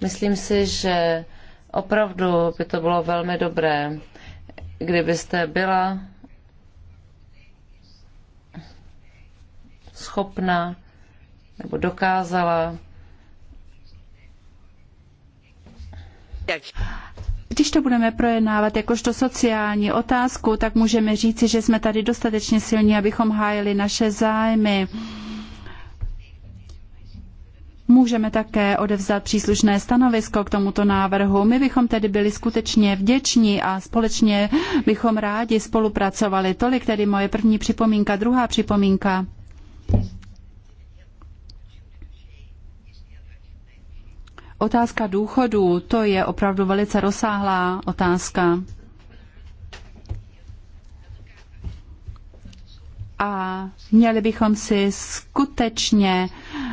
Speaker 1: Myslím si, že opravdu by to bylo velmi dobré, kdybyste byla schopna nebo dokázala
Speaker 3: když to budeme projednávat jakožto sociální otázku, tak můžeme říci, že jsme tady dostatečně silní, abychom hájili naše zájmy. Můžeme také odevzdat příslušné stanovisko k tomuto návrhu. My bychom tedy byli skutečně vděční a společně bychom rádi spolupracovali. Tolik tedy moje první připomínka, druhá připomínka. Otázka důchodů, to je opravdu velice rozsáhlá otázka. A měli bychom si skutečně uh,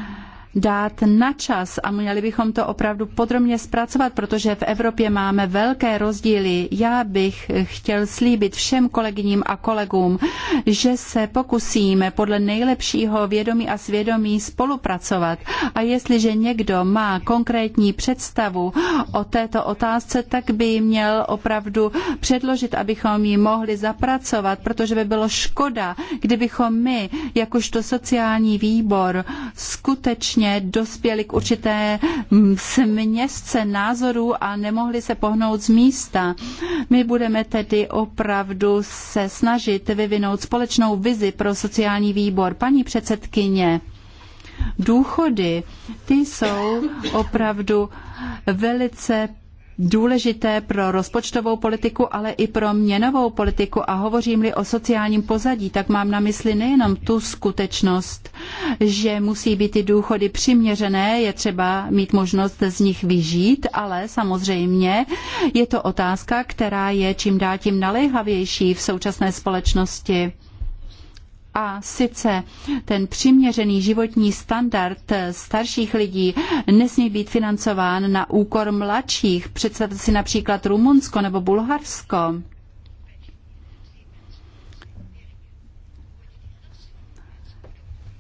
Speaker 3: dát na čas a měli bychom to opravdu podrobně zpracovat, protože v Evropě máme velké rozdíly. Já bych chtěl slíbit všem kolegyním a kolegům, že se pokusíme podle nejlepšího vědomí a svědomí spolupracovat. A jestliže někdo má konkrétní představu o této otázce, tak by měl opravdu předložit, abychom ji mohli zapracovat, protože by bylo škoda, kdybychom my, jakožto sociální výbor, skutečně skutečně dospěli k určité mm, směsce názorů a nemohli se pohnout z místa. My budeme tedy opravdu se snažit vyvinout společnou vizi pro sociální výbor. Paní předsedkyně, důchody, ty jsou opravdu velice důležité pro rozpočtovou politiku, ale i pro měnovou politiku. A hovořím-li o sociálním pozadí, tak mám na mysli nejenom tu skutečnost, že musí být ty důchody přiměřené, je třeba mít možnost z nich vyžít, ale samozřejmě je to otázka, která je čím dál tím naléhavější v současné společnosti a sice ten přiměřený životní standard starších lidí nesmí být financován na úkor mladších. Představte si například Rumunsko nebo Bulharsko.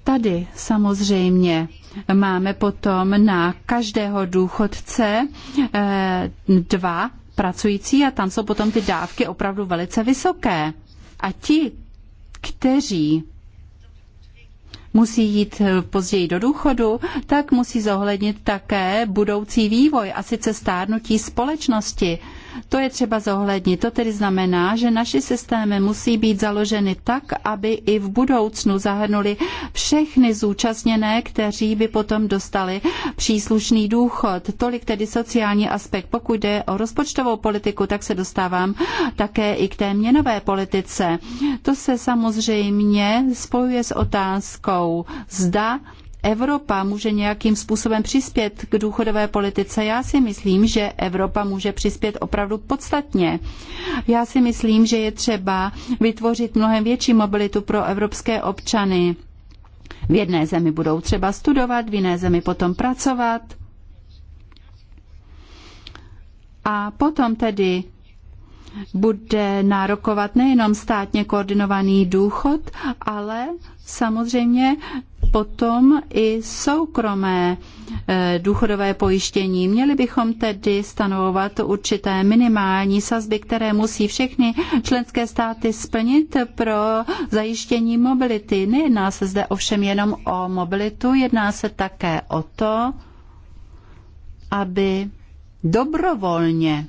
Speaker 3: Tady samozřejmě máme potom na každého důchodce eh, dva pracující a tam jsou potom ty dávky opravdu velice vysoké. A ti, kteří musí jít později do důchodu, tak musí zohlednit také budoucí vývoj a sice stárnutí společnosti. To je třeba zohlednit. To tedy znamená, že naše systémy musí být založeny tak, aby i v budoucnu zahrnuli všechny zúčastněné, kteří by potom dostali příslušný důchod. Tolik tedy sociální aspekt. Pokud jde o rozpočtovou politiku, tak se dostávám také i k té měnové politice. To se samozřejmě spojuje s otázkou, zda Evropa může nějakým způsobem přispět k důchodové politice? Já si myslím, že Evropa může přispět opravdu podstatně. Já si myslím, že je třeba vytvořit mnohem větší mobilitu pro evropské občany. V jedné zemi budou třeba studovat, v jiné zemi potom pracovat. A potom tedy bude nárokovat nejenom státně koordinovaný důchod, ale samozřejmě potom i soukromé eh, důchodové pojištění. Měli bychom tedy stanovovat určité minimální sazby, které musí všechny členské státy splnit pro zajištění mobility. Nejedná se zde ovšem jenom o mobilitu, jedná se také o to, aby dobrovolně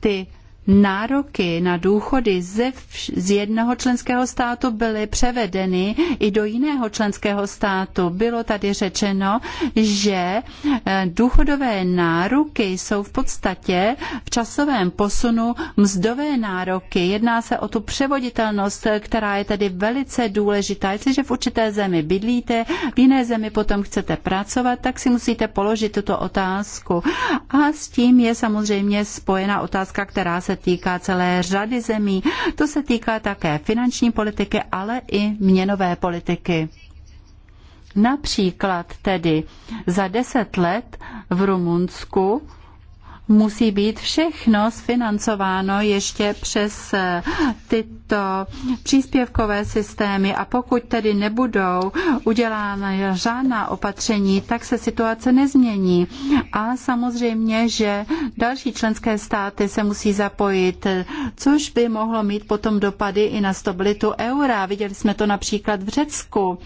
Speaker 3: ty nároky na důchody ze z jednoho členského státu byly převedeny i do jiného členského státu. Bylo tady řečeno, že eh, důchodové nároky jsou v podstatě v časovém posunu mzdové nároky. Jedná se o tu převoditelnost, eh, která je tedy velice důležitá. Jestliže v určité zemi bydlíte, v jiné zemi potom chcete pracovat, tak si musíte položit tuto otázku. A s tím je samozřejmě spojena otázka, která se se týká celé řady zemí. To se týká také finanční politiky, ale i měnové politiky. Například tedy za deset let v Rumunsku musí být všechno sfinancováno ještě přes eh, tyto příspěvkové systémy a pokud tedy nebudou udělána žádná opatření, tak se situace nezmění. A samozřejmě, že další členské státy se musí zapojit, což by mohlo mít potom dopady i na stabilitu eura. Viděli jsme to například v Řecku.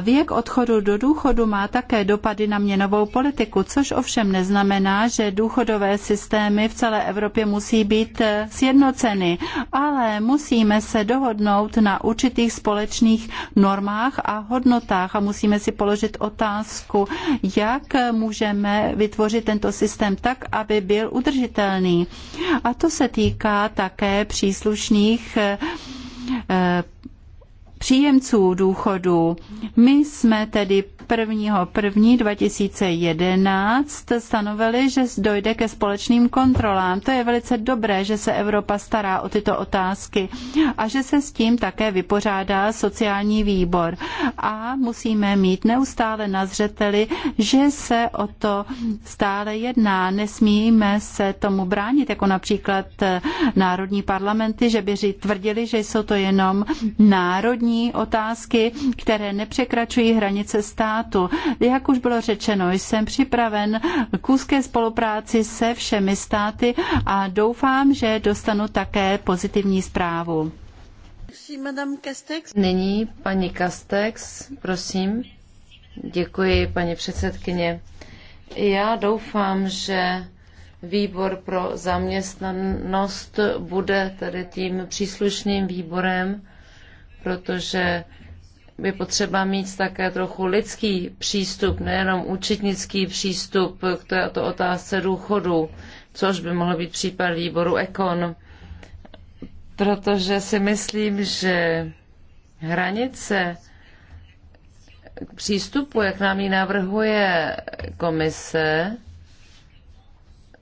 Speaker 3: Věk odchodu do důchodu má také dopady na měnovou politiku, což ovšem neznamená, že důchodové systémy v celé Evropě musí být eh, sjednoceny, ale musíme se dohodnout na určitých společných normách a hodnotách a musíme si položit otázku, jak můžeme vytvořit tento systém tak, aby byl udržitelný. A to se týká také příslušných eh, eh, příjemců důchodů. My jsme tedy 2011 stanovili, že dojde ke společným kontrolám. To je velice dobré, že se Evropa stará o tyto otázky a že se s tím také vypořádá sociální výbor. A musíme mít neustále na zřeteli, že se o to stále jedná. Nesmíme se tomu bránit, jako například národní parlamenty, že by tvrdili, že jsou to jenom národní otázky, které nepřekračují hranice státu státu. Jak už bylo řečeno, jsem připraven k úzké spolupráci se všemi státy a doufám, že dostanu také pozitivní zprávu.
Speaker 1: Nyní paní Castex, prosím. Děkuji, paní předsedkyně. Já doufám, že výbor pro zaměstnanost bude tedy tím příslušným výborem, protože je potřeba mít také trochu lidský přístup, nejenom účetnický přístup k této otázce důchodu, což by mohl být případ výboru Ekon. Protože si myslím, že hranice přístupu, jak nám ji navrhuje komise,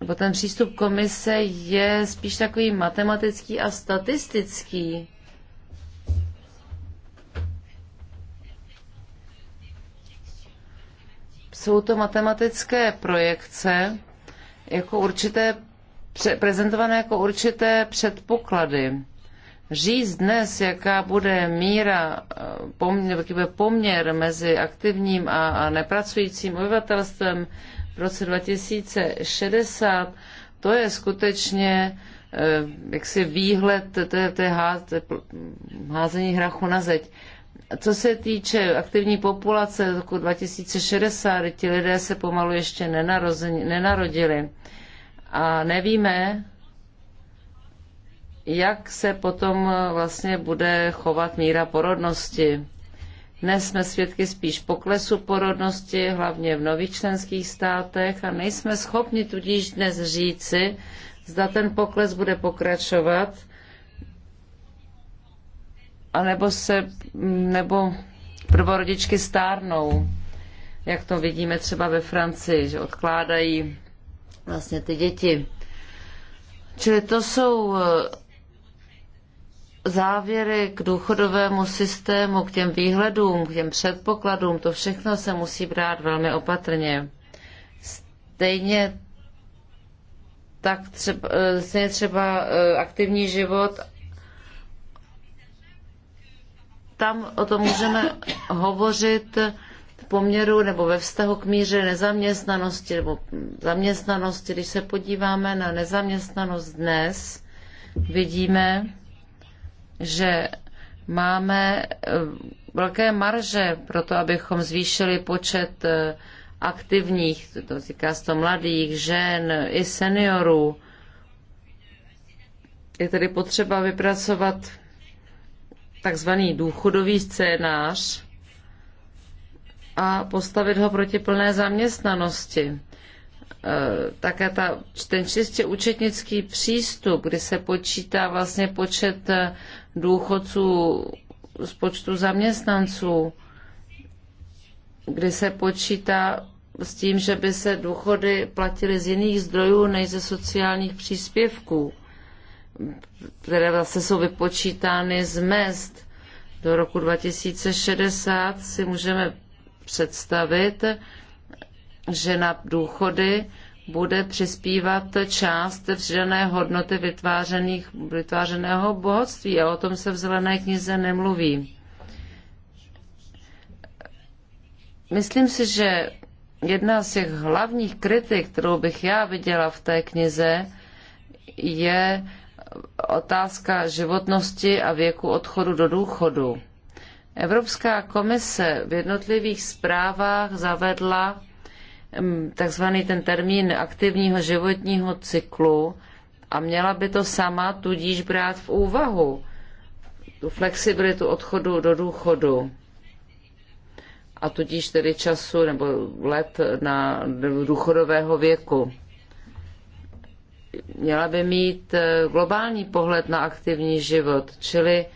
Speaker 1: nebo ten přístup komise je spíš takový matematický a statistický jsou to matematické projekce, jako určité, prezentované jako určité předpoklady. Říct dnes, jaká bude míra, eh, poměr, jaký bude poměr mezi aktivním a, a nepracujícím obyvatelstvem v roce 2060, to je skutečně eh, jaksi výhled, to je, to je házení hrachu na zeď. Co se týče aktivní populace roku 2060, ti lidé se pomalu ještě nenarodili a nevíme, jak se potom eh, vlastně bude chovat míra porodnosti. Dnes jsme svědky spíš poklesu porodnosti, hlavně v nových členských státech a nejsme schopni tudíž dnes říci, zda ten pokles bude pokračovat anebo se, nebo prvorodičky stárnou, jak to vidíme třeba ve Francii, že odkládají vlastně ty děti. Čili to jsou eh, závěry k důchodovému systému, k těm výhledům, k těm předpokladům, to všechno se musí brát velmi opatrně. Stejně tak třeba, eh, stejně třeba eh, aktivní život tam o tom můžeme hovořit v poměru nebo ve vztahu k míře nezaměstnanosti nebo zaměstnanosti. Když se podíváme na nezaměstnanost dnes, vidíme, že máme eh, velké marže pro to, abychom zvýšili počet eh, aktivních, to říká to mladých, žen i seniorů. Je tedy potřeba vypracovat takzvaný důchodový scénář a postavit ho proti plné zaměstnanosti. E, také ta, ten čistě účetnický přístup, kdy se počítá vlastně počet e, důchodců z počtu zaměstnanců, kdy se počítá s tím, že by se důchody platily z jiných zdrojů než ze sociálních příspěvků které vlastně jsou vypočítány z mest. Do roku 2060 si můžeme představit, že na důchody bude přispívat část přidané hodnoty vytvářených, vytvářeného bohatství a o tom se v zelené knize nemluví. Myslím si, že jedna z těch hlavních kritik, kterou bych já viděla v té knize, je otázka životnosti a věku odchodu do důchodu. Evropská komise v jednotlivých zprávách zavedla mm, takzvaný ten termín aktivního životního cyklu a měla by to sama tudíž brát v úvahu tu flexibilitu odchodu do důchodu a tudíž tedy času nebo let na důchodového věku měla by mít eh, globální pohled na aktivní život, čili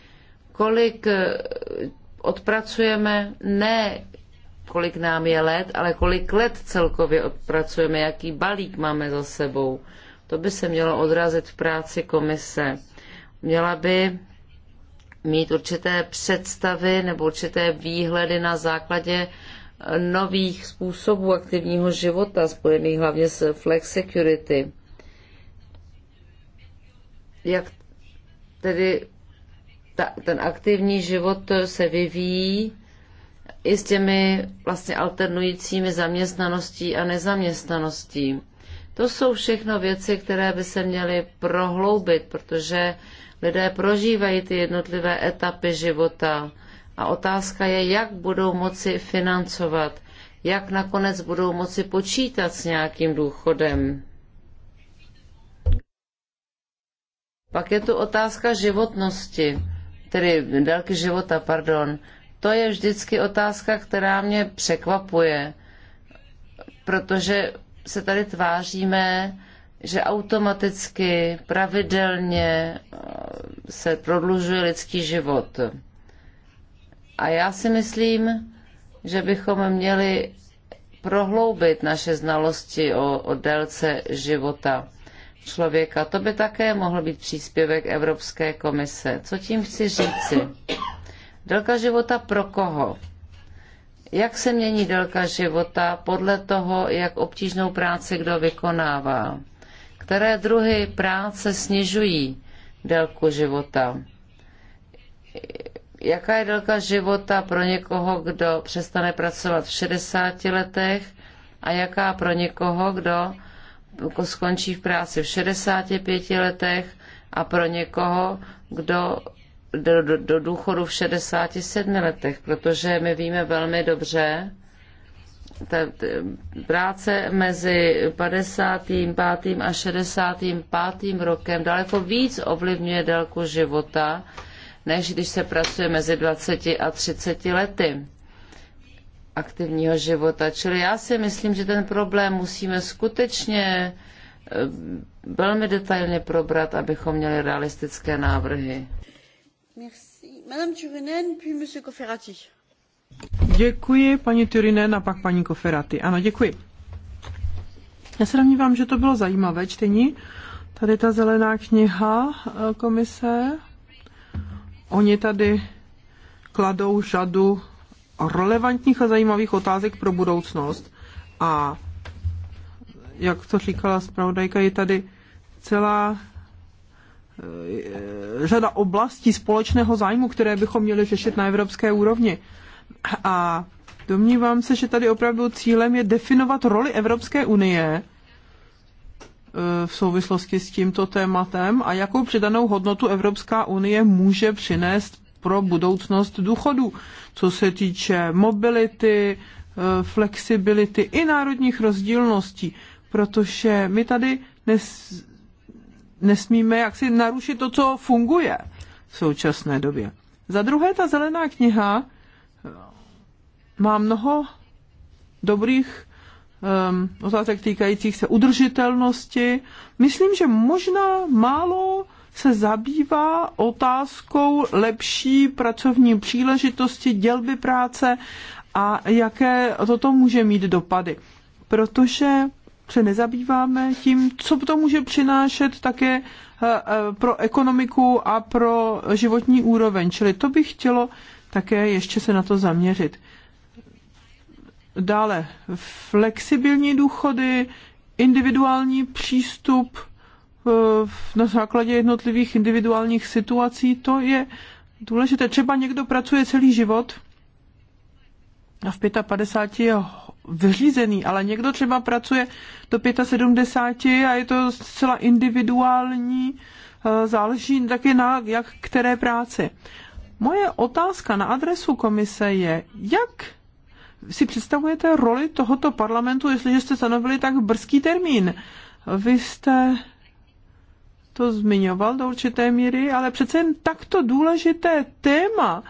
Speaker 1: kolik eh, odpracujeme, ne kolik nám je let, ale kolik let celkově odpracujeme, jaký balík máme za sebou. To by se mělo odrazit v práci komise. Měla by mít určité představy nebo určité výhledy na základě eh, nových způsobů aktivního života, spojených hlavně s flexicurity jak tedy ta, ten aktivní život se vyvíjí i s těmi vlastně alternujícími zaměstnaností a nezaměstnaností. To jsou všechno věci, které by se měly prohloubit, protože lidé prožívají ty jednotlivé etapy života. A otázka je, jak budou moci financovat, jak nakonec budou moci počítat s nějakým důchodem. Pak je tu otázka životnosti, tedy délky života, pardon. To je vždycky otázka, která mě překvapuje, protože se tady tváříme, že automaticky, pravidelně eh, se prodlužuje lidský život. A já si myslím, že bychom měli prohloubit naše znalosti o, o délce života člověka. To by také mohl být příspěvek Evropské komise. Co tím chci říci? Délka života pro koho? Jak se mění délka života podle toho, jak obtížnou práci kdo vykonává? Které druhy práce snižují délku života? Jaká je délka života pro někoho, kdo přestane pracovat v 60 letech a jaká pro někoho, kdo jako skončí v práci v 65 letech a pro někoho, kdo do, do, do důchodu v 67 letech, protože my víme velmi dobře, ta práce mezi 55. a 65. rokem daleko víc ovlivňuje délku života, než když se pracuje mezi 20 a 30 lety aktivního života. Čili já si myslím, že ten problém musíme skutečně eh, velmi detailně probrat, abychom
Speaker 2: měli realistické návrhy.
Speaker 1: Merci. Madame Turinen, puis Monsieur
Speaker 2: Děkuji, paní Turinen a pak paní Cofferati. Ano, děkuji. Já se domnívám, že to bylo zajímavé čtení. Tady ta zelená kniha eh, komise. Oni tady kladou řadu relevantních a zajímavých otázek pro budoucnost. A jak to říkala zpravodajka, je tady celá eh, řada oblastí společného zájmu, které bychom měli řešit na evropské úrovni. A domnívám se, že tady opravdu cílem je definovat roli Evropské unie eh, v souvislosti s tímto tématem a jakou přidanou hodnotu Evropská unie může přinést pro budoucnost důchodů, co se týče mobility, eh, flexibility i národních rozdílností, protože my tady nes, nesmíme jaksi narušit to, co funguje v současné době. Za druhé, ta zelená kniha eh, má mnoho dobrých um, otázek týkajících se udržitelnosti. Myslím, že možná málo se zabývá otázkou lepší pracovní příležitosti, dělby práce a jaké toto může mít dopady. Protože se nezabýváme tím, co to může přinášet také eh, eh, pro ekonomiku a pro životní úroveň. Čili to bych chtělo také ještě se na to zaměřit. Dále flexibilní důchody, individuální přístup na základě jednotlivých individuálních situací, to je důležité. Třeba někdo pracuje celý život a v 55 je vyřízený, ale někdo třeba pracuje do 75 a je to zcela individuální, eh, záleží taky na jak které práci. Moje otázka na adresu komise je, jak si představujete roli tohoto parlamentu, jestliže jste stanovili tak brzký termín? Vy jste to zmiňoval do určité míry, ale přece jen takto důležité téma,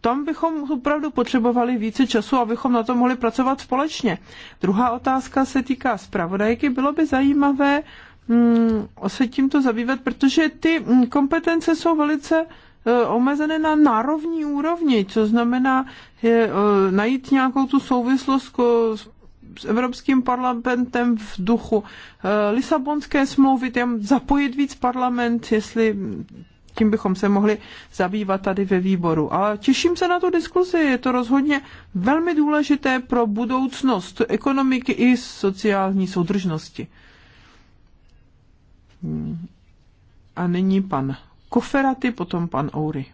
Speaker 2: tam bychom opravdu potřebovali více času, abychom na to mohli pracovat společně. Druhá otázka se týká zpravodajky. Bylo by zajímavé mm, se tímto zabývat, protože ty mm, kompetence jsou velice e, omezené na nárovní úrovni, co znamená je, e, najít nějakou tu souvislost s Evropským parlamentem v duchu eh, Lisabonské smlouvy, tam zapojit víc parlament, jestli tím bychom se mohli zabývat tady ve výboru. A těším se na tu diskuzi, je to rozhodně velmi důležité pro budoucnost ekonomiky i sociální soudržnosti. A nyní pan Koferaty, potom pan Oury.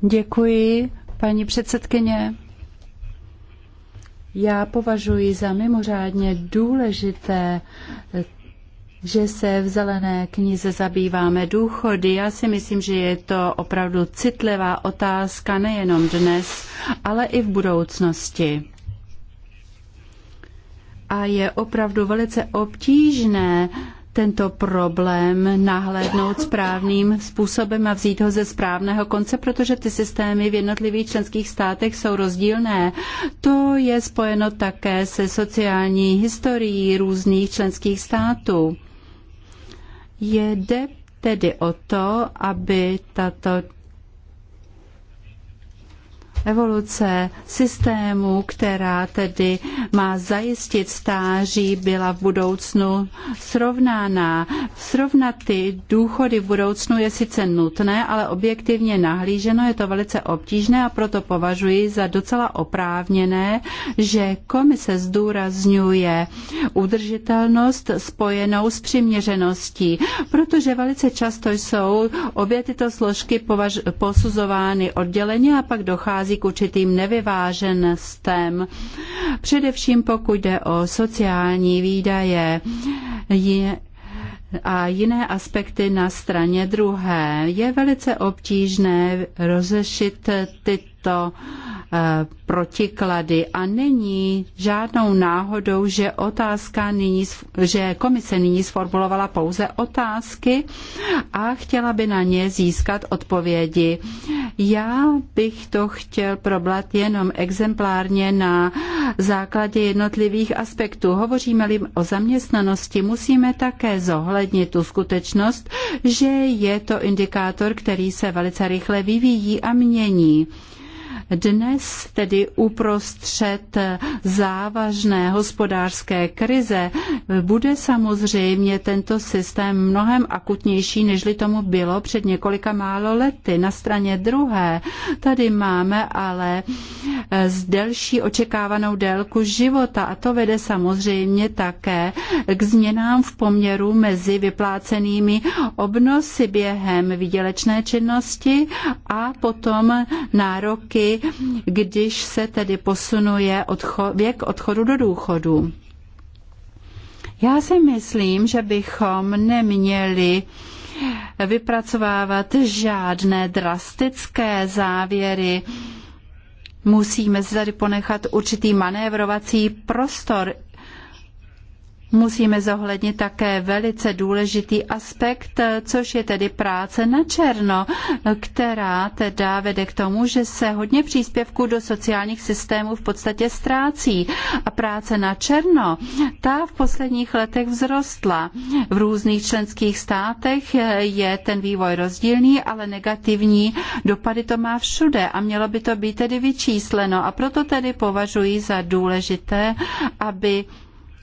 Speaker 2: Děkuji,
Speaker 3: paní předsedkyně. Já považuji za mimořádně důležité že se v zelené knize zabýváme důchody. Já si myslím, že je to opravdu citlivá otázka nejenom dnes, ale i v budoucnosti. A je opravdu velice obtížné tento problém nahlédnout správným způsobem a vzít ho ze správného konce, protože ty systémy v jednotlivých členských státech jsou rozdílné. To je spojeno také se sociální historií různých členských států. Jde tedy o to, aby tato evoluce systému, která tedy má zajistit stáří, byla v budoucnu srovnána. Srovnat ty důchody v budoucnu je sice nutné, ale objektivně nahlíženo je to velice obtížné a proto považuji za docela oprávněné, že komise zdůrazňuje udržitelnost spojenou s přiměřeností, protože velice často jsou obě tyto složky posuzovány odděleně a pak dochází dochází k určitým nevyváženostem, především pokud jde o sociální výdaje. a jiné aspekty na straně druhé. Je velice obtížné rozešit tyto Eh, protiklady a není žádnou náhodou, že otázka nyní, že komise nyní sformulovala pouze otázky a chtěla by na ně získat odpovědi. Já bych to chtěl problat jenom exemplárně na základě jednotlivých aspektů. Hovoříme-li o zaměstnanosti, musíme také zohlednit tu skutečnost, že je to indikátor, který se velice rychle vyvíjí a mění. Dnes tedy uprostřed závažné hospodářské krize bude samozřejmě tento systém mnohem akutnější, nežli tomu bylo před několika málo lety. Na straně druhé tady máme ale s eh, delší očekávanou délku života a to vede samozřejmě také k změnám v poměru mezi vyplácenými obnosy během výdělečné činnosti a potom nároky když se tedy posunuje odcho- věk odchodu do důchodu. Já si myslím, že bychom neměli vypracovávat žádné drastické závěry. Musíme si tady ponechat určitý manévrovací prostor Musíme zohlednit také velice důležitý aspekt, což je tedy práce na černo, která teda vede k tomu, že se hodně příspěvků do sociálních systémů v podstatě ztrácí. A práce na černo, ta v posledních letech vzrostla. V různých členských státech je ten vývoj rozdílný, ale negativní dopady to má všude a mělo by to být tedy vyčísleno. A proto tedy považuji za důležité, aby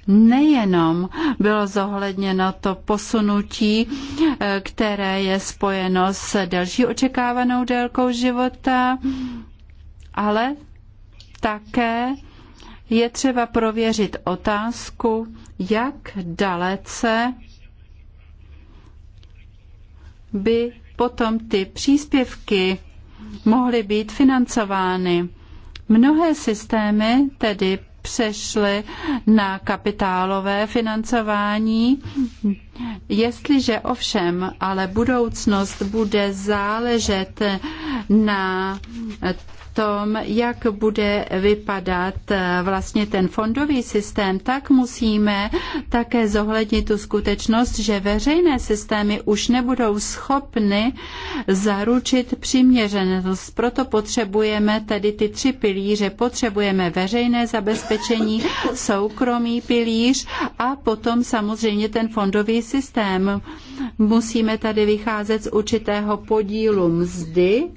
Speaker 3: Nejenom bylo zohledněno to posunutí, eh, které je spojeno s delší očekávanou délkou života, ale také je třeba prověřit otázku, jak dalece by potom ty příspěvky mohly být financovány. Mnohé systémy tedy přešly na kapitálové financování. Jestliže ovšem ale budoucnost bude záležet na tom, jak bude vypadat eh, vlastně ten fondový systém, tak musíme také zohlednit tu skutečnost, že veřejné systémy už nebudou schopny zaručit přiměřenost. Proto potřebujeme tedy ty tři pilíře. Potřebujeme veřejné zabezpečení, soukromý pilíř a potom samozřejmě ten fondový systém. Musíme tady vycházet z určitého podílu mzdy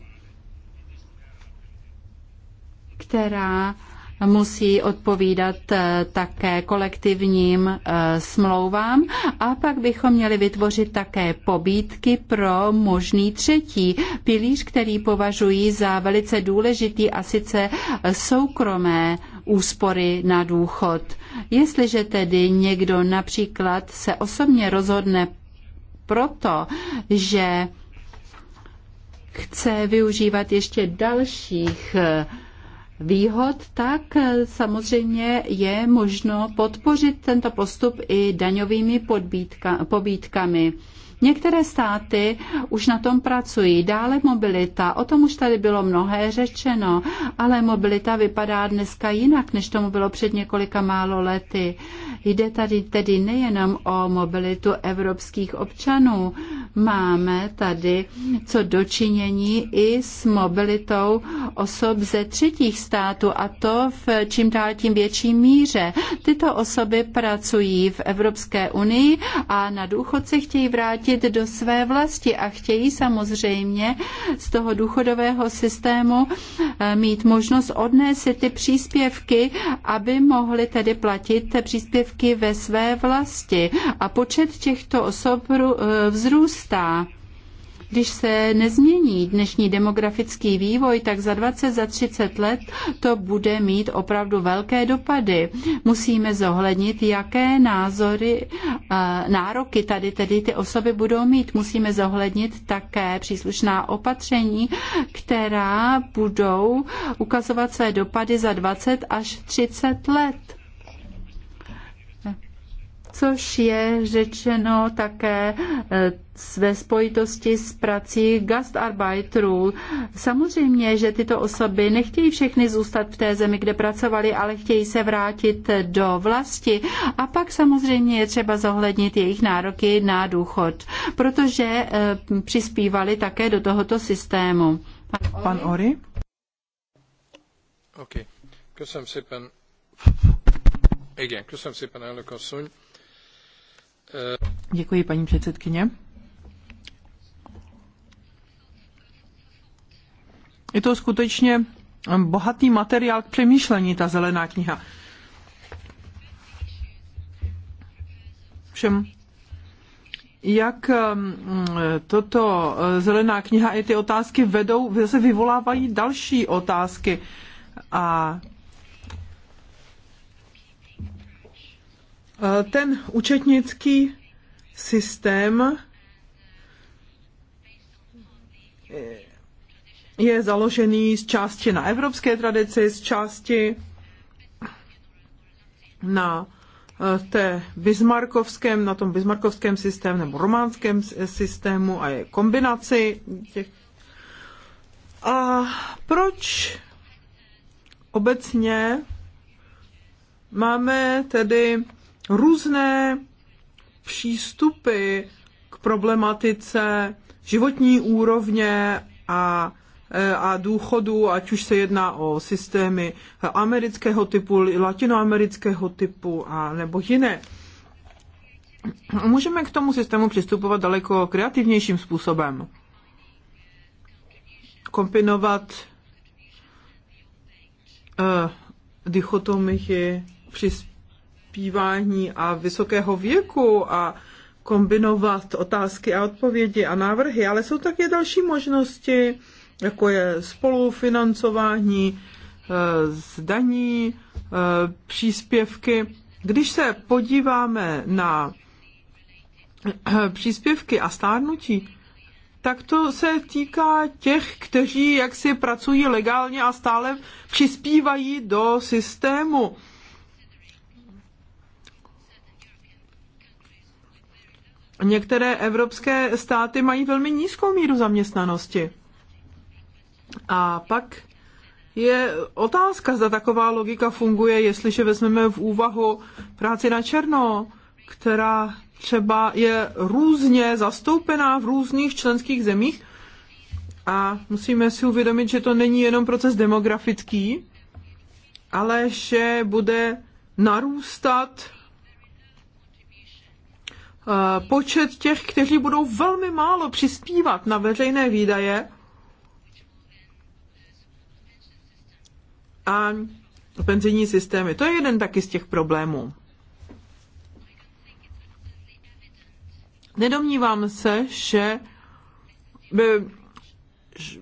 Speaker 3: která musí odpovídat eh, také kolektivním eh, smlouvám a pak bychom měli vytvořit také pobídky pro možný třetí pilíř, který považují za velice důležitý a sice eh, soukromé úspory na důchod. Jestliže tedy někdo například se osobně rozhodne proto, že chce využívat ještě dalších uh, výhod, tak samozřejmě je možno podpořit tento postup i daňovými podbítka, pobítkami. Některé státy už na tom pracují. Dále mobilita, o tom už tady bylo mnohé řečeno, ale mobilita vypadá dneska jinak, než tomu bylo před několika málo lety. Jde tady tedy nejenom o mobilitu evropských občanů. Máme tady co dočinění i s mobilitou osob ze třetích států a to v čím dál tím větší míře. Tyto osoby pracují v Evropské unii a na důchod se chtějí vrátit do své vlasti a chtějí samozřejmě z toho důchodového systému eh, mít možnost odnést si ty příspěvky, aby mohli tedy platit příspěvky majetky ve své vlasti a počet těchto osob eh, vzrůstá. Když se nezmění dnešní demografický vývoj, tak za 20, za 30 let to bude mít opravdu velké dopady. Musíme zohlednit, jaké názory, eh, nároky tady tedy ty osoby budou mít. Musíme zohlednit také příslušná opatření, která budou ukazovat své dopady za 20 až 30 let což je řečeno také eh, ve spojitosti s prací gastarbeiterů. Samozřejmě, že tyto osoby nechtějí všechny zůstat v té zemi, kde pracovali, ale chtějí se vrátit do vlasti. A pak samozřejmě je třeba zohlednit jejich nároky na důchod, protože eh, přispívali také do tohoto systému. Pan, Pan Ori? okay. köszönöm szépen. Igen, köszönöm szépen, elnök asszony.
Speaker 2: Děkuji, paní předsedkyně. Je to skutečně bohatý materiál k přemýšlení, ta zelená kniha. Všem jak um, toto uh, zelená kniha i ty otázky vedou, zase vyvolávají další otázky. A Eh, ten účetnický systém eh, je založený z části na evropské tradici, z části na eh, té bismarkovském, na tom bismarkovském systému nebo románském systému a je kombinaci těch. A proč obecně máme tedy různé přístupy k problematice životní úrovně a eh, a důchodu, ať už se jedná o systémy amerického typu, latinoamerického typu a nebo jiné. Můžeme k tomu systému přistupovat daleko kreativnějším způsobem. Kombinovat uh, eh, dichotomichy, přispět zpívání a vysokého věku a kombinovat otázky a odpovědi a návrhy, ale jsou také další možnosti, jako je spolufinancování eh, zdaní, eh, příspěvky. Když se podíváme na eh, příspěvky a stárnutí, tak to se týká těch, kteří jaksi pracují legálně a stále přispívají do systému. některé evropské státy mají velmi nízkou míru zaměstnanosti. A pak je otázka, zda taková logika funguje, jestliže vezmeme v úvahu práci na černo, která třeba je různě zastoupená v různých členských zemích. A musíme si uvědomit, že to není jenom proces demografický, ale že bude narůstat Eh, počet těch, kteří budou velmi málo přispívat na veřejné výdaje. A penzijní systémy. To je jeden taky z těch problémů. Nedomnívám se, že by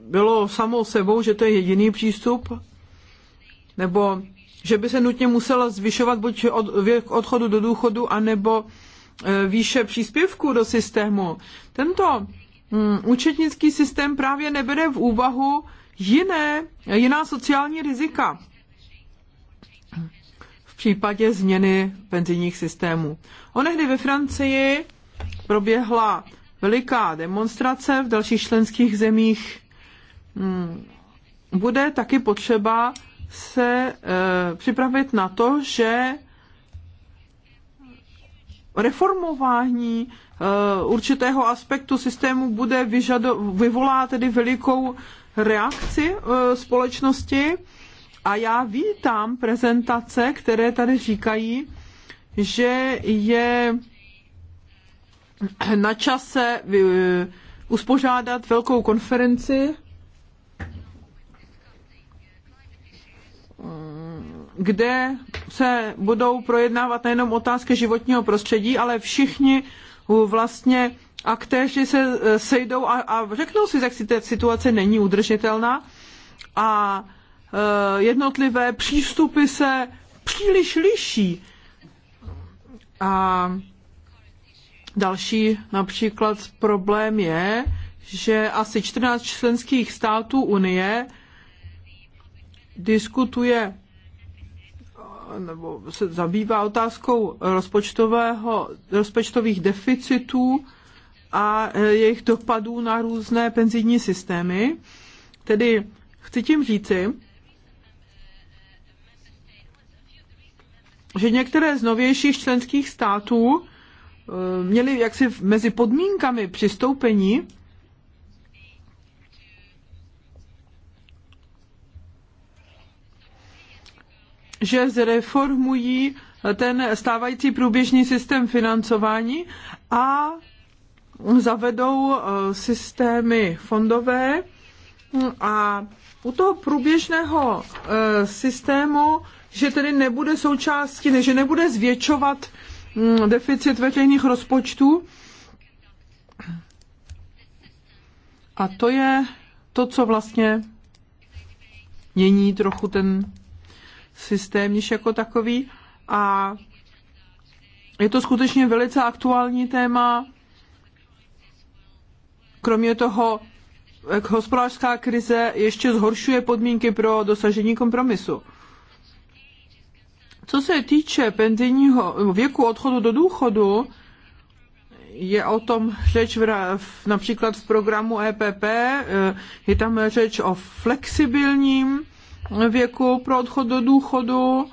Speaker 2: bylo samou sebou, že to je jediný přístup, nebo že by se nutně musela zvyšovat buď od, věk odchodu do důchodu, anebo Eh, výše příspěvků do systému. Tento mm, účetnický systém právě nebere v úvahu jiné, jiná sociální rizika v případě změny penzijních systémů. Onehdy ve Francii proběhla veliká demonstrace v dalších členských zemích. Mm, bude taky potřeba se e, připravit na to, že reformování eh, určitého aspektu systému bude vyžado, vyvolá tedy velikou reakci eh, společnosti a já vítám prezentace, které tady říkají, že je na čase eh, uspořádat velkou konferenci kde se budou projednávat nejenom otázky životního prostředí, ale všichni vlastně aktéři se eh, sejdou a, a řeknou si, jak si ta situace není udržitelná a eh, jednotlivé přístupy se příliš liší. A další například problém je, že asi 14 členských států Unie diskutuje nebo se zabývá otázkou rozpočtového, rozpočtových deficitů a e, jejich dopadů na různé penzijní systémy. Tedy chci tím říci, že některé z novějších členských států e, měly jaksi mezi podmínkami přistoupení že zreformují ten stávající průběžný systém financování a zavedou e, systémy fondové a u toho průběžného e, systému, že tedy nebude součástí, že nebude zvětšovat mm, deficit veřejných rozpočtů. A to je to, co vlastně mění trochu ten systém již jako takový a je to skutečně velice aktuální téma. Kromě toho, hospodářská krize ještě zhoršuje podmínky pro dosažení kompromisu. Co se týče penzijního věku odchodu do důchodu, je o tom řeč v, například v programu EPP, eh, je tam řeč o flexibilním věku pro odchod do důchodu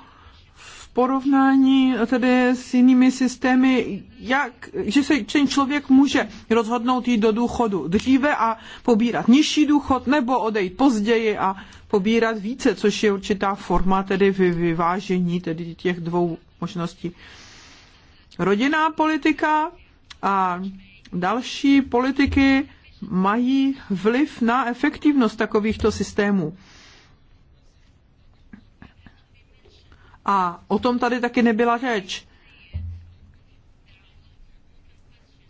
Speaker 2: v porovnání tedy s jinými systémy, jak, že se ten člověk může rozhodnout jít do důchodu dříve a pobírat nižší důchod nebo odejít později a pobírat více, což je určitá forma tedy vyvážení tedy těch dvou možností. Rodinná politika a další politiky mají vliv na efektivnost takovýchto systémů. A o tom tady taky nebyla řeč.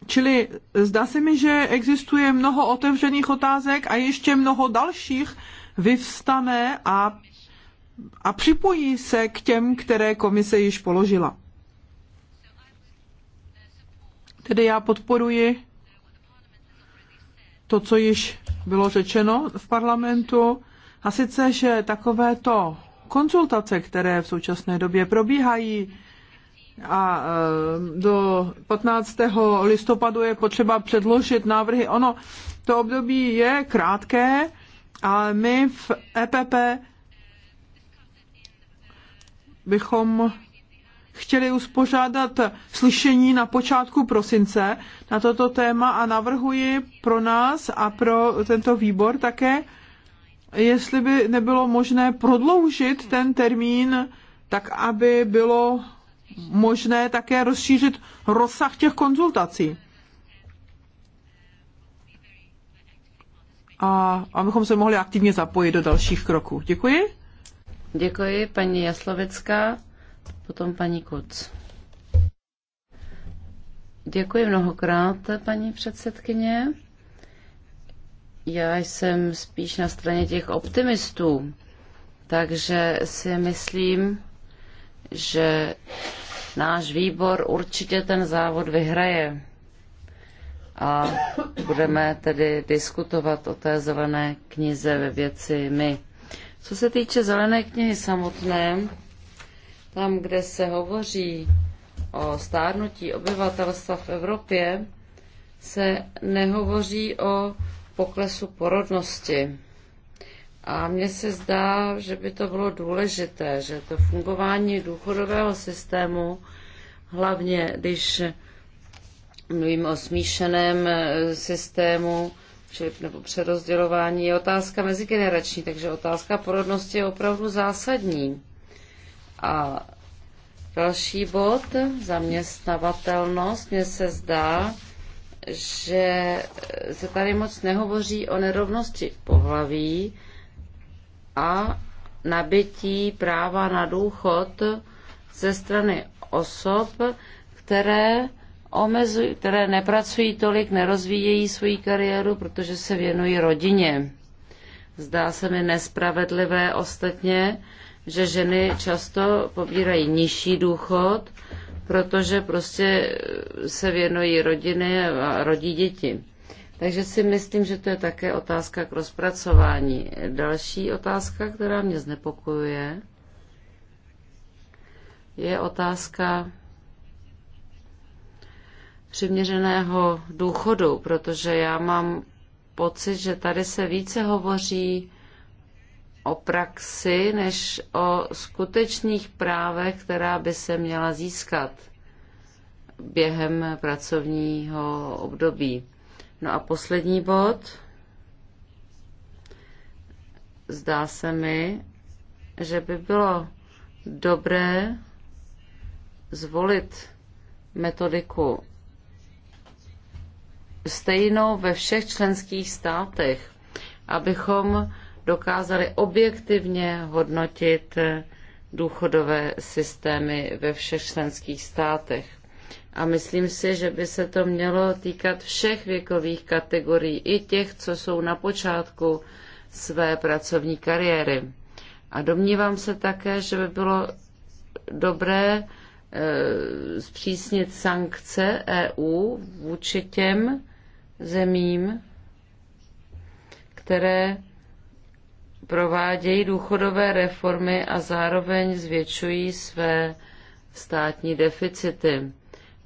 Speaker 2: Čili zdá se mi, že existuje mnoho otevřených otázek a ještě mnoho dalších vyvstane a, a připojí se k těm, které komise již položila. Tedy já podporuji to, co již bylo řečeno v parlamentu, a sice, že takovéto konzultace, které v současné době probíhají. A eh, do 15. listopadu je potřeba předložit návrhy. Ono, to období je krátké, ale my v EPP bychom chtěli uspořádat slyšení na počátku prosince na toto téma a navrhuji pro nás a pro tento výbor také, jestli by nebylo možné prodloužit ten termín tak, aby bylo možné také rozšířit rozsah těch konzultací. A abychom se mohli aktivně zapojit do dalších kroků. Děkuji.
Speaker 1: Děkuji, paní Jaslovecká, potom paní Kuc. Děkuji mnohokrát, paní předsedkyně. Já jsem spíš na straně těch optimistů, takže si myslím, že náš výbor určitě ten závod vyhraje. A budeme tedy diskutovat o té zelené knize ve věci my. Co se týče zelené knihy samotné, tam, kde se hovoří o stárnutí obyvatelstva v Evropě, se nehovoří o poklesu porodnosti. A mně se zdá, že by to bylo důležité, že to fungování důchodového systému, hlavně když mluvím o smíšeném eh, systému, či, nebo přerozdělování, je otázka mezigenerační, takže otázka porodnosti je opravdu zásadní. A další bod, zaměstnavatelnost, mně se zdá, že se tady moc nehovoří o nerovnosti v pohlaví a nabití práva na důchod ze strany osob, které omezují, které nepracují tolik, nerozvíjejí svoji kariéru, protože se věnují rodině. Zdá se mi nespravedlivé ostatně, že ženy často pobírají nižší důchod protože prostě se věnují rodiny a rodí děti. Takže si myslím, že to je také otázka k rozpracování. Další otázka, která mě znepokojuje, je otázka přiměřeného důchodu, protože já mám pocit, že tady se více hovoří o praxi než o skutečných právech, která by se měla získat během pracovního období. No a poslední bod. Zdá se mi, že by bylo dobré zvolit metodiku stejnou ve všech členských státech, abychom dokázali objektivně hodnotit důchodové systémy ve všech členských státech. A myslím si, že by se to mělo týkat všech věkových kategorií, i těch, co jsou na počátku své pracovní kariéry. A domnívám se také, že by bylo dobré e, zpřísnit sankce EU vůči těm zemím, které provádějí důchodové reformy a zároveň zvětšují své státní deficity.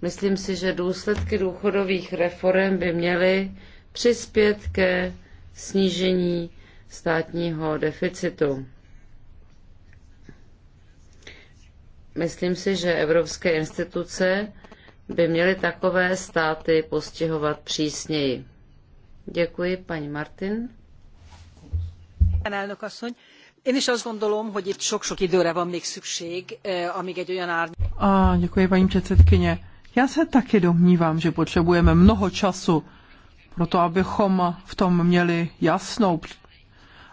Speaker 1: Myslím si, že důsledky důchodových reform by měly přispět ke snížení státního deficitu. Myslím si, že evropské instituce by měly takové státy postihovat přísněji. Děkuji, paní Martin
Speaker 3: elnök asszony
Speaker 1: én is azt gondolom hogy
Speaker 3: itt sok sok időre van még szükség eh, amíg egy olyan árny.
Speaker 2: A, děkuji paní předsedkyně. Já se taky domnívám, že potřebujeme mnoho času pro to, abychom v tom měli jasnou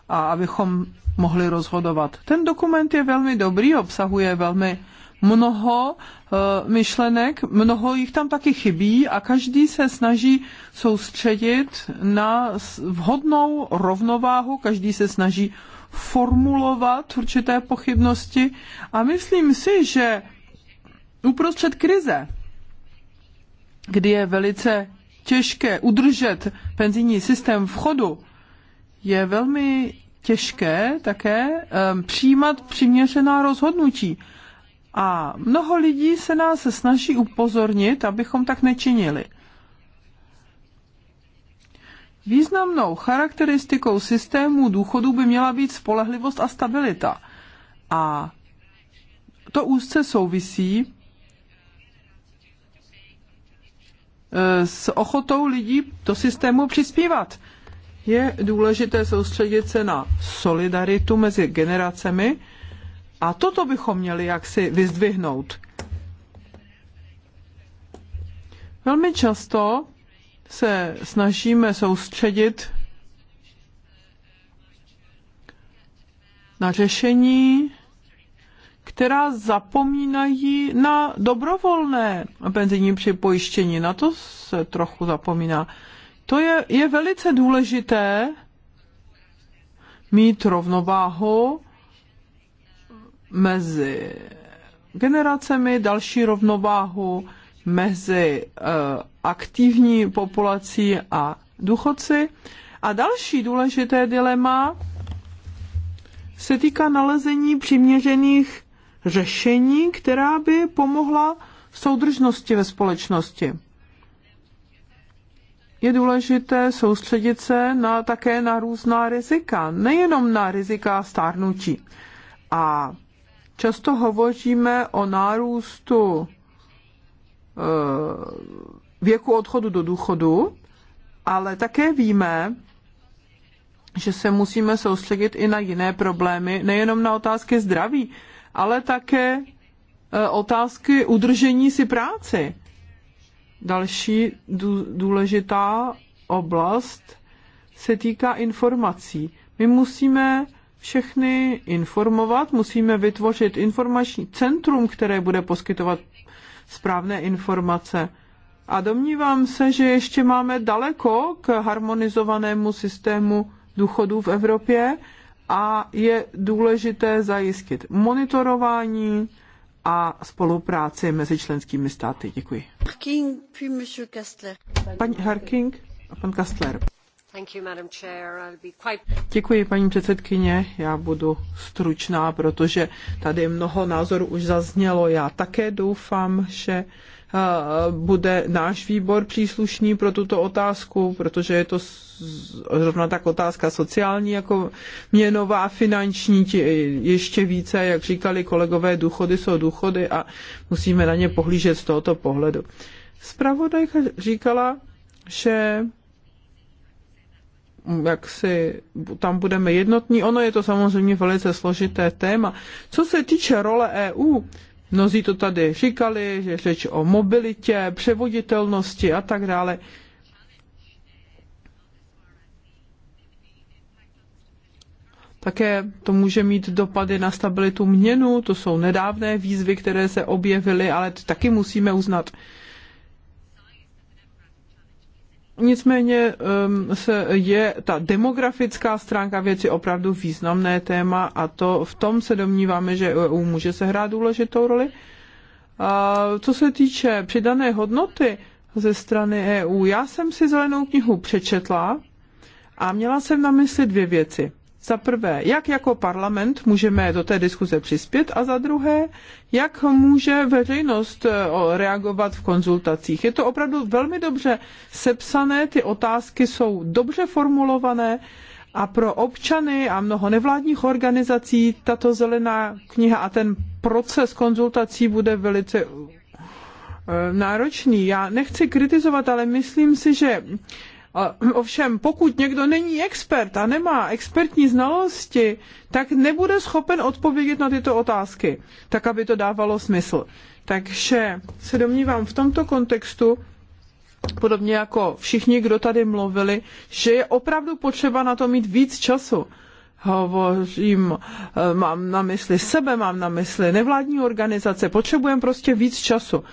Speaker 2: a abychom mohli rozhodovat. Ten dokument je velmi dobrý, obsahuje velmi mnoho eh, myšlenek, mnoho jich tam taky chybí a každý se snaží soustředit na vhodnou rovnováhu, každý se snaží formulovat určité pochybnosti a myslím si, že uprostřed krize, kdy je velice těžké udržet penzijní systém v chodu, je velmi těžké také um, přijímat přiměřená rozhodnutí. A mnoho lidí se nás snaží upozornit, abychom tak nečinili. Významnou charakteristikou systému důchodů by měla být spolehlivost a stabilita. A to úzce souvisí e, s ochotou lidí do systému přispívat. Je důležité soustředit se na solidaritu mezi generacemi, a toto bychom měli jaksi vyzdvihnout. Velmi často se snažíme soustředit na řešení, která zapomínají na dobrovolné penzijní připojištění. Na to se trochu zapomíná. To je, je velice důležité mít rovnováhu mezi generacemi, další rovnováhu mezi eh, aktivní populací a důchodci. A další důležité dilema se týká nalezení přiměřených řešení, která by pomohla soudržnosti ve společnosti. Je důležité soustředit se na, také na různá rizika, nejenom na rizika stárnutí. A Často hovoříme o nárůstu eh, věku odchodu do důchodu, ale také víme, že se musíme soustředit i na jiné problémy, nejenom na otázky zdraví, ale také eh, otázky udržení si práci. Další důležitá oblast se týká informací. My musíme všechny informovat, musíme vytvořit informační centrum, které bude poskytovat správné informace. A domnívám se, že ještě máme daleko k harmonizovanému systému důchodů v Evropě a je důležité zajistit monitorování a spolupráci mezi členskými státy. Děkuji. Paní Harking a pan Kastler. Děkuji, paní předsedkyně. Já budu stručná, protože tady mnoho názorů už zaznělo. Já také doufám, že eh, bude náš výbor příslušný pro tuto otázku, protože je to zrovna tak otázka sociální, jako měnová, finanční, ještě více, jak říkali kolegové, důchody jsou důchody a musíme na ně pohlížet z tohoto pohledu. Spravodajka říkala, že jak si tam budeme jednotní. Ono je to samozřejmě velice složité téma. Co se týče role EU, mnozí to tady říkali, že řeč o mobilitě, převoditelnosti a tak dále. Také to může mít dopady na stabilitu měnu, to jsou nedávné výzvy, které se objevily, ale taky musíme uznat, Nicméně se je ta demografická stránka věci opravdu významné téma a to v tom se domníváme, že EU může sehrát důležitou roli. A co se týče přidané hodnoty ze strany EU, já jsem si zelenou knihu přečetla a měla jsem na mysli dvě věci za prvé, jak jako parlament můžeme do té diskuze přispět a za druhé, jak může veřejnost eh, reagovat v konzultacích. Je to opravdu velmi dobře sepsané, ty otázky jsou dobře formulované a pro občany a mnoho nevládních organizací tato zelená kniha a ten proces konzultací bude velice eh, náročný. Já nechci kritizovat, ale myslím si, že Ovšem, pokud někdo není expert a nemá expertní znalosti, tak nebude schopen odpovědět na tyto otázky, tak aby to dávalo smysl. Takže se domnívám v tomto kontextu, podobně jako všichni, kdo tady mluvili, že je opravdu potřeba na to mít víc času hovořím, eh, mám na mysli sebe, mám na mysli nevládní organizace, potřebujeme prostě víc času.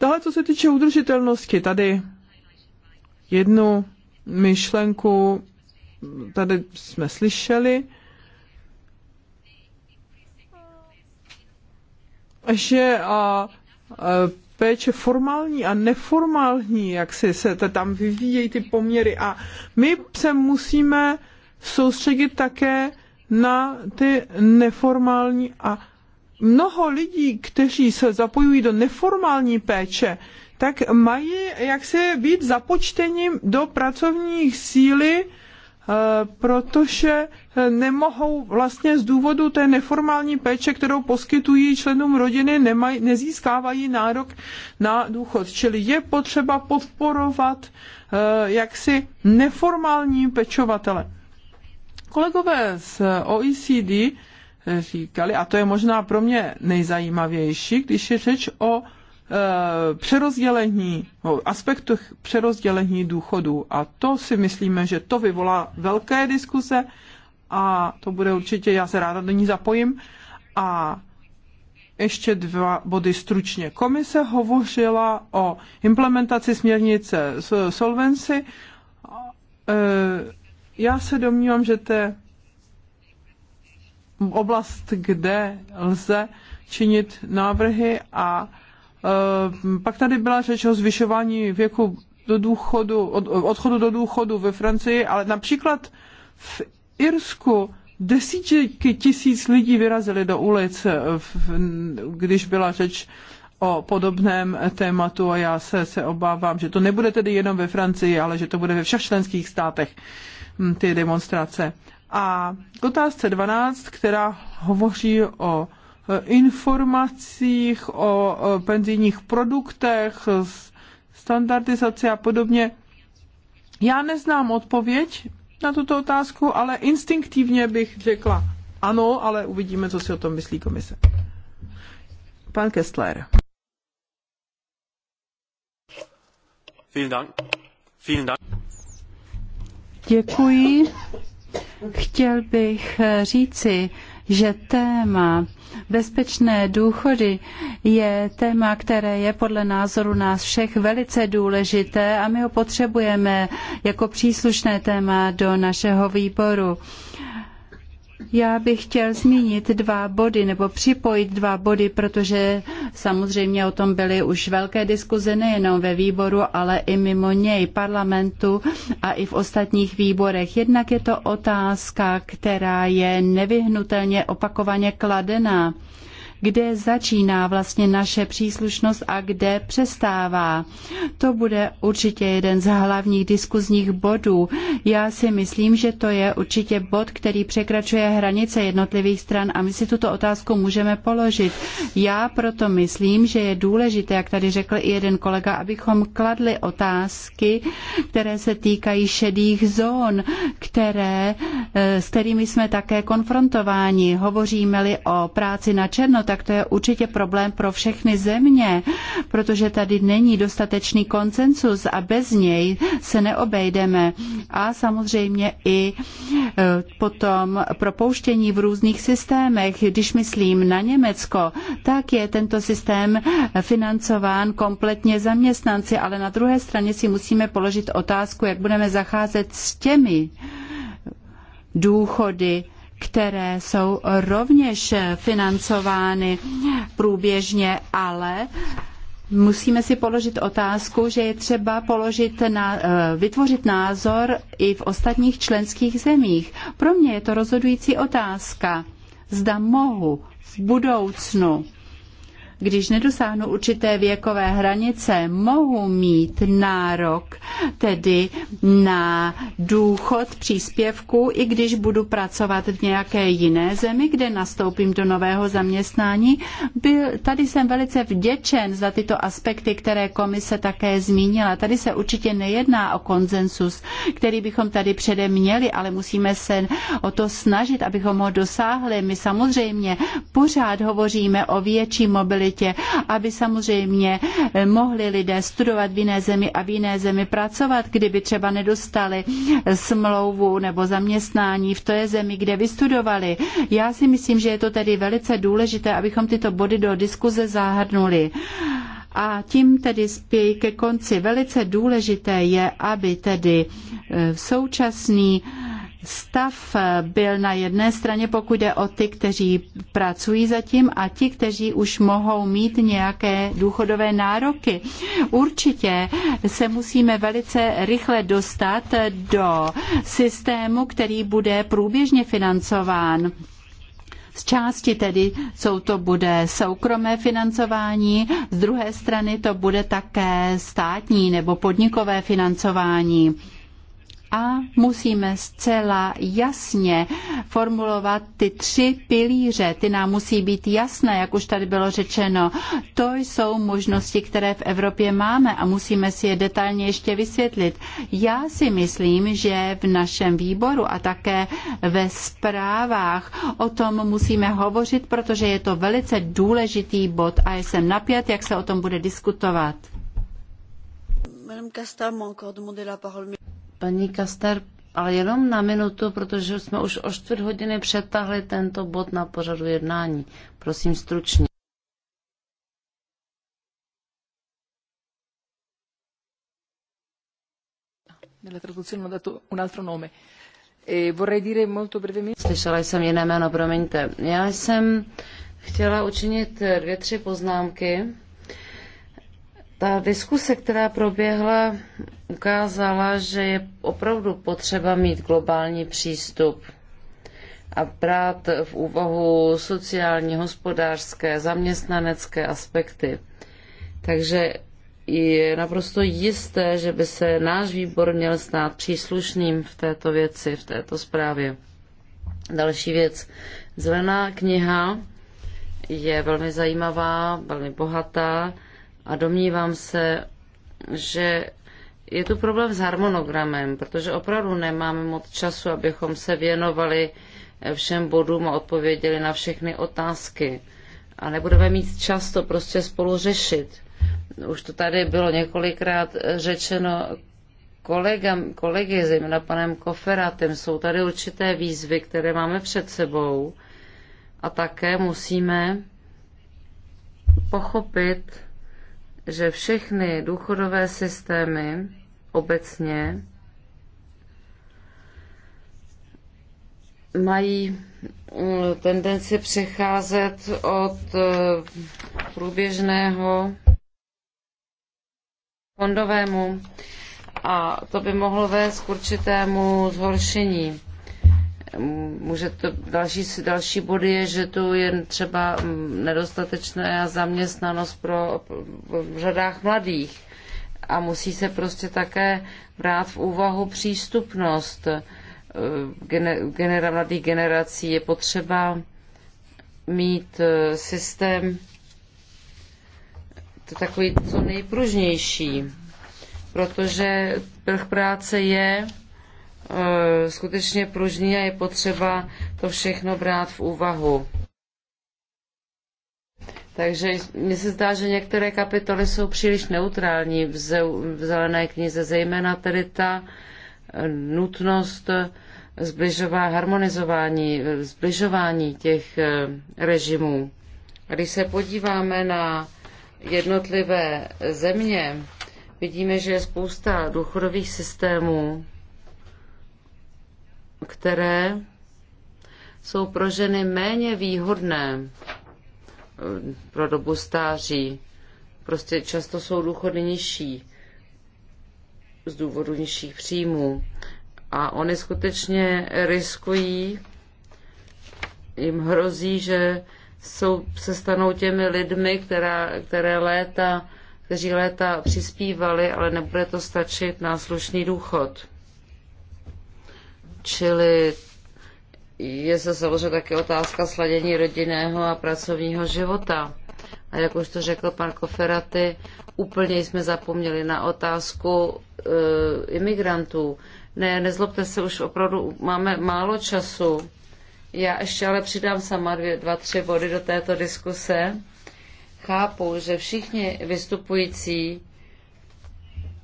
Speaker 2: Dále, co se týče udržitelnosti, tady Jednu myšlenku tady jsme slyšeli, že a, a péče formální a neformální, jak si se to tam vyvíjejí ty poměry. A my se musíme soustředit také na ty neformální a mnoho lidí, kteří se zapojují do neformální péče, tak mají jak se být započtením do pracovních síly, eh, protože eh, nemohou vlastně z důvodu té neformální péče, kterou poskytují členům rodiny, nemaj, nezískávají nárok na důchod. Čili je potřeba podporovat eh, jaksi neformální pečovatele. Kolegové z OECD říkali, a to je možná pro mě nejzajímavější, když je řeč o Eh, přerozdělení, no, aspektu přerozdělení důchodů. A to si myslíme, že to vyvolá velké diskuse a to bude určitě, já se ráda do ní zapojím. A ještě dva body stručně. Komise hovořila o implementaci směrnice Solvency. Eh, já se domnívám, že to je oblast, kde lze činit návrhy a Eh, pak tady byla řeč o zvyšování věku do důchodu, od, odchodu do důchodu ve Francii, ale například v Irsku desítky tisíc lidí vyrazili do ulic, eh, když byla řeč o podobném tématu a já se, se obávám, že to nebude tedy jenom ve Francii, ale že to bude ve všech členských státech hm, ty demonstrace. A k otázce 12, která hovoří o informacích o penzijních produktech, standardizaci a podobně. Já neznám odpověď na tuto otázku, ale instinktivně bych řekla ano, ale uvidíme, co si o tom myslí komise. Pan Kessler.
Speaker 3: Děkuji. Chtěl bych eh, říci, že téma bezpečné důchody je téma, které je podle názoru nás všech velice důležité a my ho potřebujeme jako příslušné téma do našeho výboru. Já bych chtěl zmínit dva body nebo připojit dva body, protože samozřejmě o tom byly už velké diskuze nejenom ve výboru, ale i mimo něj parlamentu a i v ostatních výborech. Jednak je to otázka, která je nevyhnutelně opakovaně kladená kde začíná vlastně naše příslušnost a kde přestává. To bude určitě jeden z hlavních diskuzních bodů. Já si myslím, že to je určitě bod, který překračuje hranice jednotlivých stran a my si tuto otázku můžeme položit. Já proto myslím, že je důležité, jak tady řekl i jeden kolega, abychom kladli otázky, které se týkají šedých zón, které, eh, s kterými jsme také konfrontováni. Hovoříme-li o práci na černo, tak to je určitě problém pro všechny země, protože tady není dostatečný koncensus a bez něj se neobejdeme. A samozřejmě i e, potom propouštění v různých systémech. Když myslím na Německo, tak je tento systém financován kompletně zaměstnanci, ale na druhé straně si musíme položit otázku, jak budeme zacházet s těmi důchody, které jsou rovněž financovány průběžně, ale Musíme si položit otázku, že je třeba položit na, eh, vytvořit názor i v ostatních členských zemích. Pro mě je to rozhodující otázka. Zda mohu v budoucnu když nedosáhnu určité věkové hranice, mohu mít nárok tedy na důchod příspěvku, i když budu pracovat v nějaké jiné zemi, kde nastoupím do nového zaměstnání. Byl, tady jsem velice vděčen za tyto aspekty, které komise také zmínila. Tady se určitě nejedná o konsensus, který bychom tady předem měli, ale musíme se o to snažit, abychom ho dosáhli. My samozřejmě pořád hovoříme o větší mobilitě světě, aby samozřejmě mohli lidé studovat v jiné zemi a v jiné zemi pracovat, kdyby třeba nedostali smlouvu nebo zaměstnání v té zemi, kde vystudovali. Já si myslím, že je to tedy velice důležité, abychom tyto body do diskuze zahrnuli. A tím tedy spěj ke konci. Velice důležité je, aby tedy eh, současný stav byl na jedné straně, pokud jde o ty, kteří pracují zatím a ti, kteří už mohou mít nějaké důchodové nároky. Určitě se musíme velice rychle dostat do systému, který bude průběžně financován. Z části tedy jsou to bude soukromé financování, z druhé strany to bude také státní nebo podnikové financování a musíme zcela jasně formulovat ty tři pilíře. Ty nám musí být jasné, jak už tady bylo řečeno. To jsou možnosti, které v Evropě máme a musíme si je detailně ještě vysvětlit. Já si myslím, že v našem výboru a také ve zprávách o tom musíme hovořit, protože je to velice důležitý bod a jsem napět, jak se o tom bude diskutovat.
Speaker 1: Paní Kaster, ale jenom na minutu, protože jsme už o čtvrt hodiny přetahli tento bod na pořadu jednání. Prosím stručně.
Speaker 2: Nella traduzione ho dato un altro nome. E vorrei dire molto brevemente...
Speaker 1: Slyšela jsem jiné jméno, promiňte. Já jsem chtěla učinit dvě, tři poznámky. Ta diskuse, která proběhla, ukázala, že je opravdu potřeba mít globální přístup a brát v úvahu sociální, hospodářské, zaměstnanecké aspekty. Takže je naprosto jisté, že by se náš výbor měl stát příslušným v této věci, v této zprávě. Další věc. Zelená kniha je velmi zajímavá, velmi bohatá a domnívám se, že je tu problém s harmonogramem, protože opravdu nemáme moc času, abychom se věnovali všem bodům a odpověděli na všechny otázky. A nebudeme mít čas to prostě spolu řešit. Už to tady bylo několikrát řečeno kolega, kolegy, zejména panem Koferatem, jsou tady určité výzvy, které máme před sebou a také musíme pochopit, že všechny důchodové systémy obecně mají mm, tendenci přecházet od eh, průběžného fondovému a to by mohlo vést k určitému zhoršení může to, další, další bod je, že tu je třeba mm, nedostatečná zaměstnanost pro v řadách mladých a musí se prostě také brát v úvahu přístupnost eh, genera, mladých generací. Je potřeba mít eh, systém to takový co nejpružnější, protože trh práce je Eh, skutečně pružný a je potřeba to všechno brát v úvahu. Takže mně se zdá, že některé kapitoly jsou příliš neutrální v, zelené knize, zejména tedy ta eh, nutnost eh, zbližová harmonizování, zbližování těch režimů. když se podíváme na jednotlivé země, vidíme, že je spousta důchodových systémů, které jsou pro ženy méně výhodné eh, pro dobu stáří. Prostě často jsou důchody nižší z důvodu nižších příjmů. A oni skutečně riskují, jim hrozí, že jsou, se stanou těmi lidmi, která, které léta, kteří léta přispívali, ale nebude to stačit na slušný důchod. Čili je se samozřejmě také otázka sladění rodinného a pracovního života. A jak už to řekl pan Koferaty, úplně jsme zapomněli na otázku e, imigrantů. Ne, nezlobte se, už opravdu máme málo času. Já ještě ale přidám sama dvě, dva, tři body do této diskuse. Chápu, že všichni vystupující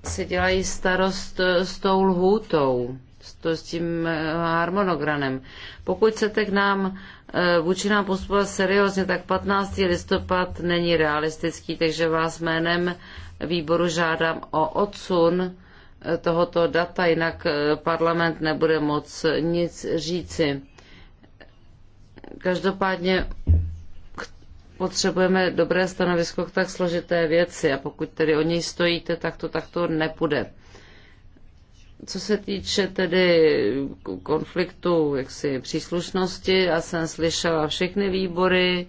Speaker 1: si dělají starost s tou lhůtou s to s tím eh, harmonogramem. Pokud chcete k nám eh, vůči nám postupovat seriózně, tak 15. listopad není realistický, takže vás jménem výboru žádám o odsun eh, tohoto data, jinak parlament nebude moc nic říci. Každopádně potřebujeme dobré stanovisko k tak složité věci a pokud tedy o něj stojíte, tak to takto nepůjde. Co se týče tedy konfliktu jaksi příslušnosti, já jsem slyšela všechny výbory,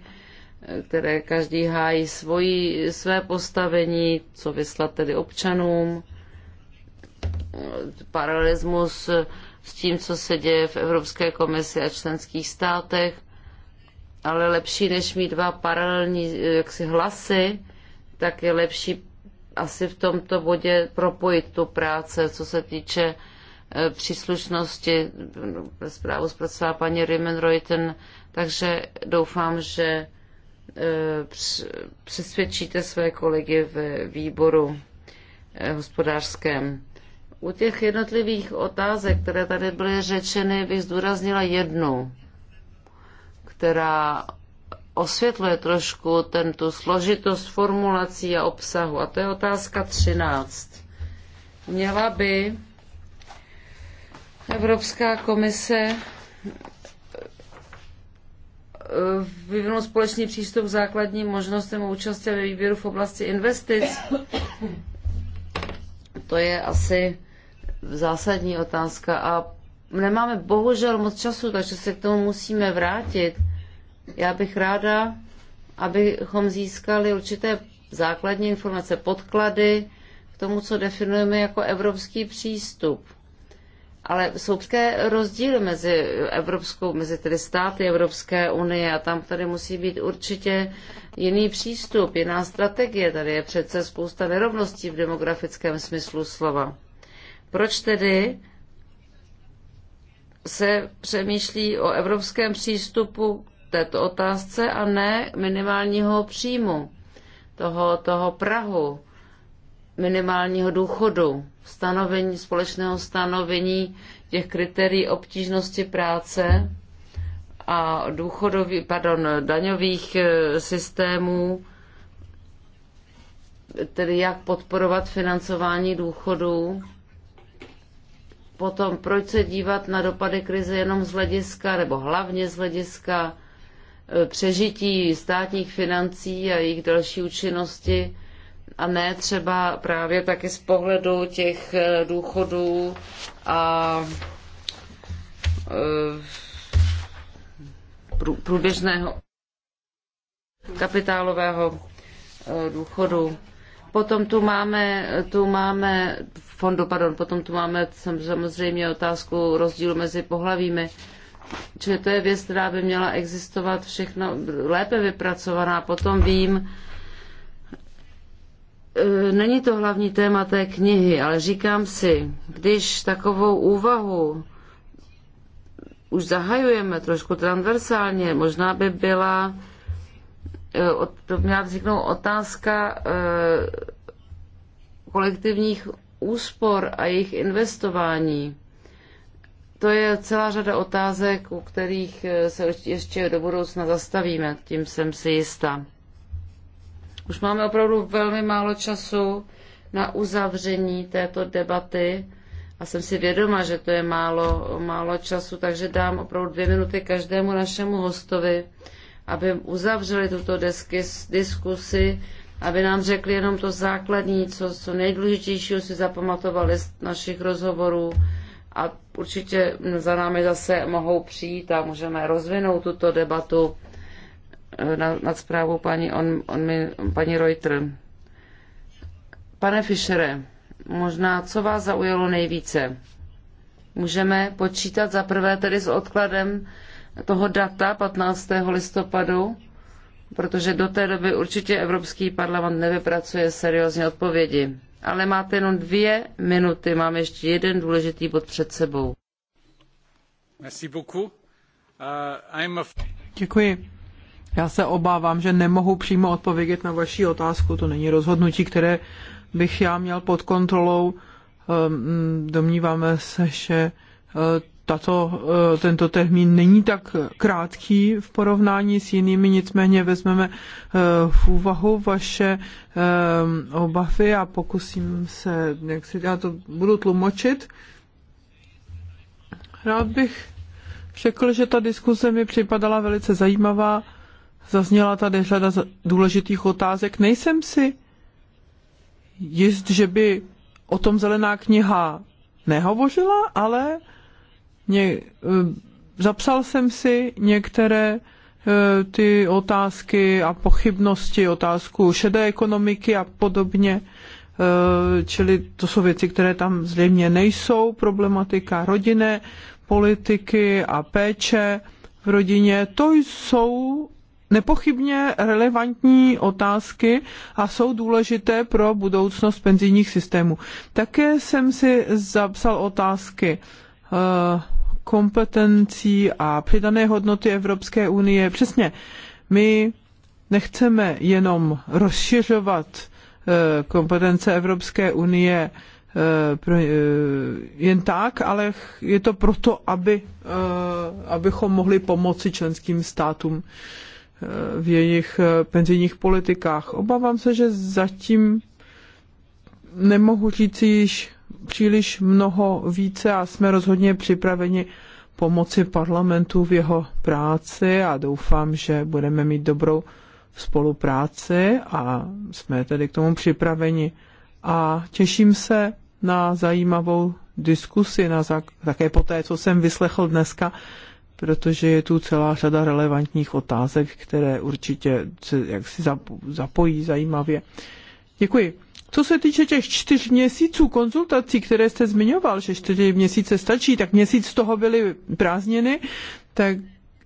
Speaker 1: které každý hájí svoji, své postavení, co vyslat tedy občanům, paralelismus s tím, co se děje v Evropské komisi a členských státech, ale lepší, než mít dva paralelní jaksi, hlasy, tak je lepší asi v tomto bodě propojit tu práce, co se týče e, příslušnosti e, zprávu zpracovala paní Riemenreuten, takže doufám, že e, přesvědčíte své kolegy v výboru hospodářském. U těch jednotlivých otázek, které tady byly řečeny, bych zdůraznila jednu, která osvětluje trošku tento složitost formulací a obsahu. A to je otázka 13. Měla by Evropská komise eh, vyvinout společný přístup k základním možnostem účasti ve výběru v oblasti investic? To je asi zásadní otázka a nemáme bohužel moc času, takže se k tomu musíme vrátit. Já bych ráda, abychom získali určité základní informace, podklady k tomu, co definujeme jako evropský přístup. Ale jsou také rozdíly mezi evropskou, mezi tedy státy Evropské unie a tam tady musí být určitě jiný přístup, jiná strategie. Tady je přece spousta nerovností v demografickém smyslu slova. Proč tedy se přemýšlí o evropském přístupu této otázce a ne minimálního příjmu, toho, toho Prahu, minimálního důchodu, stanovení, společného stanovení těch kritérií obtížnosti práce a důchodový, pardon, daňových e, systémů, tedy jak podporovat financování důchodů. Potom, proč se dívat na dopady krize jenom z hlediska, nebo hlavně z hlediska Eh, přežití státních financí a jejich další účinnosti a ne třeba právě taky z pohledu těch eh, důchodů a eh, průběžného kapitálového důchodu. Potom tu máme, tu máme fondu, pardon, potom tu máme samozřejmě otázku rozdílu mezi pohlavími. Čili to je věc, která by měla existovat všechno lépe vypracovaná. Potom vím, e, není to hlavní téma té knihy, ale říkám si, když takovou úvahu už zahajujeme trošku transversálně, možná by byla e, to měla vzniknout otázka e, kolektivních úspor a jejich investování to je celá řada otázek, u kterých eh, se ještě do budoucna zastavíme, tím jsem si jista. Už máme opravdu velmi málo času na uzavření této debaty a jsem si vědoma, že to je málo, málo času, takže dám opravdu dvě minuty každému našemu hostovi, aby uzavřeli tuto diskis, diskusi, aby nám řekli jenom to základní, co, co nejdůležitějšího si zapamatovali z našich rozhovorů a určitě za námi zase mohou přijít a můžeme rozvinout tuto debatu eh, nad zprávou paní, on, on mi, paní Reuter. Pane Fischere, možná co vás zaujalo nejvíce? Můžeme počítat za prvé tedy s odkladem toho data 15. listopadu, protože do té doby určitě Evropský parlament nevypracuje seriózně odpovědi ale máte jenom dvě minuty. Máme ještě jeden důležitý bod před sebou.
Speaker 3: Uh,
Speaker 2: Děkuji. Já se obávám, že nemohu přímo odpovědět na vaši otázku. To není rozhodnutí, které bych já měl pod kontrolou. Um, mm, domníváme se, že uh, tato, eh, tento termín není tak krátký v porovnání s jinými, nicméně vezmeme eh, v úvahu vaše eh, obavy a pokusím se, jak si já to budu tlumočit. Rád bych řekl, že ta diskuse mi připadala velice zajímavá. Zazněla tady řada důležitých otázek. Nejsem si jist, že by o tom zelená kniha nehovořila, ale Ně, eh, zapsal jsem si některé eh, ty otázky a pochybnosti, otázku šedé ekonomiky a podobně. Eh, čili to jsou věci, které tam zřejmě nejsou. Problematika rodinné politiky a péče v rodině, to jsou nepochybně relevantní otázky a jsou důležité pro budoucnost penzijních systémů. Také jsem si zapsal otázky kompetencí a přidané hodnoty Evropské unie. Přesně, my nechceme jenom rozšiřovat eh, kompetence Evropské unie eh, eh, jen tak, ale je to proto, aby, abychom mohli pomoci členským státům v jejich penzijních politikách. Obávám se, že zatím nemohu říct již příliš mnoho více a jsme rozhodně připraveni pomoci parlamentu v jeho práci a doufám, že budeme mít dobrou spolupráci a jsme tedy k tomu připraveni. A těším se na zajímavou diskusi, na zak- také po té, co jsem vyslechl dneska, protože je tu celá řada relevantních otázek, které určitě se jaksi zapojí zajímavě. Děkuji. Co se týče těch čtyř měsíců konzultací, které jste zmiňoval, že čtyři měsíce stačí, tak měsíc z toho byly prázdniny, tak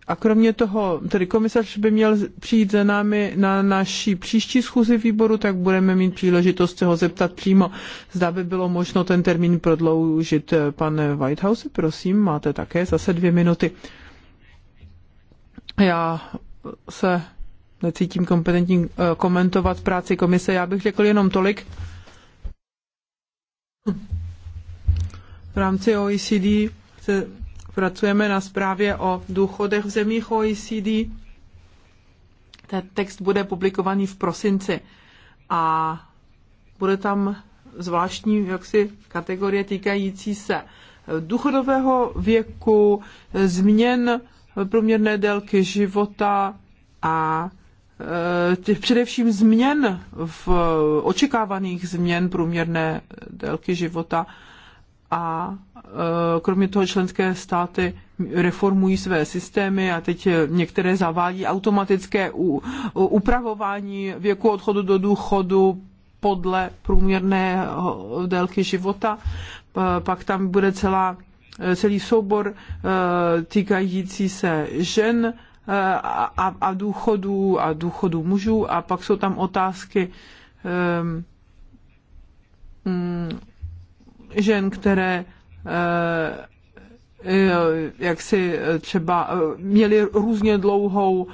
Speaker 2: a kromě toho, tedy komisař by měl přijít za námi na naší příští schůzi výboru, tak budeme mít příležitost se ho zeptat přímo, zda by bylo možno ten termín prodloužit. Pane Whitehouse, prosím, máte také zase dvě minuty. Já se necítím kompetentní eh, komentovat práci komise. Já bych řekl jenom tolik. V rámci OECD se pracujeme na zprávě o důchodech v zemích OECD. Ten text bude publikovaný v prosinci a bude tam zvláštní jaksi kategorie týkající se důchodového věku, změn průměrné délky života a těch eh, především změn v eh, očekávaných změn průměrné délky života a eh, kromě toho členské státy reformují své systémy a teď některé zavádí automatické upravování věku odchodu do důchodu podle průměrné délky života. Pak tam bude celá, celý soubor týkající se žen, Eh, a, a důchodů a důchodů mužů a pak jsou tam otázky um, žen, které eh, eh, jak si třeba měli různě dlouhou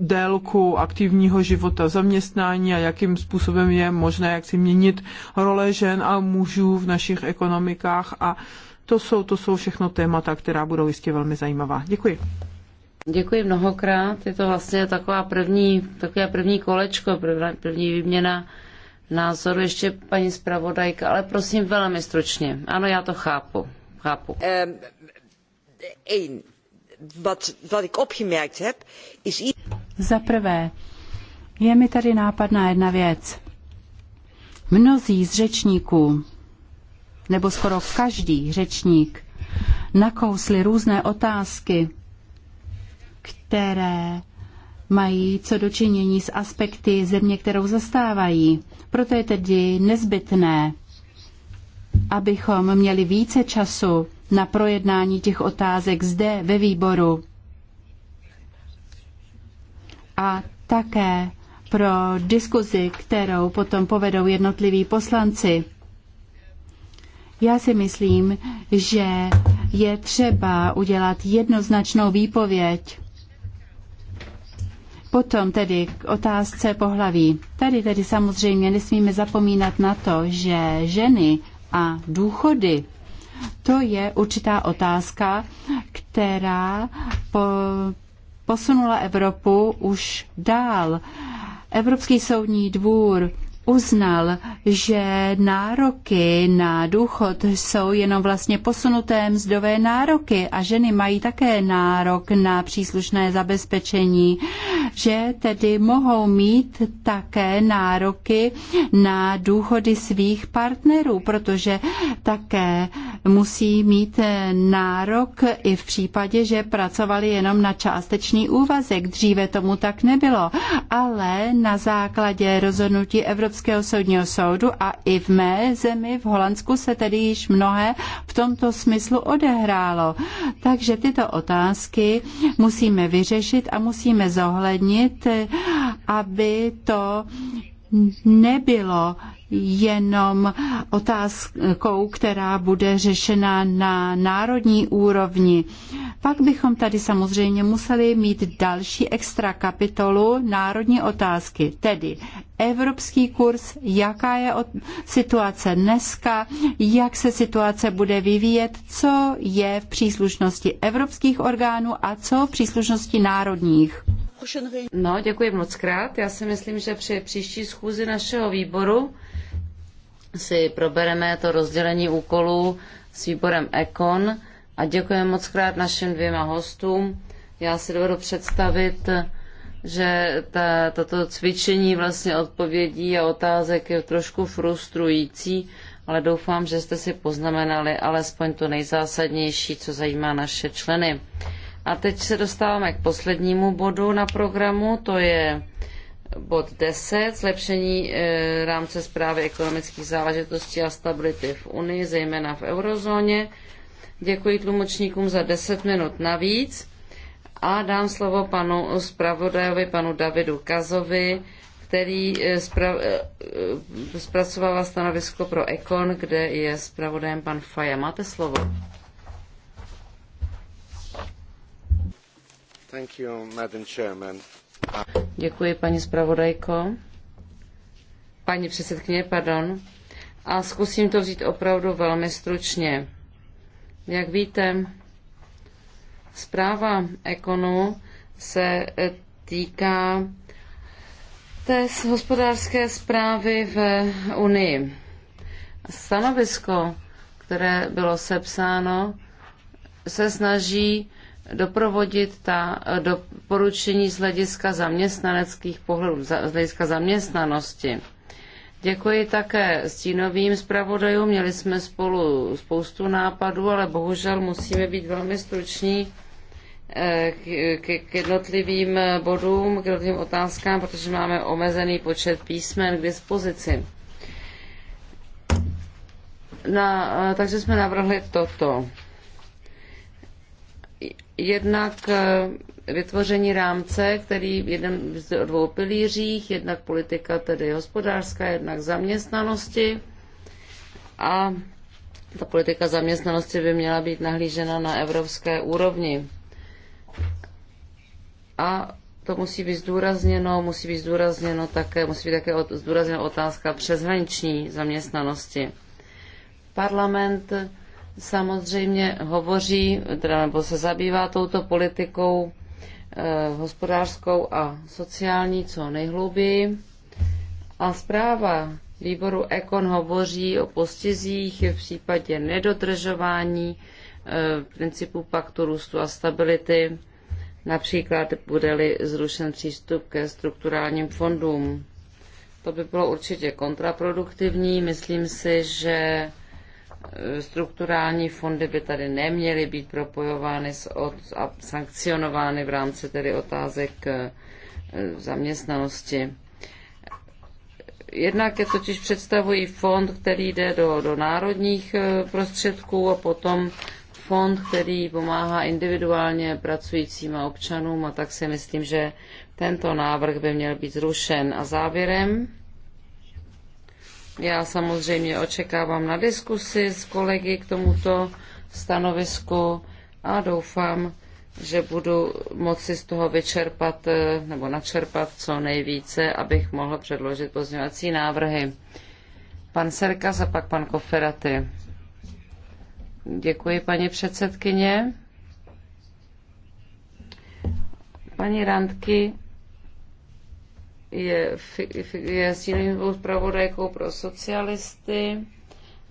Speaker 2: délku aktivního života zaměstnání a jakým způsobem je možné jak si měnit role žen a mužů v našich ekonomikách a to jsou, to jsou všechno témata, která budou jistě velmi zajímavá. Děkuji. Děkuji mnohokrát. Je to vlastně taková
Speaker 1: první, takové první kolečko, první výměna názoru. Ještě paní zpravodajka, ale prosím velmi stručně. Ano, já to chápu. Chápu. Ehm,
Speaker 3: Za prvé, je mi tady nápadná jedna věc. Mnozí z řečníků, nebo skoro každý řečník, nakousli různé otázky, které mají co dočinění s aspekty země, kterou zastávají. Proto je tedy nezbytné, abychom měli více času na projednání těch otázek zde ve výboru a také pro diskuzi, kterou potom povedou jednotliví poslanci. Já si myslím, že je třeba udělat jednoznačnou výpověď Potom tedy k otázce pohlaví. Tady tedy samozřejmě nesmíme zapomínat na to, že ženy a důchody to je určitá otázka, která po, posunula Evropu už dál. Evropský soudní dvůr uznal, že nároky na důchod jsou jenom vlastně posunuté mzdové nároky a ženy mají také nárok na příslušné zabezpečení, že tedy mohou mít také nároky na důchody svých partnerů, protože také musí mít nárok i v případě, že pracovali jenom na částečný úvazek. Dříve tomu tak nebylo, ale na základě rozhodnutí Evropské Evropského soudního soudu a i v mé zemi, v Holandsku, se tedy již mnohé v tomto smyslu odehrálo. Takže tyto otázky musíme vyřešit a musíme zohlednit, aby to nebylo jenom otázkou, která bude řešena na národní úrovni. Pak bychom tady samozřejmě museli mít další extra kapitolu národní otázky, tedy evropský kurz, jaká je situace dneska, jak se situace bude vyvíjet, co je v příslušnosti evropských orgánů a co v příslušnosti národních.
Speaker 1: No, děkuji moc krát. Já si myslím, že při příští schůzi našeho výboru si probereme to rozdělení úkolů s výborem Econ a děkuji moc krát našim dvěma hostům. Já si dovedu představit, že ta, tato cvičení vlastně odpovědí a otázek je trošku frustrující, ale doufám, že jste si poznamenali alespoň to nejzásadnější, co zajímá naše členy. A teď se dostáváme k poslednímu bodu na programu, to je Bod 10. Zlepšení eh, rámce zprávy ekonomických záležitostí a stability v Unii, zejména v eurozóně. Děkuji tlumočníkům za 10 minut navíc a dám slovo panu zpravodajovi, panu Davidu Kazovi, který zpra, eh, eh, zpracovává stanovisko pro Ekon, kde je zpravodajem pan Faja. Máte slovo. Thank you, Madam Chairman. Děkuji, paní zpravodajko. Paní předsedkyně, pardon. A zkusím to vzít opravdu velmi stručně. Jak víte, zpráva Ekonu se eh, týká té hospodářské zprávy v Unii. Stanovisko, které bylo sepsáno, se snaží doprovodit ta eh, doporučení z hlediska zaměstnaneckých pohledů, z hlediska zaměstnanosti. Děkuji také stínovým zpravodajům, měli jsme spolu spoustu nápadů, ale bohužel musíme být velmi struční eh, k, jednotlivým eh, bodům, k jednotlivým otázkám, protože máme omezený počet písmen k dispozici. Na, takže jsme navrhli toto jednak eh, vytvoření rámce, který jeden o dvou pilířích, jednak politika tedy hospodářská, jednak zaměstnanosti. A ta politika zaměstnanosti by měla být nahlížena na evropské úrovni. A to musí být zdůrazněno, musí být zdůrazněno také, musí být také zdůrazněna otázka přeshraniční zaměstnanosti. Parlament samozřejmě hovoří, teda nebo se zabývá touto politikou eh, hospodářskou a sociální co nejhlouběji. A zpráva výboru Ekon hovoří o postizích v případě nedodržování eh, principu paktu růstu a stability, například bude-li zrušen přístup ke strukturálním fondům. To by bylo určitě kontraproduktivní. Myslím si, že strukturální fondy by tady neměly být propojovány s od, a sankcionovány v rámci tedy otázek eh, zaměstnanosti. Jednak je totiž představují fond, který jde do, do národních eh, prostředků a potom fond, který pomáhá individuálně pracujícím a občanům a tak si myslím, že tento návrh by měl být zrušen. A závěrem já samozřejmě očekávám na diskusi s kolegy k tomuto stanovisku a doufám, že budu moci z toho vyčerpat eh, nebo načerpat co nejvíce, abych mohl předložit pozměňovací návrhy. Pan Serka a pak pan Koferaty. Děkuji, paní předsedkyně. Paní Randky je, je stínovou zpravodajkou pro socialisty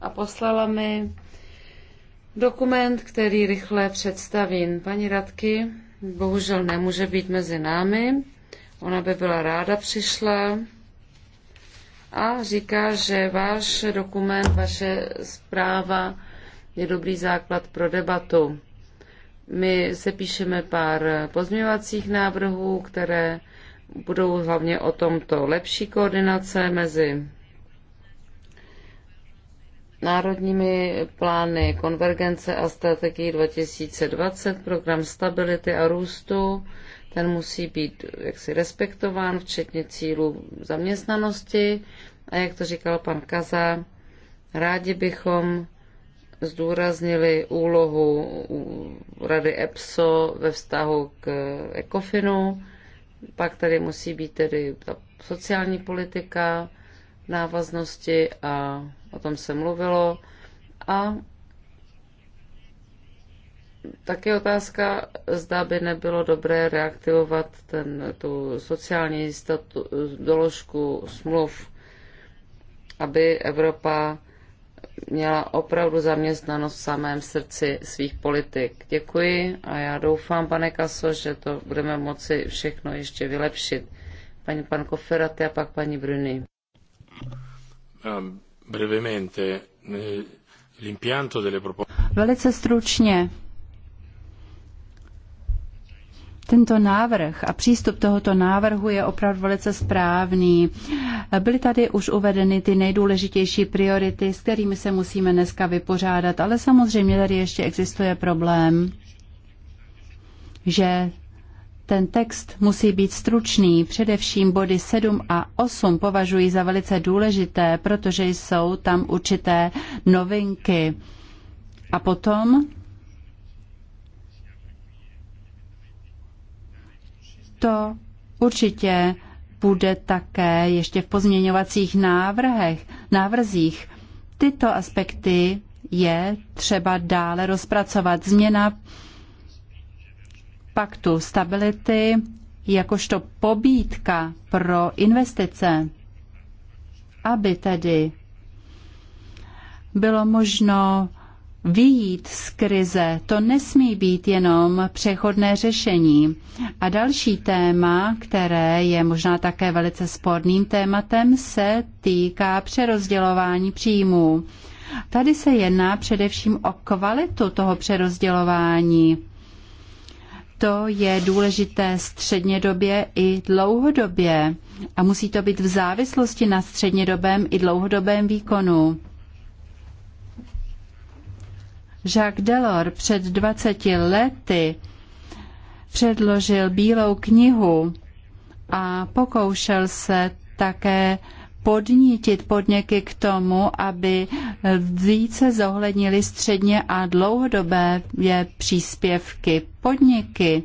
Speaker 1: a poslala mi dokument, který rychle představím. Paní Radky bohužel nemůže být mezi námi, ona by byla ráda přišla a říká, že váš dokument, vaše zpráva je dobrý základ pro debatu. My se píšeme pár pozměvacích návrhů, které budou hlavně o tomto lepší koordinace mezi národními plány konvergence a strategii 2020, program stability a růstu, ten musí být jaksi respektován, včetně cílů zaměstnanosti. A jak to říkal pan Kaza, rádi bychom zdůraznili úlohu Rady EPSO ve vztahu k ECOFINu, pak tady musí být tedy ta sociální politika návaznosti a o tom se mluvilo. A tak je otázka, zda by nebylo dobré reaktivovat ten, tu sociální statu, doložku smluv, aby Evropa měla opravdu zaměstnanost v samém srdci svých politik. Děkuji a já doufám, pane Kaso, že to budeme moci všechno ještě vylepšit. Paní pan Koferaty a pak paní Bruni.
Speaker 2: Brevemente, eh, l'impianto delle
Speaker 1: Velice stručně.
Speaker 3: Tento návrh a přístup tohoto návrhu je opravdu velice správný. Byly tady už uvedeny ty nejdůležitější priority, s kterými se musíme dneska vypořádat, ale samozřejmě tady ještě existuje problém, že ten text musí být stručný, především body 7 a 8 považuji za velice důležité, protože jsou tam určité novinky. A potom To určitě bude také ještě v pozměňovacích návrhech, návrzích. Tyto aspekty je třeba dále rozpracovat. Změna paktu stability jakožto pobídka pro investice, aby tedy bylo možno vyjít z krize, to nesmí být jenom přechodné řešení. A další téma, které je možná také velice sporným tématem, se týká přerozdělování příjmů. Tady se jedná především o kvalitu toho přerozdělování. To je důležité střednědobě i dlouhodobě a musí to být v závislosti na střednědobém i dlouhodobém výkonu. Jacques Delors před 20 lety předložil bílou knihu a pokoušel se také podnítit podniky k tomu, aby více zohlednili středně a dlouhodobé příspěvky podniky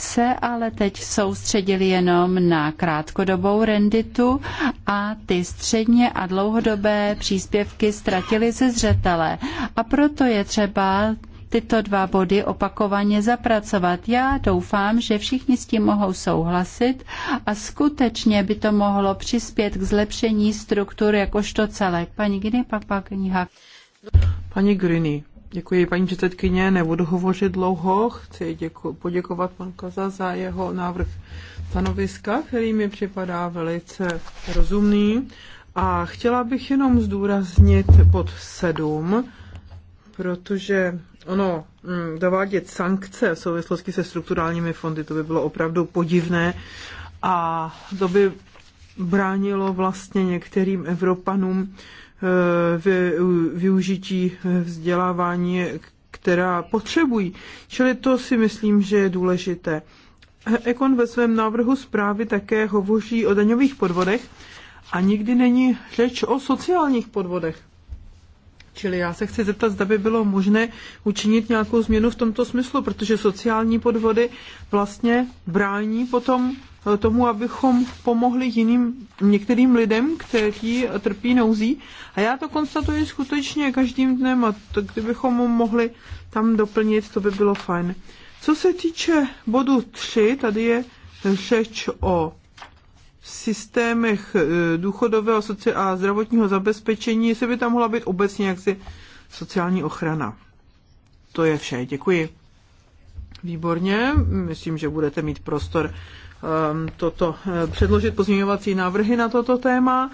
Speaker 3: se ale teď soustředili jenom na krátkodobou renditu a ty středně a dlouhodobé příspěvky ztratili ze zřetele. A proto je třeba tyto dva body opakovaně zapracovat. Já doufám, že všichni s tím mohou souhlasit a skutečně by to mohlo přispět k zlepšení struktur jakožto celek. Paní Giny, pak pak Hak.
Speaker 2: Paní Griny, Děkuji, paní předsedkyně. Nebudu hovořit dlouho. Chci děku, poděkovat panu Koza za jeho návrh stanoviska, který mi připadá velice rozumný. A chtěla bych jenom zdůraznit pod sedm, protože ono mm, dovádět sankce v souvislosti se strukturálními fondy, to by bylo opravdu podivné a to by bránilo vlastně některým Evropanům Eh, využití eh, vzdělávání, která potřebují. Čili to si myslím, že je důležité. Ekon ve svém návrhu zprávy také hovoří o daňových podvodech a nikdy není řeč o sociálních podvodech. Čili já se chci zeptat, zda by bylo možné učinit nějakou změnu v tomto smyslu, protože sociální podvody vlastně brání potom tomu, abychom pomohli jiným některým lidem, kteří trpí nouzí. A já to konstatuji skutečně každým dnem a to, kdybychom mohli tam doplnit, to by bylo fajn. Co se týče bodu 3, tady je řeč o systémech eh, důchodového a zdravotního zabezpečení, jestli by tam mohla být obecně jaksi sociální ochrana. To je vše, děkuji. Výborně, myslím, že budete mít prostor Um, toto, eh, předložit pozměňovací návrhy na toto téma.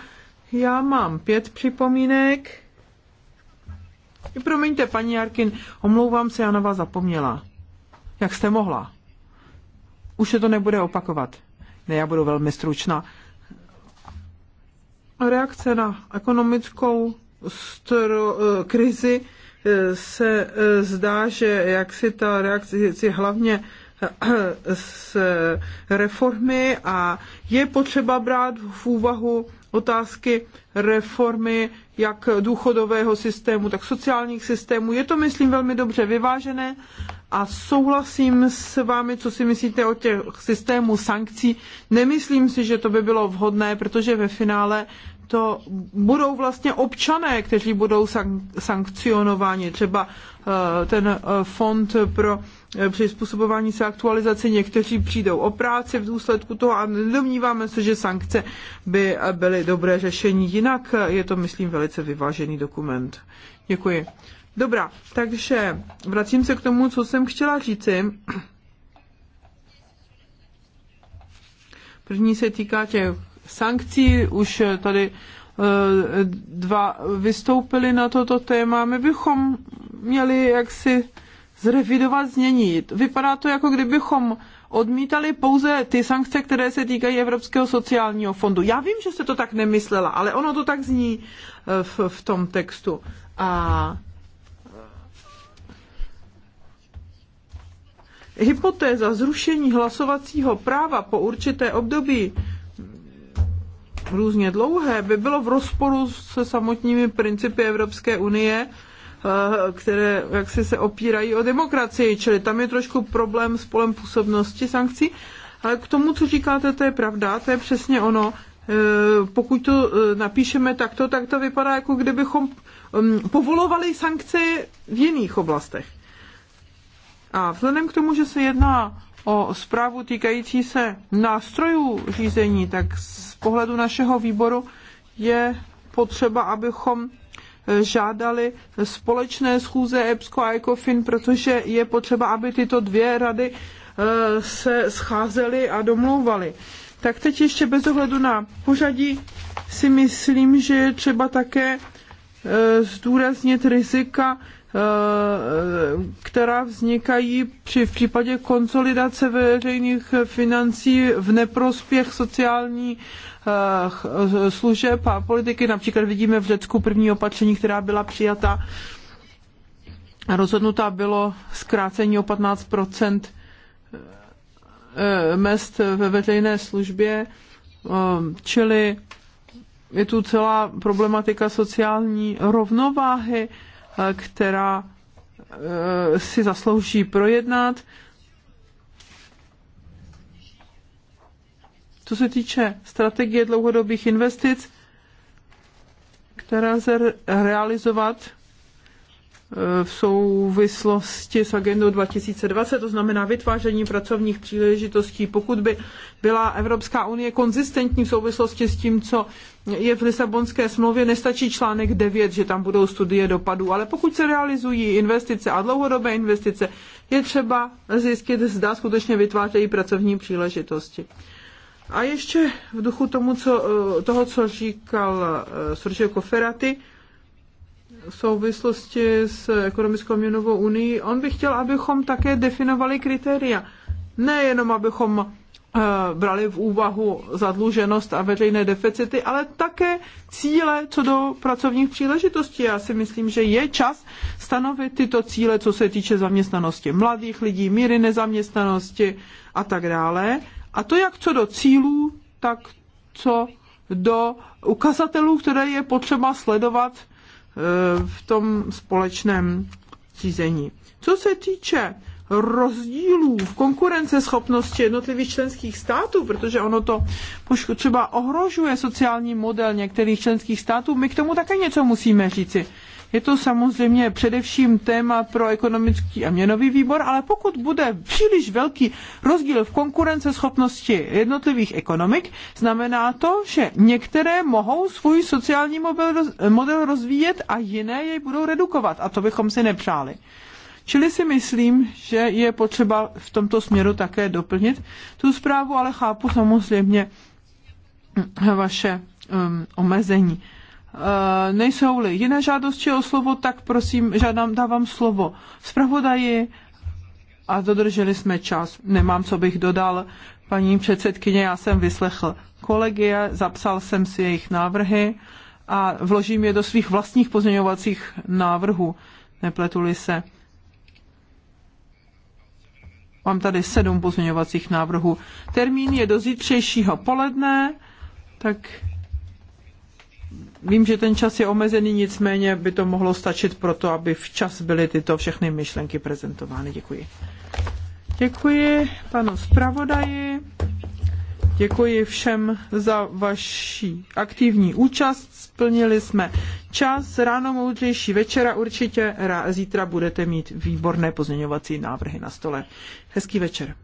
Speaker 2: Já mám pět připomínek. Promiňte, paní Jarkin, omlouvám se, já na vás zapomněla. Jak jste mohla? Už se to nebude opakovat. Ne, já budu velmi stručná. Reakce na ekonomickou eh, krizi eh, se zdá, že jak si ta reakce hlavně z reformy a je potřeba brát v úvahu otázky reformy jak důchodového systému, tak sociálních systémů. Je to, myslím, velmi dobře vyvážené a souhlasím s vámi, co si myslíte o těch systému sankcí. Nemyslím si, že to by bylo vhodné, protože ve finále to budou vlastně občané, kteří budou sankcionováni. Třeba eh, ten eh, fond pro Eh, přizpůsobování se aktualizaci. Někteří přijdou o práci v důsledku toho a nedomníváme se, že sankce by eh, byly dobré řešení. Jinak eh, je to, myslím, velice vyvážený dokument. Děkuji. Dobrá, takže vracím se k tomu, co jsem chtěla říci. První se týká těch sankcí, už tady dva vystoupili na toto téma. My bychom měli jaksi zrevidovat změnit. Vypadá to, jako kdybychom odmítali pouze ty sankce, které se týkají Evropského sociálního fondu. Já vím, že se to tak nemyslela, ale ono to tak zní eh, v, v tom textu. A eh, hypotéza zrušení hlasovacího práva po určité období hm, různě dlouhé by bylo v rozporu se samotnými principy Evropské unie, které jaksi se opírají o demokracii, čili tam je trošku problém s polem působnosti sankcí. Ale k tomu, co říkáte, to je pravda, to je přesně ono. E, pokud to e, napíšeme takto, tak to vypadá, jako kdybychom povolovali sankce v jiných oblastech. A vzhledem k tomu, že se jedná o zprávu týkající se nástrojů řízení, tak z pohledu našeho výboru je potřeba, abychom žádali společné schůze EBSCO a ECOFIN, protože je potřeba, aby tyto dvě rady eh, se scházely a domlouvaly. Tak teď ještě bez ohledu na pořadí si myslím, že je třeba také eh, zdůraznit rizika, eh, která vznikají při, v případě konsolidace veřejných financí v neprospěch sociální Eh, služeb a politiky. Například vidíme v Řecku první opatření, která byla přijata rozhodnutá bylo zkrácení o 15 eh, mest ve veřejné službě, ehm, čili je tu celá problematika sociální rovnováhy, eh, která si zaslouží projednat. Co se týče strategie dlouhodobých investic, která se realizovat e, v souvislosti s agendou 2020, to znamená vytváření pracovních příležitostí. Pokud by byla Evropská unie konzistentní v souvislosti s tím, co je v Lisabonské smlouvě, nestačí článek 9, že tam budou studie dopadů, ale pokud se realizují investice a dlouhodobé investice, je třeba zjistit, zda skutečně vytvářejí pracovní příležitosti. A ještě v duchu tomu, co, eh, toho, co říkal eh, Sergio Koferaty, v souvislosti s ekonomickou měnovou unii, on by chtěl, abychom také definovali kritéria. Nejenom, abychom eh, brali v úvahu zadluženost a veřejné deficity, ale také cíle co do pracovních příležitostí. Já si myslím, že je čas stanovit tyto cíle, co se týče zaměstnanosti mladých lidí, míry nezaměstnanosti a tak dále. A to jak co do cílů, tak co do ukazatelů, které je potřeba sledovat e, v tom společném řízení. Co se týče rozdílů v konkurenceschopnosti jednotlivých členských států, protože ono to třeba ohrožuje sociální model některých členských států, my k tomu také něco musíme říci. Je to samozřejmě především téma pro ekonomický a měnový výbor, ale pokud bude příliš velký rozdíl v konkurenceschopnosti jednotlivých ekonomik, znamená to, že některé mohou svůj sociální model rozvíjet a jiné jej budou redukovat a to bychom si nepřáli. Čili si myslím, že je potřeba v tomto směru také doplnit tu zprávu, ale chápu samozřejmě vaše um, omezení. Eh, nejsou-li jiné žádosti o slovo, tak prosím, žádám, dávám slovo zpravodaji a dodrželi jsme čas. Nemám, co bych dodal. Paní předsedkyně, já jsem vyslechl kolegy, zapsal jsem si jejich návrhy a vložím je do svých vlastních pozměňovacích návrhů. Nepletuli se. Mám tady sedm pozměňovacích návrhů. Termín je do zítřejšího poledne, tak Vím, že ten čas je omezený, nicméně by to mohlo stačit pro to, aby včas byly tyto všechny myšlenky prezentovány. Děkuji. Děkuji panu zpravodaji. Děkuji všem za vaši aktivní účast. Splnili jsme čas. Ráno moudřejší večera určitě. Zítra budete mít výborné pozměňovací návrhy na stole. Hezký večer.